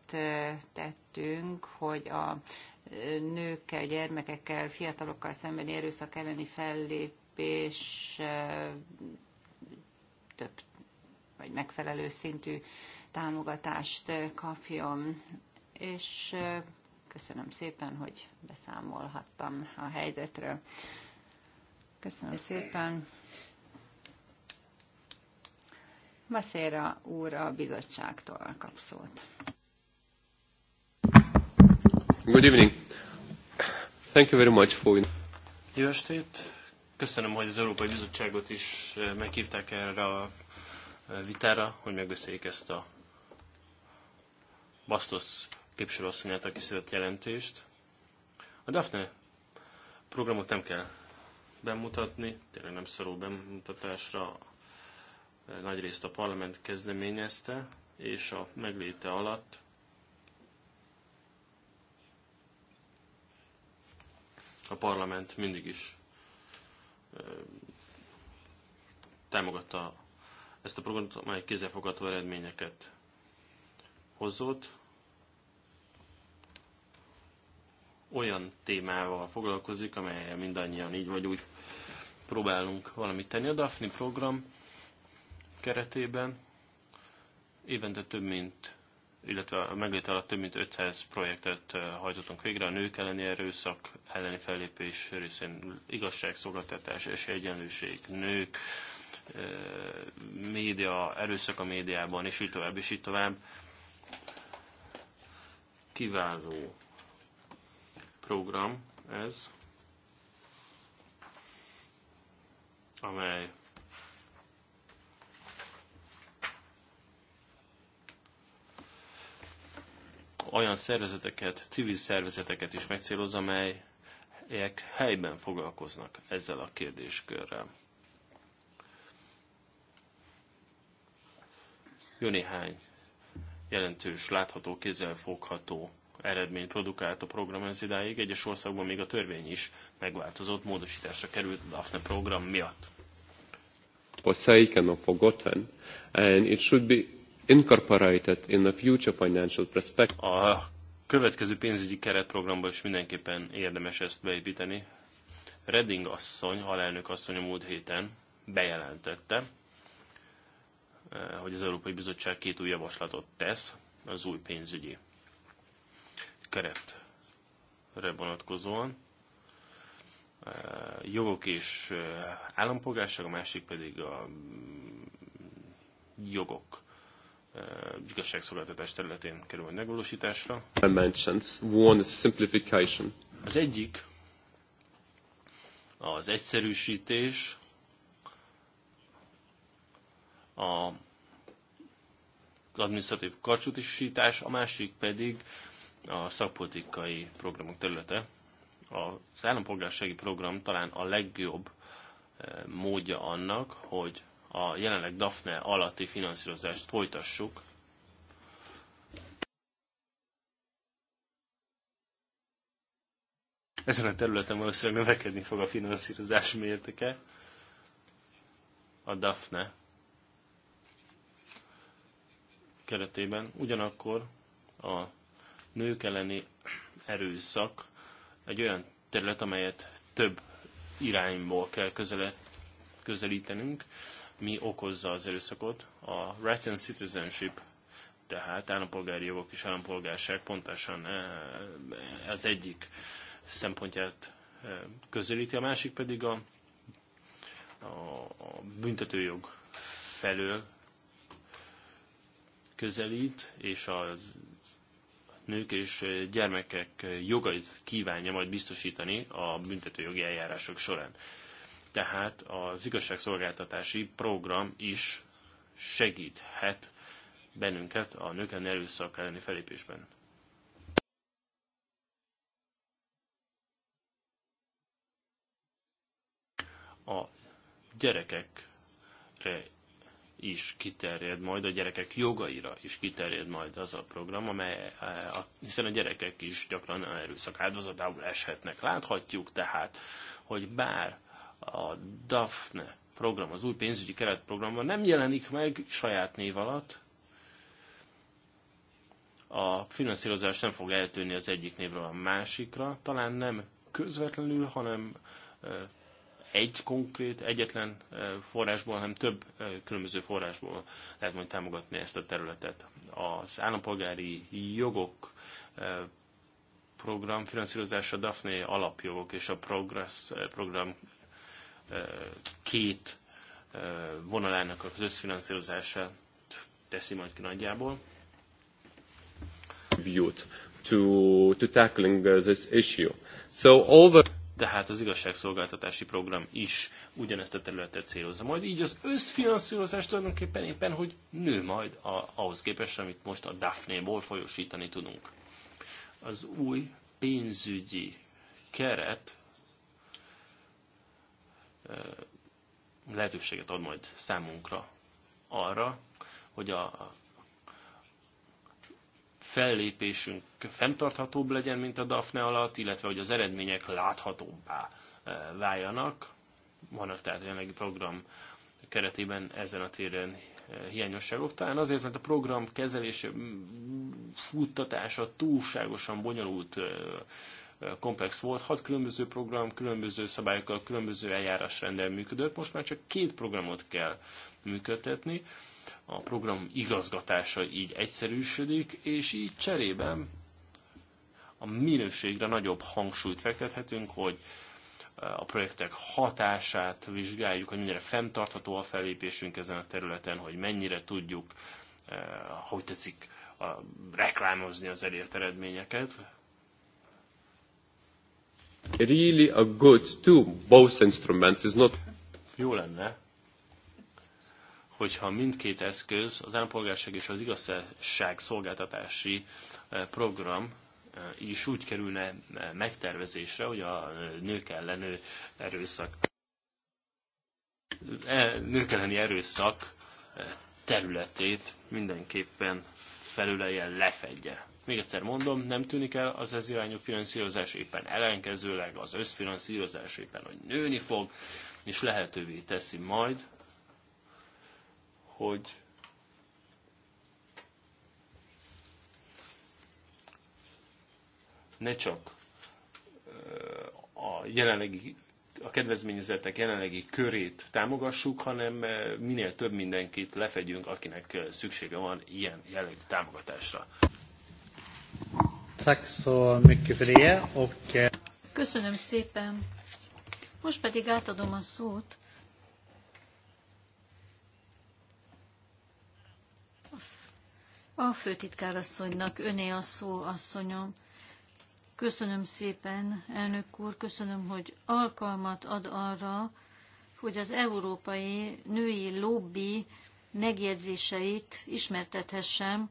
tettünk, hogy a nőkkel, gyermekekkel, fiatalokkal szembeni erőszak elleni fellépés több vagy megfelelő szintű támogatást kapjon. És köszönöm szépen, hogy beszámolhattam a helyzetről. Köszönöm szépen. Maszéra úr a bizottságtól kap szót. Good evening. Thank you very much for... Jó estét. Köszönöm, hogy az Európai Bizottságot is meghívták erre a vitára, hogy megbeszéljék ezt a Bastos képviselőasszonyát, aki szület jelentést. A Daphne programot nem kell bemutatni, tényleg nem szorul bemutatásra, nagyrészt a parlament kezdeményezte, és a megléte alatt a parlament mindig is támogatta ezt a programot, amely kézzelfogható eredményeket hozott. olyan témával foglalkozik, amelyel mindannyian így vagy úgy próbálunk valamit tenni. A Daphne program keretében évente több mint illetve a meglét alatt több mint 500 projektet hajtottunk végre a nők elleni erőszak elleni fellépés részén igazságszolgáltatás, egyenlőség nők, média, erőszak a médiában, és így tovább, és így tovább. Kiváló program ez, amely olyan szervezeteket, civil szervezeteket is megcéloz, amelyek helyben foglalkoznak ezzel a kérdéskörrel. Jó néhány jelentős, látható, kézzel fogható eredményt produkált a program ez idáig, egyes országban még a törvény is megváltozott, módosításra került a DAFNE program miatt. Forsaken or forgotten, and it should be incorporated in the future financial perspective. A következő pénzügyi keretprogramban is mindenképpen érdemes ezt beépíteni. Redding asszony, halelnök asszony a múlt héten bejelentette, eh, hogy az Európai Bizottság két új javaslatot tesz az új pénzügyi keretre vonatkozóan. E, jogok és e, állampolgárság, a másik pedig a jogok e, igazságszolgáltatás területén kerül a megvalósításra. Az egyik az egyszerűsítés, a administratív karcsútisítás, a másik pedig a szakpolitikai programok területe. Az állampolgársági program talán a legjobb eh, módja annak, hogy a jelenleg DAFNE alatti finanszírozást folytassuk, ezen a területen valószínűleg növekedni fog a finanszírozás mértéke. A DAFNE keretében. Ugyanakkor a nők elleni erőszak egy olyan terület, amelyet több irányból kell közele, közelítenünk, mi okozza az erőszakot. A Rights and Citizenship, tehát állampolgári jogok és állampolgárság pontosan eh, az egyik szempontját eh, közelíti, a másik pedig a, a, a büntetőjog felől közelít, és az nők és gyermekek jogait kívánja majd biztosítani a büntetőjogi eljárások során. Tehát az igazságszolgáltatási program is segíthet bennünket a nők erőszak elleni felépésben. A gyerekekre is kiterjed majd, a gyerekek jogaira is kiterjed majd az a program, amely, eh, hiszen a gyerekek is gyakran erőszak áldozatául eshetnek. Láthatjuk tehát, hogy bár a DAFNE program, az új pénzügyi keretprogramban nem jelenik meg saját név alatt, a finanszírozás nem fog eltűnni az egyik névről a másikra, talán nem közvetlenül, hanem eh, egy konkrét, egyetlen forrásból, hanem több különböző forrásból lehet majd támogatni ezt a területet. Az állampolgári jogok program finanszírozása, Daphne alapjogok és a Progress program két vonalának az összfinanszírozása teszi majd ki nagyjából. Youth to, to tackling uh, this issue. So over tehát az igazságszolgáltatási program is ugyanezt a területet célozza. Majd így az összfinanszírozás tulajdonképpen éppen, hogy nő majd a, ahhoz képest, amit most a Daphne-ból folyosítani tudunk. Az új pénzügyi keret lehetőséget ad majd számunkra arra, hogy a fellépésünk fenntarthatóbb legyen, mint a DAFNE alatt, illetve hogy az eredmények láthatóbbá eh, váljanak. Vannak tehát jelenlegi program keretében ezen a téren eh, hiányosságok. Talán azért, mert a program kezelése, futtatása túlságosan bonyolult eh, komplex volt, hat különböző program, különböző szabályokkal, különböző eljárásrendel működött, most már csak két programot kell működtetni, a program igazgatása így egyszerűsödik, és így cserében a minőségre nagyobb hangsúlyt fektethetünk, hogy e, a projektek hatását vizsgáljuk, hogy mennyire fenntartható a felépésünk ezen a területen, hogy mennyire tudjuk, e, hogy tetszik, reklámozni az elért eredményeket. Really a good to both instruments is not... Jó lenne, hogyha mindkét eszköz, az állampolgárság és az igazság szolgáltatási e, program e, is úgy kerülne e, megtervezésre, hogy a nők ellenő erőszak nők elleni erőszak területét mindenképpen felüleljen lefedje. Még egyszer mondom, nem tűnik el az ez irányú finanszírozás, éppen ellenkezőleg az összfinanszírozás éppen, hogy nőni fog, és lehetővé teszi majd hogy ne csak a jelenlegi a kedvezményezettek jelenlegi körét támogassuk, hanem minél több mindenkit lefegyünk, akinek szüksége van ilyen jellegű támogatásra. Eh, Köszönöm szépen. Most pedig átadom a szót A főtitkárasszonynak öné a szó, asszonyom. Köszönöm szépen, elnök úr, köszönöm, hogy alkalmat ad arra, hogy az európai női lobby megjegyzéseit ismertethessem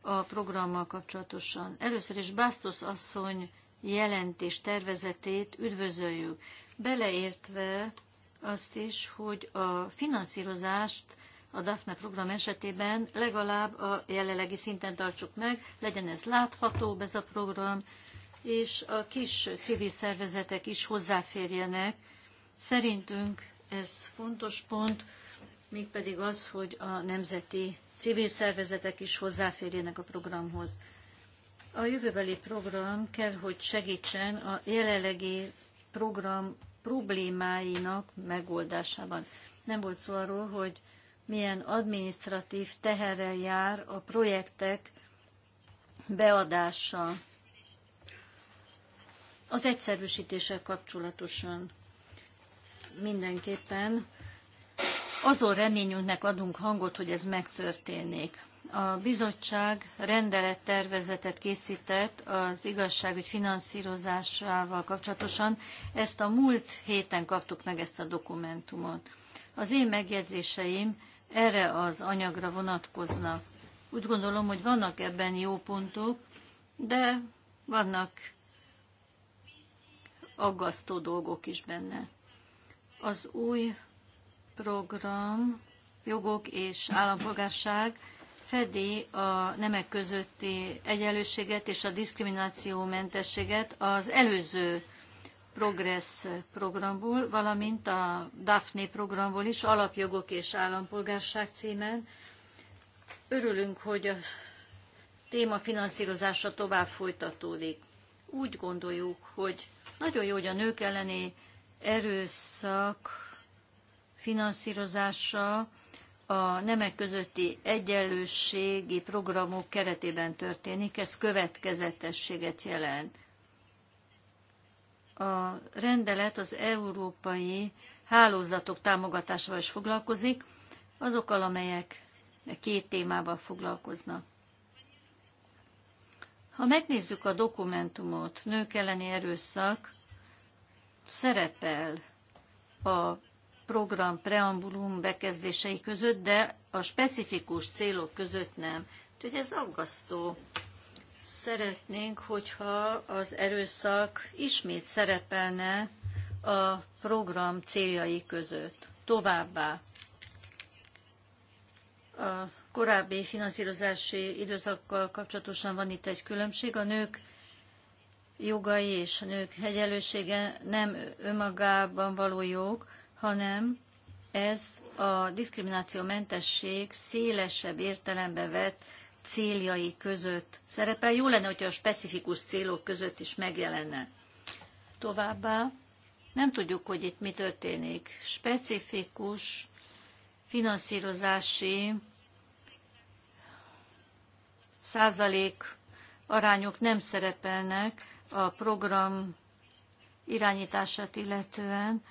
a programmal kapcsolatosan. Először is Bastos asszony jelentés tervezetét üdvözöljük, beleértve azt is, hogy a finanszírozást a DAFNE program esetében legalább a jelenlegi szinten tartsuk meg, legyen ez látható ez a program, és a kis civil szervezetek is hozzáférjenek. Szerintünk ez fontos pont, mégpedig az, hogy a nemzeti civil szervezetek is hozzáférjenek a programhoz. A jövőbeli program kell, hogy segítsen a jelenlegi program problémáinak megoldásában. Nem volt szó arról, hogy milyen adminisztratív teherrel jár a projektek beadása az egyszerűsítéssel kapcsolatosan. Mindenképpen azon reményünknek adunk hangot, hogy ez megtörténik. A bizottság rendelettervezetet készített az igazságügy finanszírozásával kapcsolatosan. Ezt a múlt héten kaptuk meg ezt a dokumentumot. Az én megjegyzéseim erre az anyagra vonatkoznak. Úgy gondolom, hogy vannak ebben jó pontok, de vannak aggasztó dolgok is benne. Az új program jogok és állampolgárság fedi a nemek közötti egyenlőséget és a diszkriminációmentességet az előző Progress programból, valamint a Daphne programból is, alapjogok és állampolgárság címen. Örülünk, hogy a téma finanszírozása tovább folytatódik. Úgy gondoljuk, hogy nagyon jó, hogy a nők elleni erőszak finanszírozása a nemek közötti egyenlőségi programok keretében történik, ez következetességet jelent. A rendelet az európai hálózatok támogatásával is foglalkozik, azokkal, amelyek két témával foglalkoznak. Ha megnézzük a dokumentumot, nők elleni erőszak szerepel a program preambulum bekezdései között, de a specifikus célok között nem. Úgyhogy ez aggasztó szeretnénk, hogyha az erőszak ismét szerepelne a program céljai között. Továbbá a korábbi finanszírozási időszakkal kapcsolatosan van itt egy különbség. A nők jogai és a nők egyenlősége nem önmagában való jog, hanem ez a diszkriminációmentesség szélesebb értelembe vett céljai között szerepel. Jó lenne, hogyha a specifikus célok között is megjelenne. Továbbá nem tudjuk, hogy itt mi történik. Specifikus finanszírozási százalék arányok nem szerepelnek a program irányítását illetően.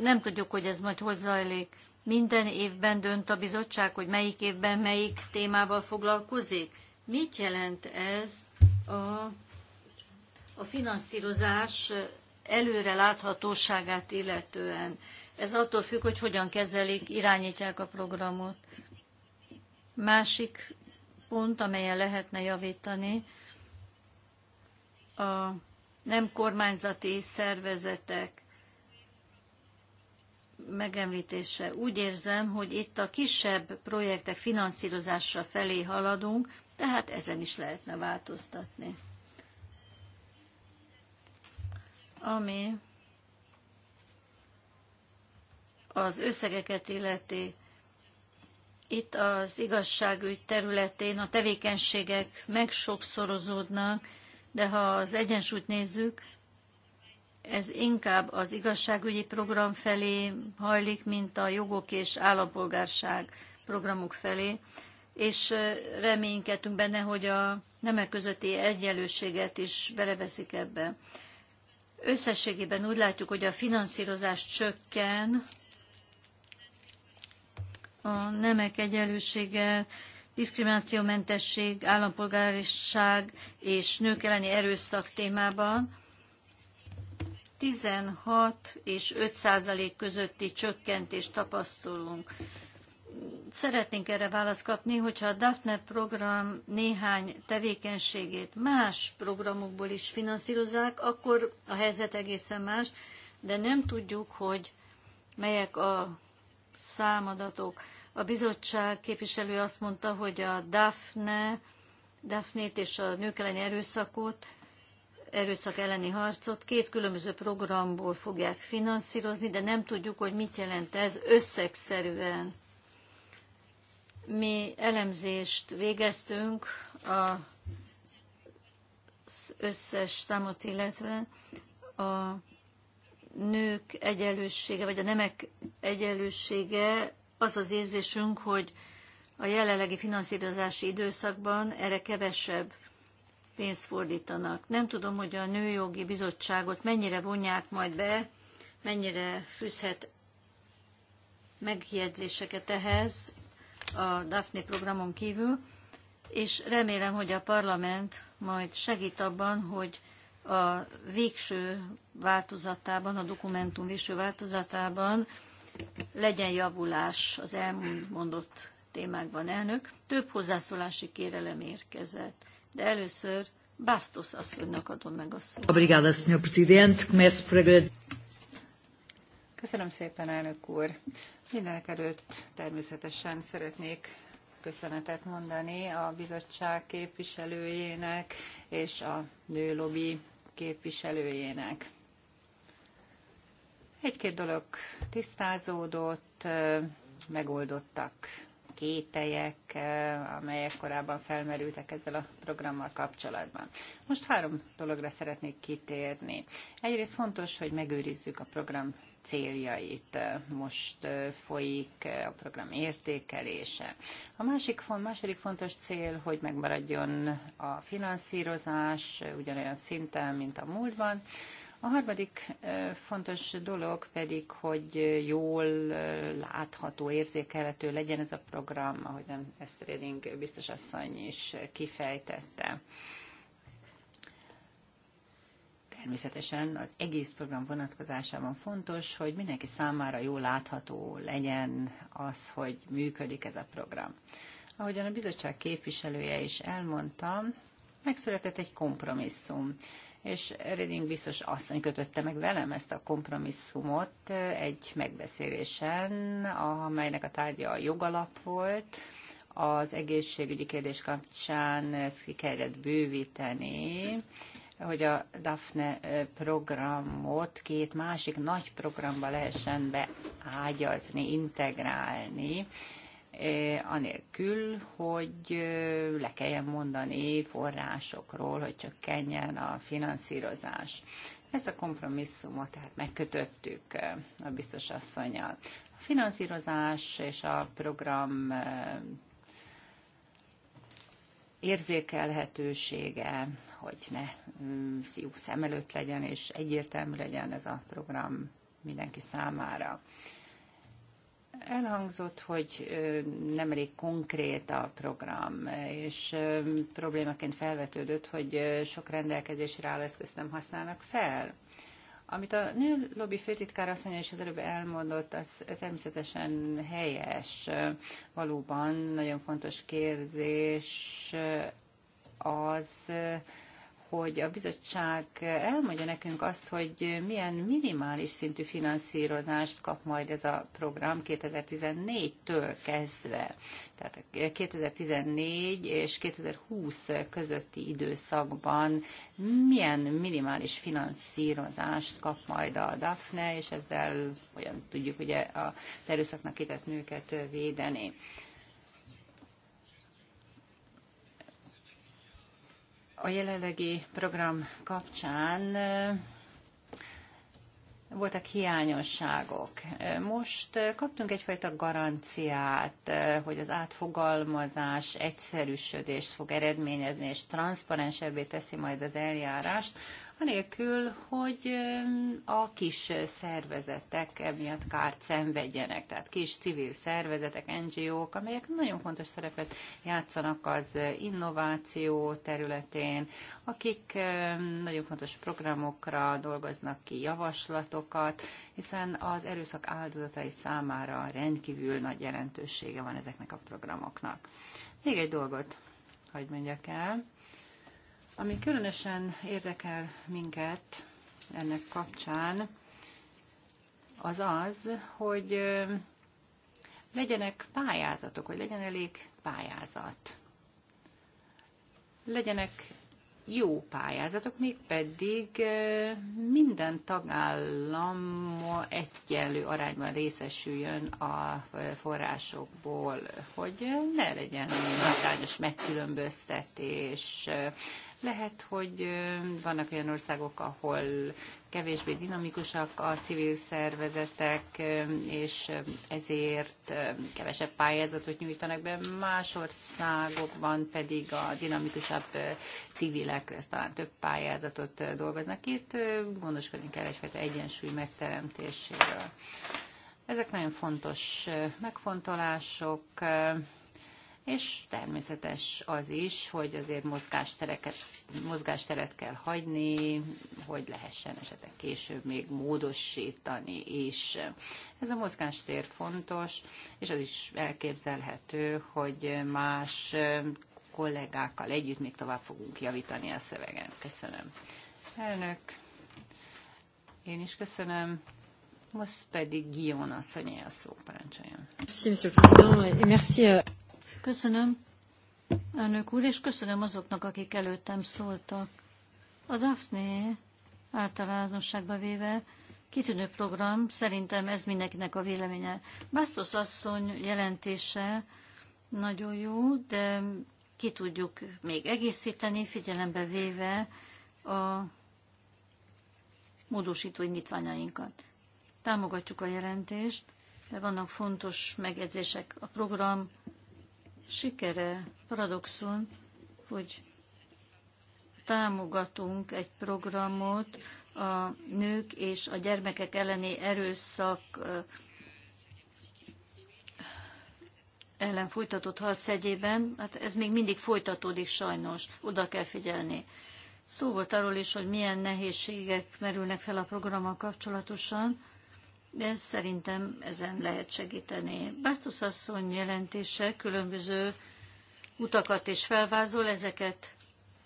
Nem tudjuk, hogy ez majd hogy zajlik. Minden évben dönt a bizottság, hogy melyik évben melyik témával foglalkozik? Mit jelent ez a, a finanszírozás előre láthatóságát illetően? Ez attól függ, hogy hogyan kezelik, irányítják a programot. Másik pont, amelyen lehetne javítani, a nem kormányzati szervezetek megemlítése. Úgy érzem, hogy itt a kisebb projektek finanszírozása felé haladunk, tehát ezen is lehetne változtatni. Ami az összegeket illeti, itt az igazságügy területén a tevékenységek megsokszorozódnak, de ha az egyensúlyt nézzük, ez inkább az igazságügyi program felé hajlik, mint a jogok és állampolgárság programok felé, és reménykedtünk benne, hogy a nemek közötti egyenlőséget is beleveszik ebbe. Összességében úgy látjuk, hogy a finanszírozás csökken, a nemek egyenlősége, diszkriminációmentesség, állampolgárság és nők elleni erőszak témában 16 és 5 százalék közötti csökkentést tapasztalunk. Szeretnénk erre választ kapni, hogyha a DAFNE program néhány tevékenységét más programokból is finanszírozzák, akkor a helyzet egészen más, de nem tudjuk, hogy melyek a számadatok. A bizottság képviselő azt mondta, hogy a DAFNE, DAFNE-t és a nők elleni erőszakot erőszak elleni harcot két különböző programból fogják finanszírozni, de nem tudjuk, hogy mit jelent ez összegszerűen. Mi elemzést végeztünk az összes számot, illetve a nők egyenlősége, vagy a nemek egyenlősége, az az érzésünk, hogy a jelenlegi finanszírozási időszakban erre kevesebb pénzt fordítanak. Nem tudom, hogy a Nőjogi Bizottságot mennyire vonják majd be, mennyire fűzhet megjegyzéseket ehhez a Daphne programon kívül, és remélem, hogy a parlament majd segít abban, hogy a végső változatában, a dokumentum végső változatában legyen javulás az elmondott témákban, elnök. Több hozzászólási kérelem érkezett de először Bastos asszonynak adom meg a szót. Obrigada, Sr. Presidente. Começo por Köszönöm szépen, elnök úr. Mindenek előtt természetesen szeretnék köszönetet mondani a bizottság képviselőjének és a nőlobi képviselőjének. Egy-két dolog tisztázódott, megoldottak kételyek, eh, amelyek korábban felmerültek ezzel a programmal kapcsolatban. Most három dologra szeretnék kitérni. Egyrészt fontos, hogy megőrizzük a program céljait. Most eh, folyik eh, a program értékelése. A másik, második fontos cél, hogy megmaradjon a finanszírozás ugyanolyan szinten, mint a múltban. A harmadik fontos dolog pedig, hogy jól látható, érzékelhető legyen ez a program, ahogyan ezt Reding biztos asszony is kifejtette. Természetesen az egész program vonatkozásában fontos, hogy mindenki számára jól látható legyen az, hogy működik ez a program. Ahogyan a bizottság képviselője is elmondta, megszületett egy kompromisszum és Reding biztos asszony kötötte meg velem ezt a kompromisszumot egy megbeszélésen, amelynek a tárgya a jogalap volt, az egészségügyi kérdés kapcsán ezt ki kellett bővíteni, hogy a DAFNE programot két másik nagy programba lehessen beágyazni, integrálni, E, anélkül, hogy e, le kelljen mondani forrásokról, hogy csökkenjen a finanszírozás. Ezt a kompromisszumot tehát megkötöttük e, a biztos asszonyjal. A finanszírozás és a program érzékelhetősége, hogy ne szív szem előtt legyen, és egyértelmű legyen ez a program mindenki számára. Elhangzott, hogy nem elég konkrét a program, és problémaként felvetődött, hogy sok rendelkezésre áll eszközt nem használnak fel. Amit a nő lobby főtitkár asszonya is az előbb elmondott, az természetesen helyes. Valóban nagyon fontos kérdés az, hogy a bizottság elmondja nekünk azt, hogy milyen minimális szintű finanszírozást kap majd ez a program 2014-től kezdve. Tehát 2014 és 2020 közötti időszakban milyen minimális finanszírozást kap majd a DAFNE, és ezzel olyan tudjuk ugye az erőszaknak kitett nőket védeni. A jelenlegi program kapcsán voltak hiányosságok. Most kaptunk egyfajta garanciát, hogy az átfogalmazás egyszerűsödést fog eredményezni, és transzparensebbé teszi majd az eljárást, anélkül, hogy a kis szervezetek emiatt kárt szenvedjenek, tehát kis civil szervezetek, NGO-k, amelyek nagyon fontos szerepet játszanak az innováció területén, akik nagyon fontos programokra dolgoznak ki javaslatokat, hiszen az erőszak áldozatai számára rendkívül nagy jelentősége van ezeknek a programoknak. Még egy dolgot, hogy mondjak el ami különösen érdekel minket ennek kapcsán, az az, hogy legyenek pályázatok, hogy legyen elég pályázat. Legyenek jó pályázatok, mégpedig minden tagállam egyenlő arányban részesüljön a forrásokból, hogy ne legyen hátrányos megkülönböztetés lehet, hogy vannak olyan országok, ahol kevésbé dinamikusak a civil szervezetek, és ezért kevesebb pályázatot nyújtanak be. Más országokban pedig a dinamikusabb civilek talán több pályázatot dolgoznak. Itt gondoskodni kell egyfajta egyensúly megteremtéséről. Ezek nagyon fontos megfontolások, és természetes az is, hogy azért mozgástereket, mozgásteret kell hagyni, hogy lehessen esetleg később még módosítani is. Ez a mozgástér fontos, és az is elképzelhető, hogy más kollégákkal együtt még tovább fogunk javítani a szövegen. Köszönöm. Elnök, én is köszönöm. Most pedig Guillaume asszonyé a szó, parancsoljon. Merci, monsieur le président, et merci. Euh, Köszönöm, elnök úr, és köszönöm azoknak, akik előttem szóltak. A Daphne általánosságba véve kitűnő program, szerintem ez mindenkinek a véleménye. Bastos asszony jelentése nagyon jó, de ki tudjuk még egészíteni, figyelembe véve a módosító indítványainkat. Támogatjuk a jelentést, de vannak fontos megjegyzések. A program sikere paradoxon, hogy támogatunk egy programot a nők és a gyermekek elleni erőszak ellen folytatott harc egyében, hát ez még mindig folytatódik sajnos, oda kell figyelni. Szó volt arról is, hogy milyen nehézségek merülnek fel a programmal kapcsolatosan de szerintem ezen lehet segíteni. Bastos asszony jelentése különböző utakat is felvázol, ezeket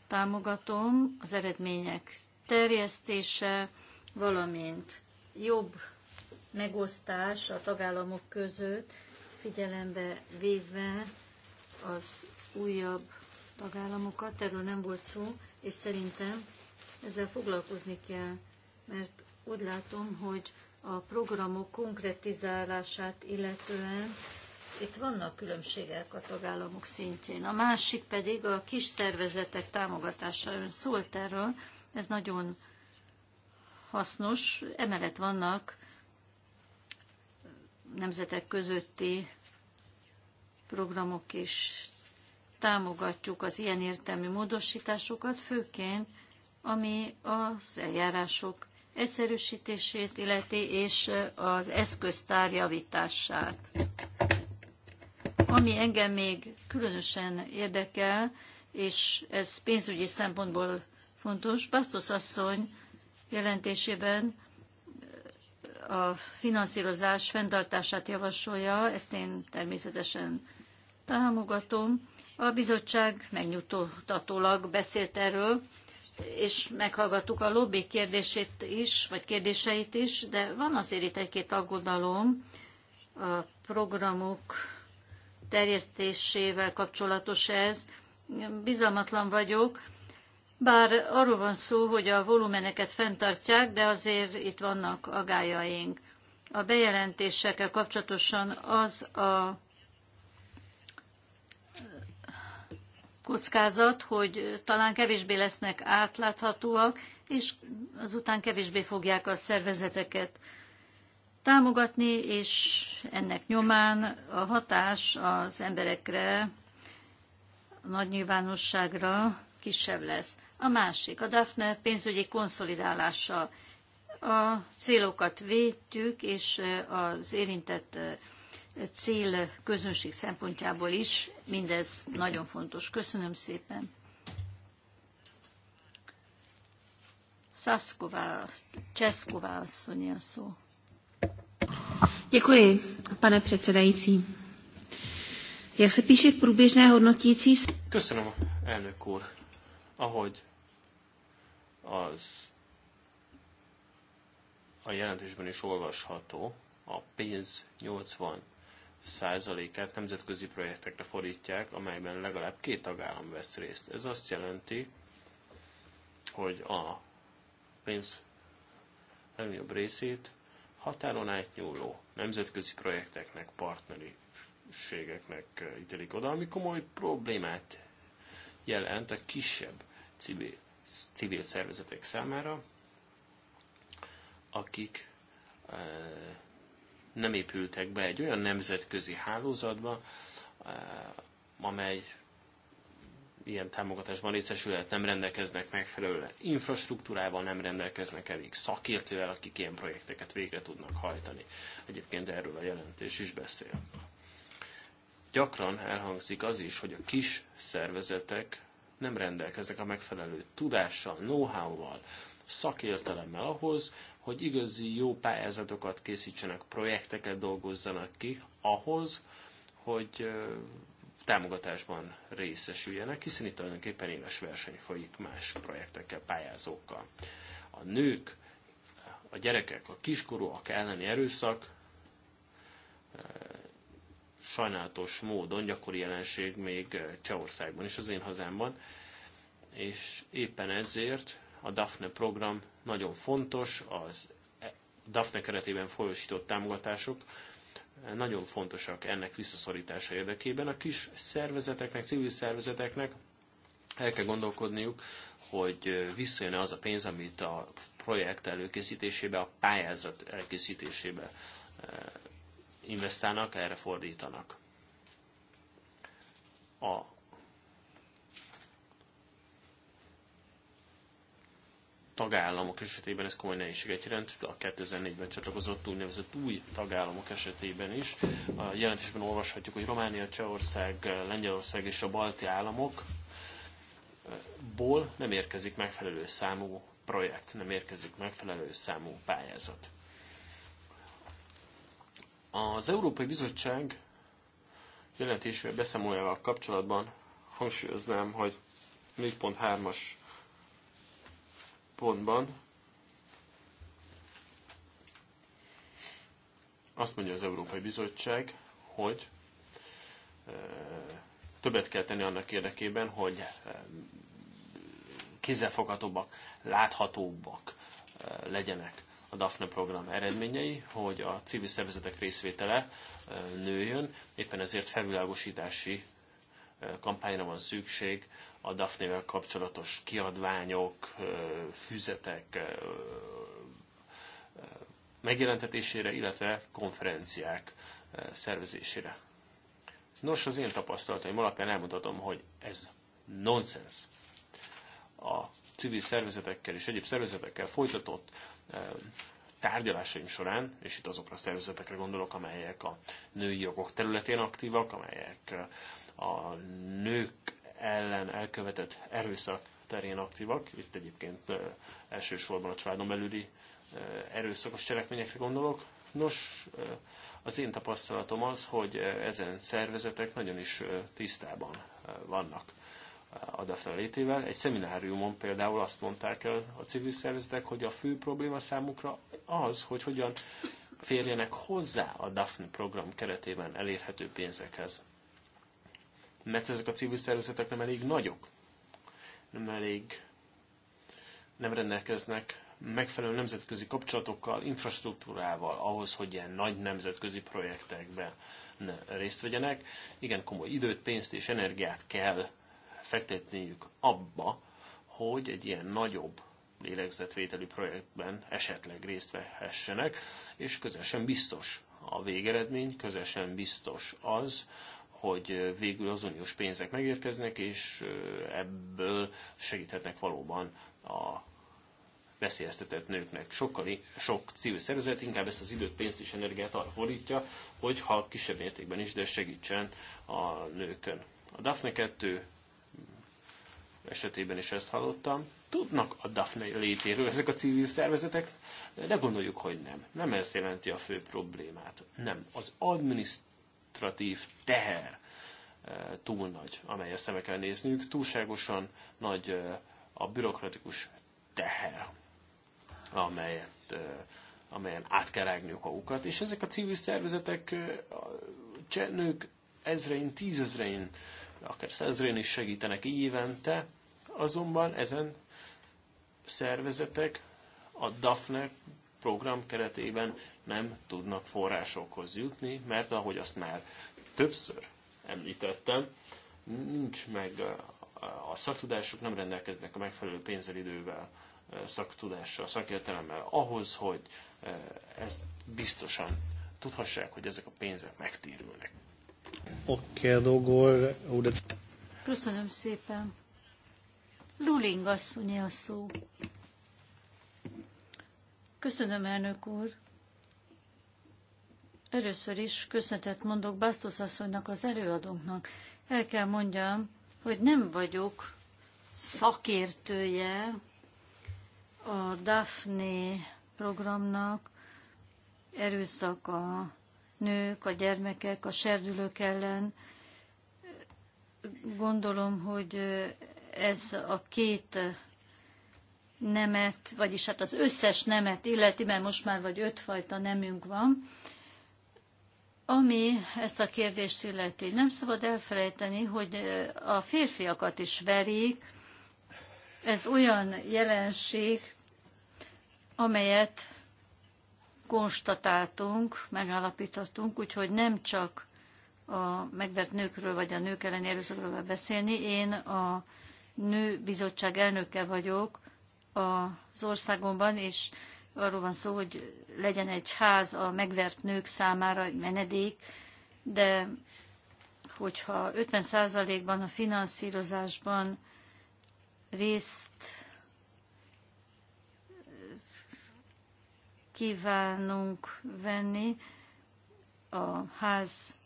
támogatom, az eredmények terjesztése, valamint jobb megosztás a tagállamok között, figyelembe véve az újabb tagállamokat, erről nem volt szó, és szerintem ezzel foglalkozni kell, mert úgy látom, hogy a programok konkretizálását illetően itt vannak különbségek a tagállamok szintjén. A másik pedig a kis szervezetek támogatása. Ön szólt erről, ez nagyon hasznos. Emellett vannak nemzetek közötti programok is. Támogatjuk az ilyen értelmi módosításokat, főként ami az eljárások egyszerűsítését illeti, és az eszköztár javítását. Ami engem még különösen érdekel, és ez pénzügyi szempontból fontos, Bastos asszony jelentésében a finanszírozás fenntartását javasolja, ezt én természetesen támogatom. A bizottság megnyugtatólag beszélt erről, és meghallgattuk a lobby kérdését is, vagy kérdéseit is, de van azért itt egy-két aggodalom a programok terjesztésével kapcsolatos ez. Bizalmatlan vagyok, bár arról van szó, hogy a volumeneket fenntartják, de azért itt vannak agájaink. A bejelentésekkel kapcsolatosan az a kockázat, hogy talán kevésbé lesznek átláthatóak, és azután kevésbé fogják a szervezeteket támogatni, és ennek nyomán a hatás az emberekre, a nagy nyilvánosságra kisebb lesz. A másik, a DAFNE pénzügyi konszolidálása. A célokat védjük, és az érintett cél közönség szempontjából is mindez nagyon fontos. Köszönöm szépen. Szaszková, Cseszková asszony a szó. Děkuji, pane předsedající. Jak se píše průběžné hodnotící... Köszönöm, elnök úr. Ahogy az a jelentésben is olvasható, a pénz 80 százalékát nemzetközi projektekre fordítják, amelyben legalább két tagállam vesz részt. Ez azt jelenti, hogy a pénz legnagyobb részét határon átnyúló nemzetközi projekteknek, ségeknek eh, ítélik oda, ami komoly problémát jelent a kisebb civil, civil szervezetek számára, akik eh, nem épültek be egy olyan nemzetközi hálózatba, eh, amely ilyen támogatásban részesülhet, nem rendelkeznek megfelelő infrastruktúrával, nem rendelkeznek elég szakértővel, akik ilyen projekteket végre tudnak hajtani. Egyébként erről a jelentés is beszél. Gyakran elhangzik az is, hogy a kis szervezetek nem rendelkeznek a megfelelő tudással, know-how-val, szakértelemmel ahhoz, hogy igazi jó pályázatokat készítsenek, projekteket dolgozzanak ki ahhoz, hogy támogatásban részesüljenek, hiszen itt tulajdonképpen éles verseny folyik más projektekkel, pályázókkal. A nők, a gyerekek, a kiskorúak elleni erőszak sajnálatos módon gyakori jelenség még Csehországban is az én hazámban, és éppen ezért a DAFNE program nagyon fontos, az DAFNE keretében folyosított támogatások nagyon fontosak ennek visszaszorítása érdekében. A kis szervezeteknek, civil szervezeteknek el kell gondolkodniuk, hogy visszajön az a pénz, amit a projekt előkészítésébe, a pályázat elkészítésébe eh, investálnak, erre fordítanak. A tagállamok esetében ez komoly nehézséget jelent, a 2004-ben csatlakozott úgynevezett új tagállamok esetében is. A jelentésben olvashatjuk, hogy Románia, Csehország, Lengyelország és a balti államokból nem érkezik megfelelő számú projekt, nem érkezik megfelelő számú pályázat. Az Európai Bizottság jelentésű beszámolójával kapcsolatban hangsúlyoznám, hogy 4.3-as pontban azt mondja az Európai Bizottság, hogy többet kell tenni annak érdekében, hogy kézzelfoghatóbbak, láthatóbbak legyenek a DAFNE program eredményei, hogy a civil szervezetek részvétele nőjön, éppen ezért felvilágosítási kampányra van szükség a Daphne-vel kapcsolatos kiadványok, füzetek megjelentetésére, illetve konferenciák szervezésére. Nos, az én tapasztalataim alapján elmutatom, hogy ez nonsens. A civil szervezetekkel és egyéb szervezetekkel folytatott tárgyalásaim során, és itt azokra a szervezetekre gondolok, amelyek a női jogok területén aktívak, amelyek a nők ellen elkövetett erőszak terén aktívak. Itt egyébként elsősorban a családon belüli erőszakos cselekményekre gondolok. Nos, az én tapasztalatom az, hogy ezen szervezetek nagyon is tisztában vannak a DAFRA létével. Egy szemináriumon például azt mondták el a civil szervezetek, hogy a fő probléma számukra az, hogy hogyan férjenek hozzá a DAFN program keretében elérhető pénzekhez mert ezek a civil szervezetek nem elég nagyok, nem elég, nem rendelkeznek megfelelő nemzetközi kapcsolatokkal, infrastruktúrával ahhoz, hogy ilyen nagy nemzetközi projektekbe részt vegyenek. Igen, komoly időt, pénzt és energiát kell fektetniük abba, hogy egy ilyen nagyobb lélegzetvételi projektben esetleg részt vehessenek, és közel sem biztos a végeredmény, közel sem biztos az, hogy végül az uniós pénzek megérkeznek, és ebből segíthetnek valóban a veszélyeztetett nőknek. Sokkal, sok civil szervezet inkább ezt az időt, pénzt és energiát arra fordítja, ha kisebb mértékben is, de segítsen a nőkön. A Daphne 2 esetében is ezt hallottam. Tudnak a Daphne létéről ezek a civil szervezetek, de gondoljuk, hogy nem. Nem ez jelenti a fő problémát. Nem. Az adminiszt administratív teher eh, túl nagy, amely a kell nézniük, túlságosan nagy eh, a bürokratikus teher, amelyet, eh, amelyen át kell rágniuk a ukat. és ezek a civil szervezetek csernők ezrein, tízezrein, akár százrein is segítenek évente, azonban ezen szervezetek a DAFNE program keretében nem tudnak forrásokhoz jutni, mert ahogy azt már többször említettem, nincs meg a szaktudásuk, nem rendelkeznek a megfelelő pénzzel, idővel, szaktudással, szakértelemmel ahhoz, hogy ezt biztosan tudhassák, hogy ezek a pénzek megtérülnek. Oké, Dogor, Köszönöm szépen. Luling asszonyi a szó. Köszönöm, elnök úr. Először is köszönetet mondok Bastos asszonynak, az előadónknak. El kell mondjam, hogy nem vagyok szakértője a Daphne programnak, erőszak a nők, a gyermekek, a serdülők ellen. Gondolom, hogy ez a két nemet, vagyis hát az összes nemet illeti, mert most már vagy ötfajta nemünk van, ami ezt a kérdést illeti. Nem szabad elfelejteni, hogy a férfiakat is verik. Ez olyan jelenség, amelyet konstatáltunk, megállapítottunk, úgyhogy nem csak a megvert nőkről vagy a nők elleni erőszakról beszélni. Én a nő bizottság elnöke vagyok, az országomban, és arról van szó, hogy legyen egy ház a megvert nők számára, egy menedék, de hogyha 50%-ban a finanszírozásban részt kívánunk venni a ház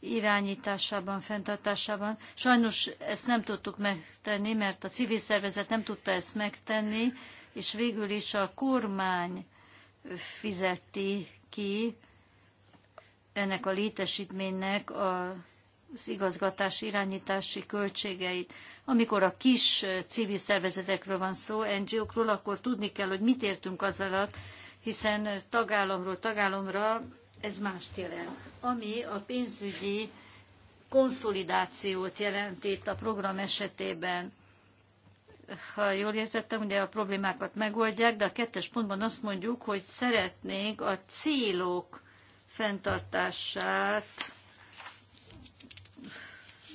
irányításában, fenntartásában. Sajnos ezt nem tudtuk megtenni, mert a civil szervezet nem tudta ezt megtenni, és végül is a kormány fizeti ki ennek a létesítménynek az igazgatási irányítási költségeit. Amikor a kis civil szervezetekről van szó, NGO-król, akkor tudni kell, hogy mit értünk az alatt, hiszen tagállamról tagállamra ez mást jelent. Ami a pénzügyi konszolidációt jelent itt a program esetében, ha jól értettem, ugye a problémákat megoldják, de a kettes pontban azt mondjuk, hogy szeretnénk a célok fenntartását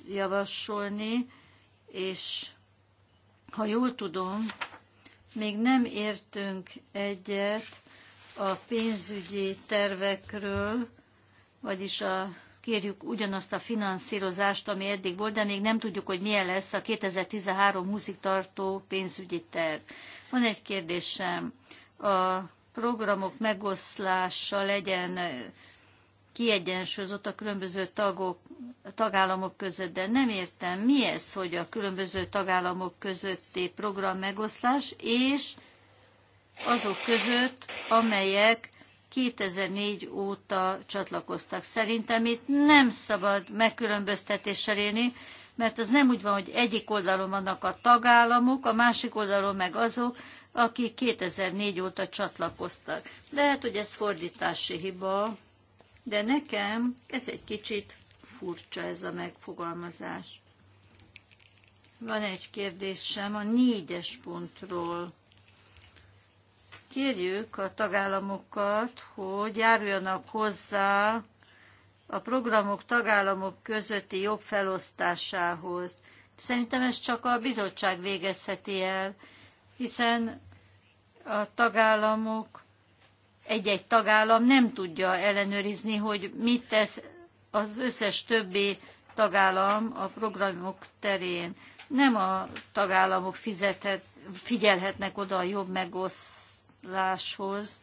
javasolni, és ha jól tudom, még nem értünk egyet a pénzügyi tervekről, vagyis a, kérjük ugyanazt a finanszírozást, ami eddig volt, de még nem tudjuk, hogy milyen lesz a 2013-20-ig tartó pénzügyi terv. Van egy kérdésem. A programok megoszlása legyen kiegyensúlyozott a különböző tagok, tagállamok között, de nem értem, mi ez, hogy a különböző tagállamok közötti program megoszlás, és azok között, amelyek 2004 óta csatlakoztak. Szerintem itt nem szabad megkülönböztetéssel élni, mert az nem úgy van, hogy egyik oldalon vannak a tagállamok, a másik oldalon meg azok, akik 2004 óta csatlakoztak. Lehet, hogy ez fordítási hiba, de nekem ez egy kicsit furcsa ez a megfogalmazás. Van egy kérdésem a négyes pontról kérjük a tagállamokat, hogy járuljanak hozzá a programok tagállamok közötti jobb felosztásához. Szerintem ezt csak a bizottság végezheti el, hiszen a tagállamok, egy-egy tagállam nem tudja ellenőrizni, hogy mit tesz az összes többi tagállam a programok terén. Nem a tagállamok fizethet, figyelhetnek oda a jobb megosztásra megoldáshoz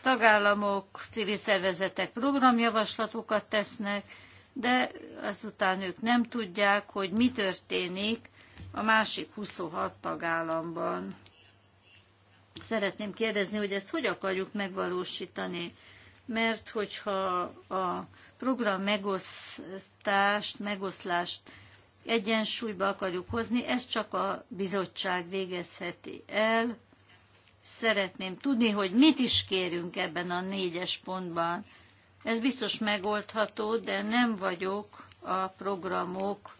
tagállamok, civil szervezetek programjavaslatokat tesznek, de azután ők nem tudják, hogy mi történik a másik 26 tagállamban. Szeretném kérdezni, hogy ezt hogy akarjuk megvalósítani, mert hogyha a program megosztást, megoszlást egyensúlyba akarjuk hozni, ezt csak a bizottság végezheti el, szeretném tudni, hogy mit is kérünk ebben a négyes pontban. Ez biztos megoldható, de nem vagyok a programok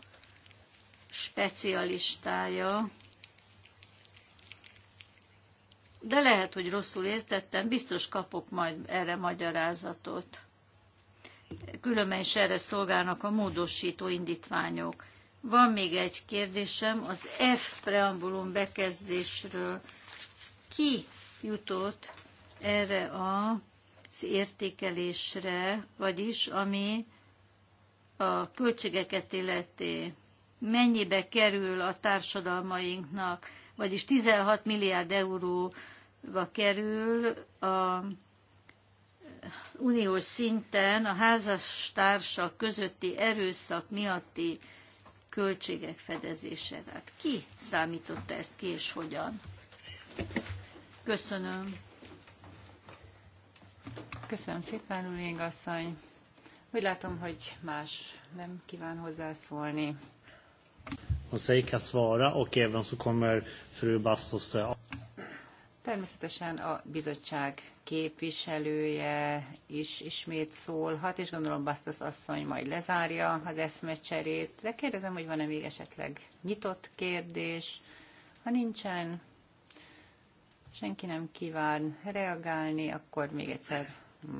specialistája. De lehet, hogy rosszul értettem, biztos kapok majd erre magyarázatot. Különben is erre szolgálnak a módosító indítványok. Van még egy kérdésem az F preambulum bekezdésről ki jutott erre az értékelésre, vagyis ami a költségeket illeti, mennyibe kerül a társadalmainknak, vagyis 16 milliárd euróba kerül a uniós szinten a házastársak közötti erőszak miatti költségek fedezése. Tehát ki számította ezt ki és hogyan? Köszönöm. Köszönöm szépen, Ulénk asszony. Úgy látom, hogy más nem kíván hozzászólni. Hon kan svara och även så kommer fru Bastos eh, Természetesen a bizottság képviselője is ismét szólhat, és gondolom Bastos asszony majd lezárja az eszmecserét, de kérdezem, hogy van-e még esetleg nyitott kérdés. Ha nincsen, senki nem kíván reagálni, akkor még egyszer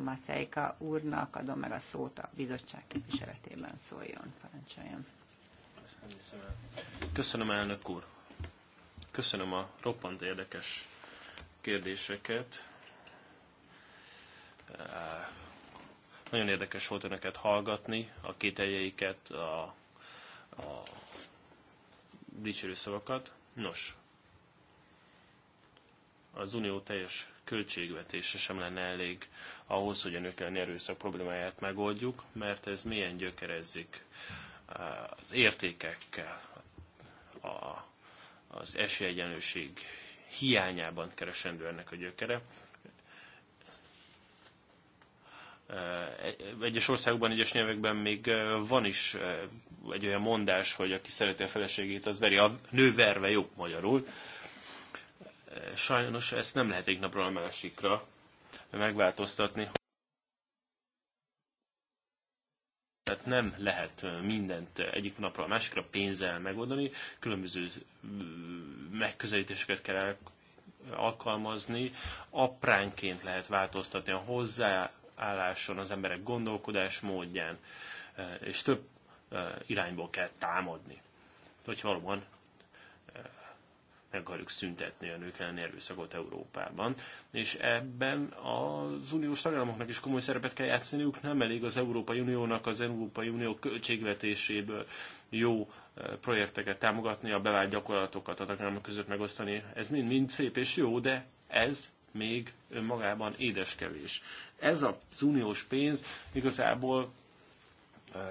Maszeika úrnak adom meg a szót a bizottság képviseletében szóljon, parancsoljon. Köszönöm, elnök úr. Köszönöm a roppant érdekes kérdéseket. Eh, nagyon érdekes volt önöket hallgatni, a kételjeiket, a, a dicsérő szavakat. Nos, az unió teljes költségvetése sem lenne elég ahhoz, hogy a nők elleni erőszak problémáját megoldjuk, mert ez milyen gyökerezik az értékekkel, a, az esélyegyenlőség hiányában keresendő ennek a gyökere. E, egyes országokban, egyes nyelvekben még van is egy olyan mondás, hogy aki szereti a feleségét, az veri a nő verve jó magyarul Sajnos ezt nem lehet egy napról a másikra megváltoztatni. Tehát nem lehet mindent egyik napról a másikra pénzzel megoldani, különböző mm, megközelítéseket kell alkalmazni, apránként lehet változtatni a hozzáálláson, az emberek gondolkodás módján, eh, és több eh, irányból kell támadni, hogy valóban meg akarjuk szüntetni a nők elleni erőszakot Európában. És ebben az uniós tagállamoknak is komoly szerepet kell játszaniuk, nem elég az Európai Uniónak az Európai Unió költségvetéséből jó eh, projekteket támogatni, a bevált gyakorlatokat a tagállamok között megosztani. Ez mind-mind szép és jó, de ez még önmagában édeskevés. Ez az uniós pénz igazából eh,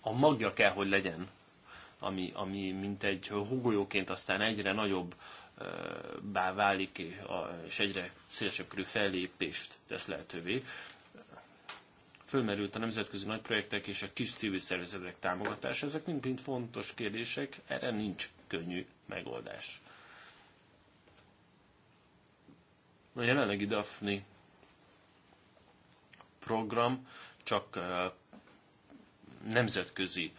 a magja kell, hogy legyen ami, ami mint egy hugolyóként aztán egyre nagyobb bá válik, és egyre szélesebb körű fellépést tesz lehetővé. Fölmerült a nemzetközi nagyprojektek és a kis civil szervezetek támogatása. Ezek mind-mind fontos kérdések, erre nincs könnyű megoldás. A jelenlegi DAFNI program csak eh, nemzetközi uh,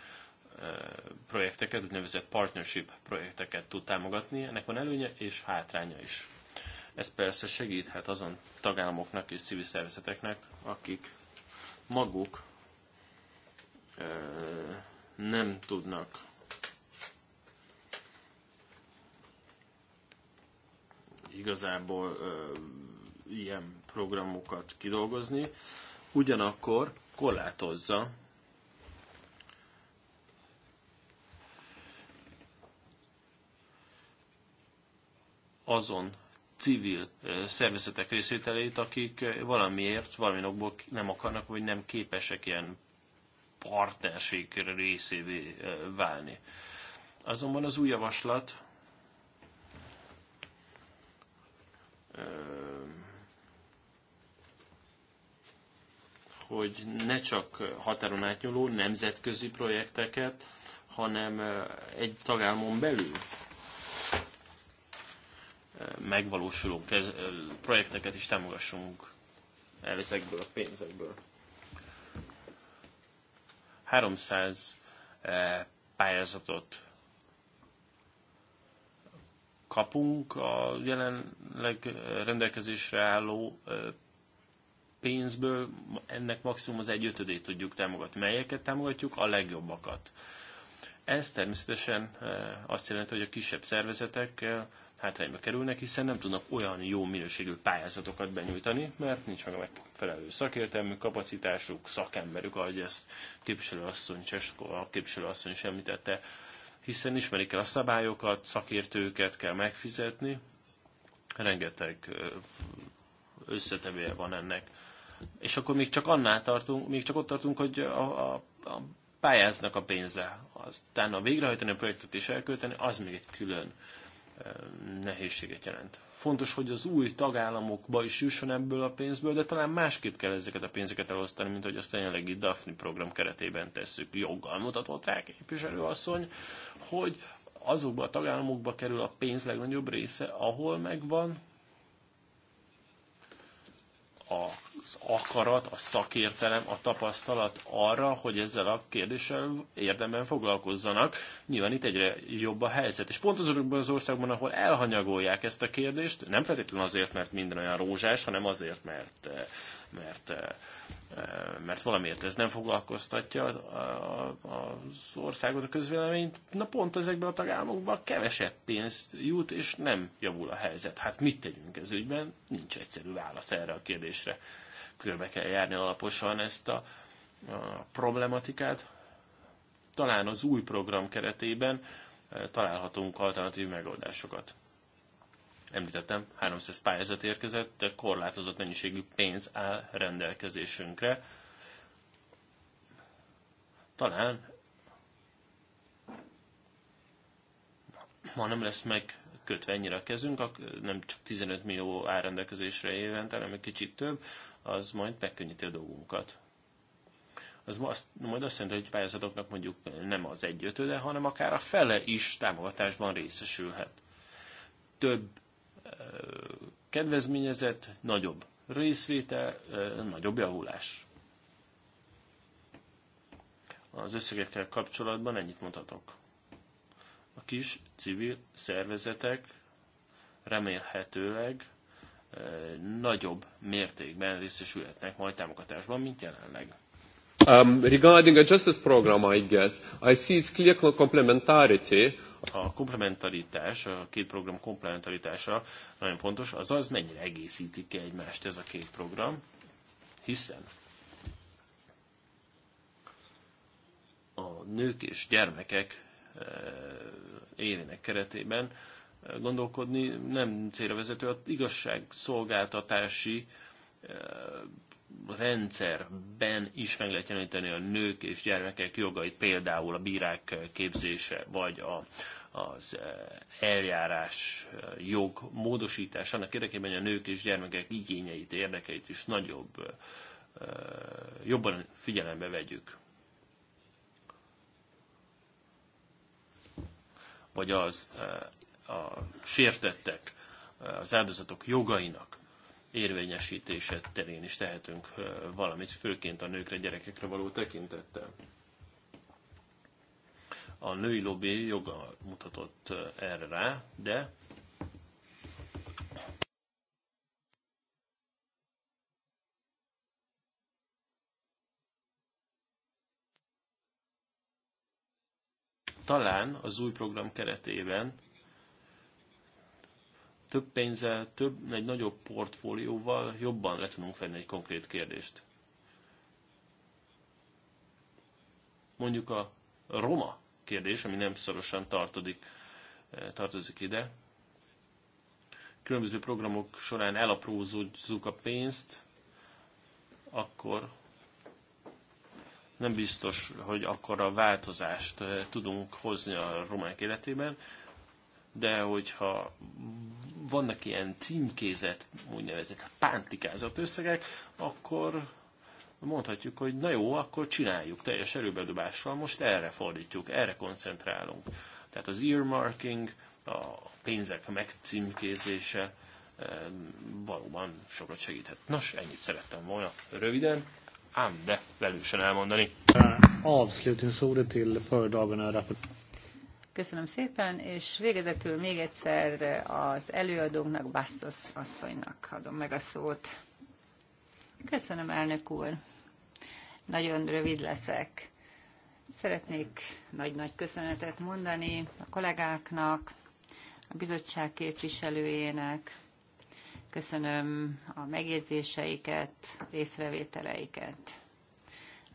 projekteket, úgynevezett partnership projekteket tud támogatni. Ennek van előnye és hátránya is. Ez persze segíthet azon tagállamoknak és civil szervezeteknek, akik maguk nem tudnak igazából ilyen programokat kidolgozni, ugyanakkor korlátozza azon civil szervezetek részvételét, akik valamiért, okból nem akarnak, vagy nem képesek ilyen partnerség részévé válni. Azonban az új javaslat hogy ne csak határon átnyúló nemzetközi projekteket, hanem egy tagállamon belül megvalósuló projekteket is támogassunk el ezekből a pénzekből. 300 e, pályázatot kapunk a jelenleg e, rendelkezésre álló e, pénzből, ennek maximum az egyötödét tudjuk támogatni. Melyeket támogatjuk? A legjobbakat. Ez természetesen azt jelenti, hogy a kisebb szervezetek hátrányba kerülnek, hiszen nem tudnak olyan jó minőségű pályázatokat benyújtani, mert nincs meg a megfelelő szakértelmű kapacitásuk, szakemberük, ahogy ezt képviselőasszony Cseskova, a képviselőasszony is említette, hiszen ismerik el a szabályokat, szakértőket kell megfizetni, rengeteg összetevője van ennek. És akkor még csak annál tartunk, még csak ott tartunk, hogy a, a, a pályáznak a pénzre. Aztán a végrehajtani a projektet és elkölteni, az még egy külön nehézséget jelent. Fontos, hogy az új tagállamokba is jusson ebből a pénzből, de talán másképp kell ezeket a pénzeket elosztani, mint hogy azt a jelenlegi Daphne program keretében tesszük. Joggal mutatott rá képviselőasszony, hogy azokba a tagállamokba kerül a pénz legnagyobb része, ahol megvan a az akarat, a szakértelem, a tapasztalat arra, hogy ezzel a kérdéssel érdemben foglalkozzanak. Nyilván itt egyre jobb a helyzet. És pont azokban az országban, ahol elhanyagolják ezt a kérdést, nem feltétlenül azért, mert minden olyan rózsás, hanem azért, mert eh, mert, eh, eh, mert valamiért ez nem foglalkoztatja az országot, a közvéleményt. Na pont ezekben a tagállamokban kevesebb pénz jut, és nem javul a helyzet. Hát mit tegyünk ez ügyben? Nincs egyszerű válasz erre a kérdésre körbe kell járni alaposan ezt a, a problematikát. Talán az új program keretében e, találhatunk alternatív megoldásokat. Említettem, 300 pályázat érkezett, de korlátozott mennyiségű pénz áll rendelkezésünkre. Talán ha nem lesz meg kötve ennyire a kezünk, nem csak 15 millió áll rendelkezésre évente, hanem egy kicsit több, az majd megkönnyíti a dolgunkat. Az azt, majd azt jelenti, hogy pályázatoknak mondjuk nem az egyötöde, hanem akár a fele is támogatásban részesülhet. Több kedvezményezett, nagyobb részvétel, nagyobb javulás. Az összegekkel kapcsolatban ennyit mondhatok. A kis civil szervezetek remélhetőleg nagyobb mértékben részesülhetnek majd támogatásban, mint jelenleg. Um, regarding a justice program, I guess, I see its clear complementarity. A komplementaritás, a két program komplementaritása nagyon fontos, azaz mennyire egészítik ki egymást ez a két program, hiszen a nők és gyermekek élének keretében gondolkodni nem célra vezető, az igazságszolgáltatási eh, rendszerben is meg lehet jeleníteni a nők és gyermekek jogait, például a bírák képzése, vagy a, az eh, eljárás eh, jog módosítás, annak érdekében, hogy a nők és gyermekek igényeit, érdekeit is nagyobb, jobban figyelembe vegyük. Vagy az a sértettek, az áldozatok jogainak érvényesítése terén is tehetünk valamit, főként a nőkre, gyerekekre való tekintettel. A női lobby joga mutatott erre rá, de talán az új program keretében több pénzzel, több, egy nagyobb portfólióval jobban le tudunk fenni egy konkrét kérdést. Mondjuk a roma kérdés, ami nem szorosan tartodik, eh, tartozik ide. Különböző programok során elaprózódjuk a pénzt, akkor nem biztos, hogy akkor a változást eh, tudunk hozni a romák életében de hogyha vannak ilyen címkézett, úgynevezett pántikázott összegek, akkor mondhatjuk, hogy na jó, akkor csináljuk teljes erőbedobással, most erre fordítjuk, erre koncentrálunk. Tehát az earmarking, a pénzek megcímkézése eh, valóban sokat segíthet. Nos, ennyit szerettem volna röviden, ám de velősen elmondani. Eh, avslutningsordet till föredragen Köszönöm szépen, és végezetül még egyszer az előadónknak, Bastos asszonynak adom meg a szót. Köszönöm, elnök úr. Nagyon rövid leszek. Szeretnék nagy-nagy köszönetet mondani a kollégáknak, a bizottság képviselőjének. Köszönöm a megjegyzéseiket, észrevételeiket.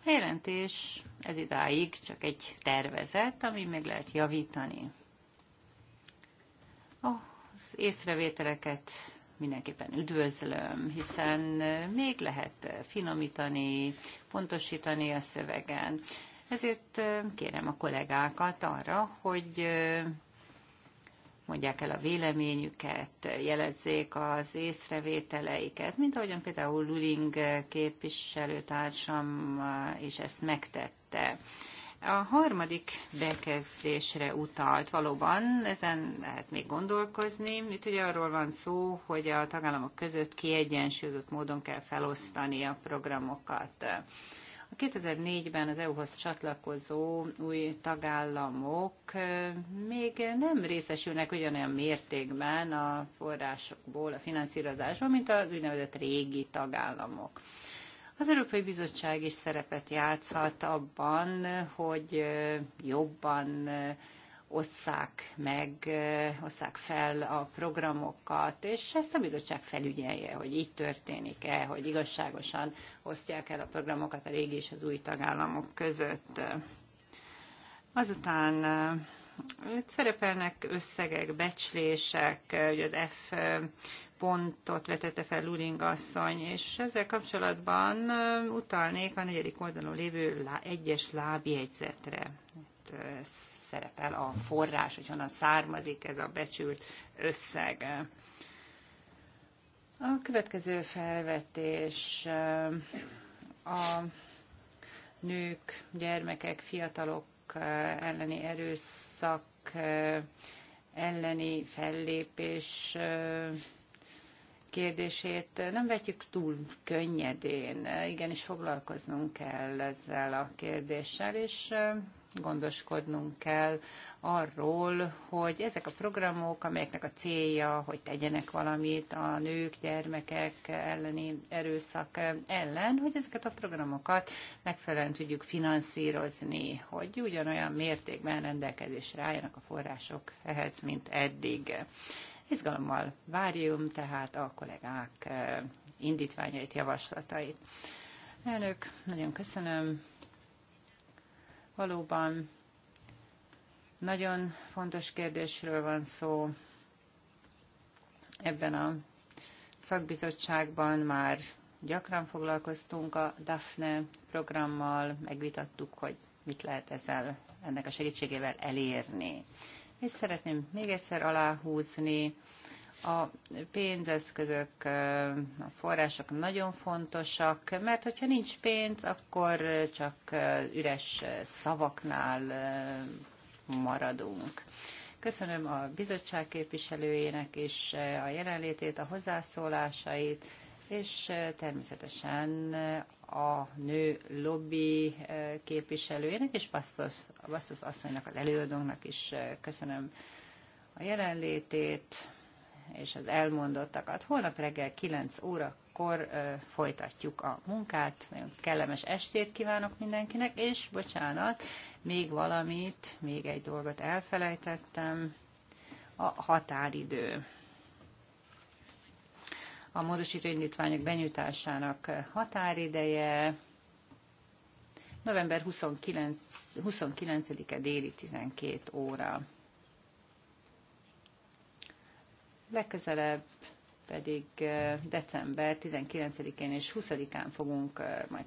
A jelentés ez idáig csak egy tervezet, ami meg lehet javítani. Az észrevételeket mindenképpen üdvözlöm, hiszen még lehet finomítani, pontosítani a szövegen. Ezért kérem a kollégákat arra, hogy mondják el a véleményüket, jelezzék az észrevételeiket, mint ahogyan például Luling képviselőtársam eh, is ezt megtette. A harmadik bekezdésre utalt valóban, ezen lehet még gondolkozni. Itt ugye arról van szó, hogy a tagállamok között kiegyensúlyozott módon kell felosztani a programokat. A 2004-ben az EU-hoz csatlakozó új tagállamok még nem részesülnek ugyanolyan mértékben a forrásokból, a finanszírozásból, mint az úgynevezett régi tagállamok. Az Európai Bizottság is szerepet játszhat abban, hogy jobban osszák meg, osszák fel a programokat, és ezt a bizottság felügyelje, hogy így történik-e, hogy igazságosan osztják el a programokat a régi és az új tagállamok között. Azután itt szerepelnek összegek, becslések, ugye az F pontot vetette fel Luring asszony, és ezzel kapcsolatban utalnék a negyedik oldalon lévő egyes lábjegyzetre. Itt ez szerepel a forrás, hogy honnan származik ez a becsült összeg. A következő felvetés eh, a nők, gyermekek, fiatalok eh, elleni erőszak eh, elleni fellépés kérdését nem vetjük túl könnyedén. Igenis foglalkoznunk kell ezzel a kérdéssel, és gondoskodnunk kell arról, hogy ezek a programok, amelyeknek a célja, hogy tegyenek valamit a nők, gyermekek elleni erőszak ellen, hogy ezeket a programokat megfelelően tudjuk finanszírozni, hogy ugyanolyan mértékben rendelkezésre álljanak a források ehhez, mint eddig. Izgalommal várjunk tehát a kollégák indítványait, javaslatait. Elnök, nagyon köszönöm. Valóban nagyon fontos kérdésről van szó. Ebben a szakbizottságban már gyakran foglalkoztunk a DAFNE programmal, megvitattuk, hogy mit lehet ezzel, ennek a segítségével elérni. És szeretném még egyszer aláhúzni, a pénzeszközök, a források nagyon fontosak, mert hogyha nincs pénz, akkor csak üres szavaknál maradunk. Köszönöm a bizottság képviselőjének is a jelenlétét, a hozzászólásait, és természetesen a nő lobby képviselőjének és Basztos, Bastos asszonynak, az előadónknak is köszönöm a jelenlétét és az elmondottakat. Holnap reggel 9 órakor folytatjuk a munkát. Nagyon kellemes estét kívánok mindenkinek, és bocsánat, még valamit, még egy dolgot elfelejtettem, a határidő. A módosító indítványok benyújtásának határideje november 29, 29-e déli 12 óra. legközelebb pedig eh, december 19-én és 20-án fogunk eh, majd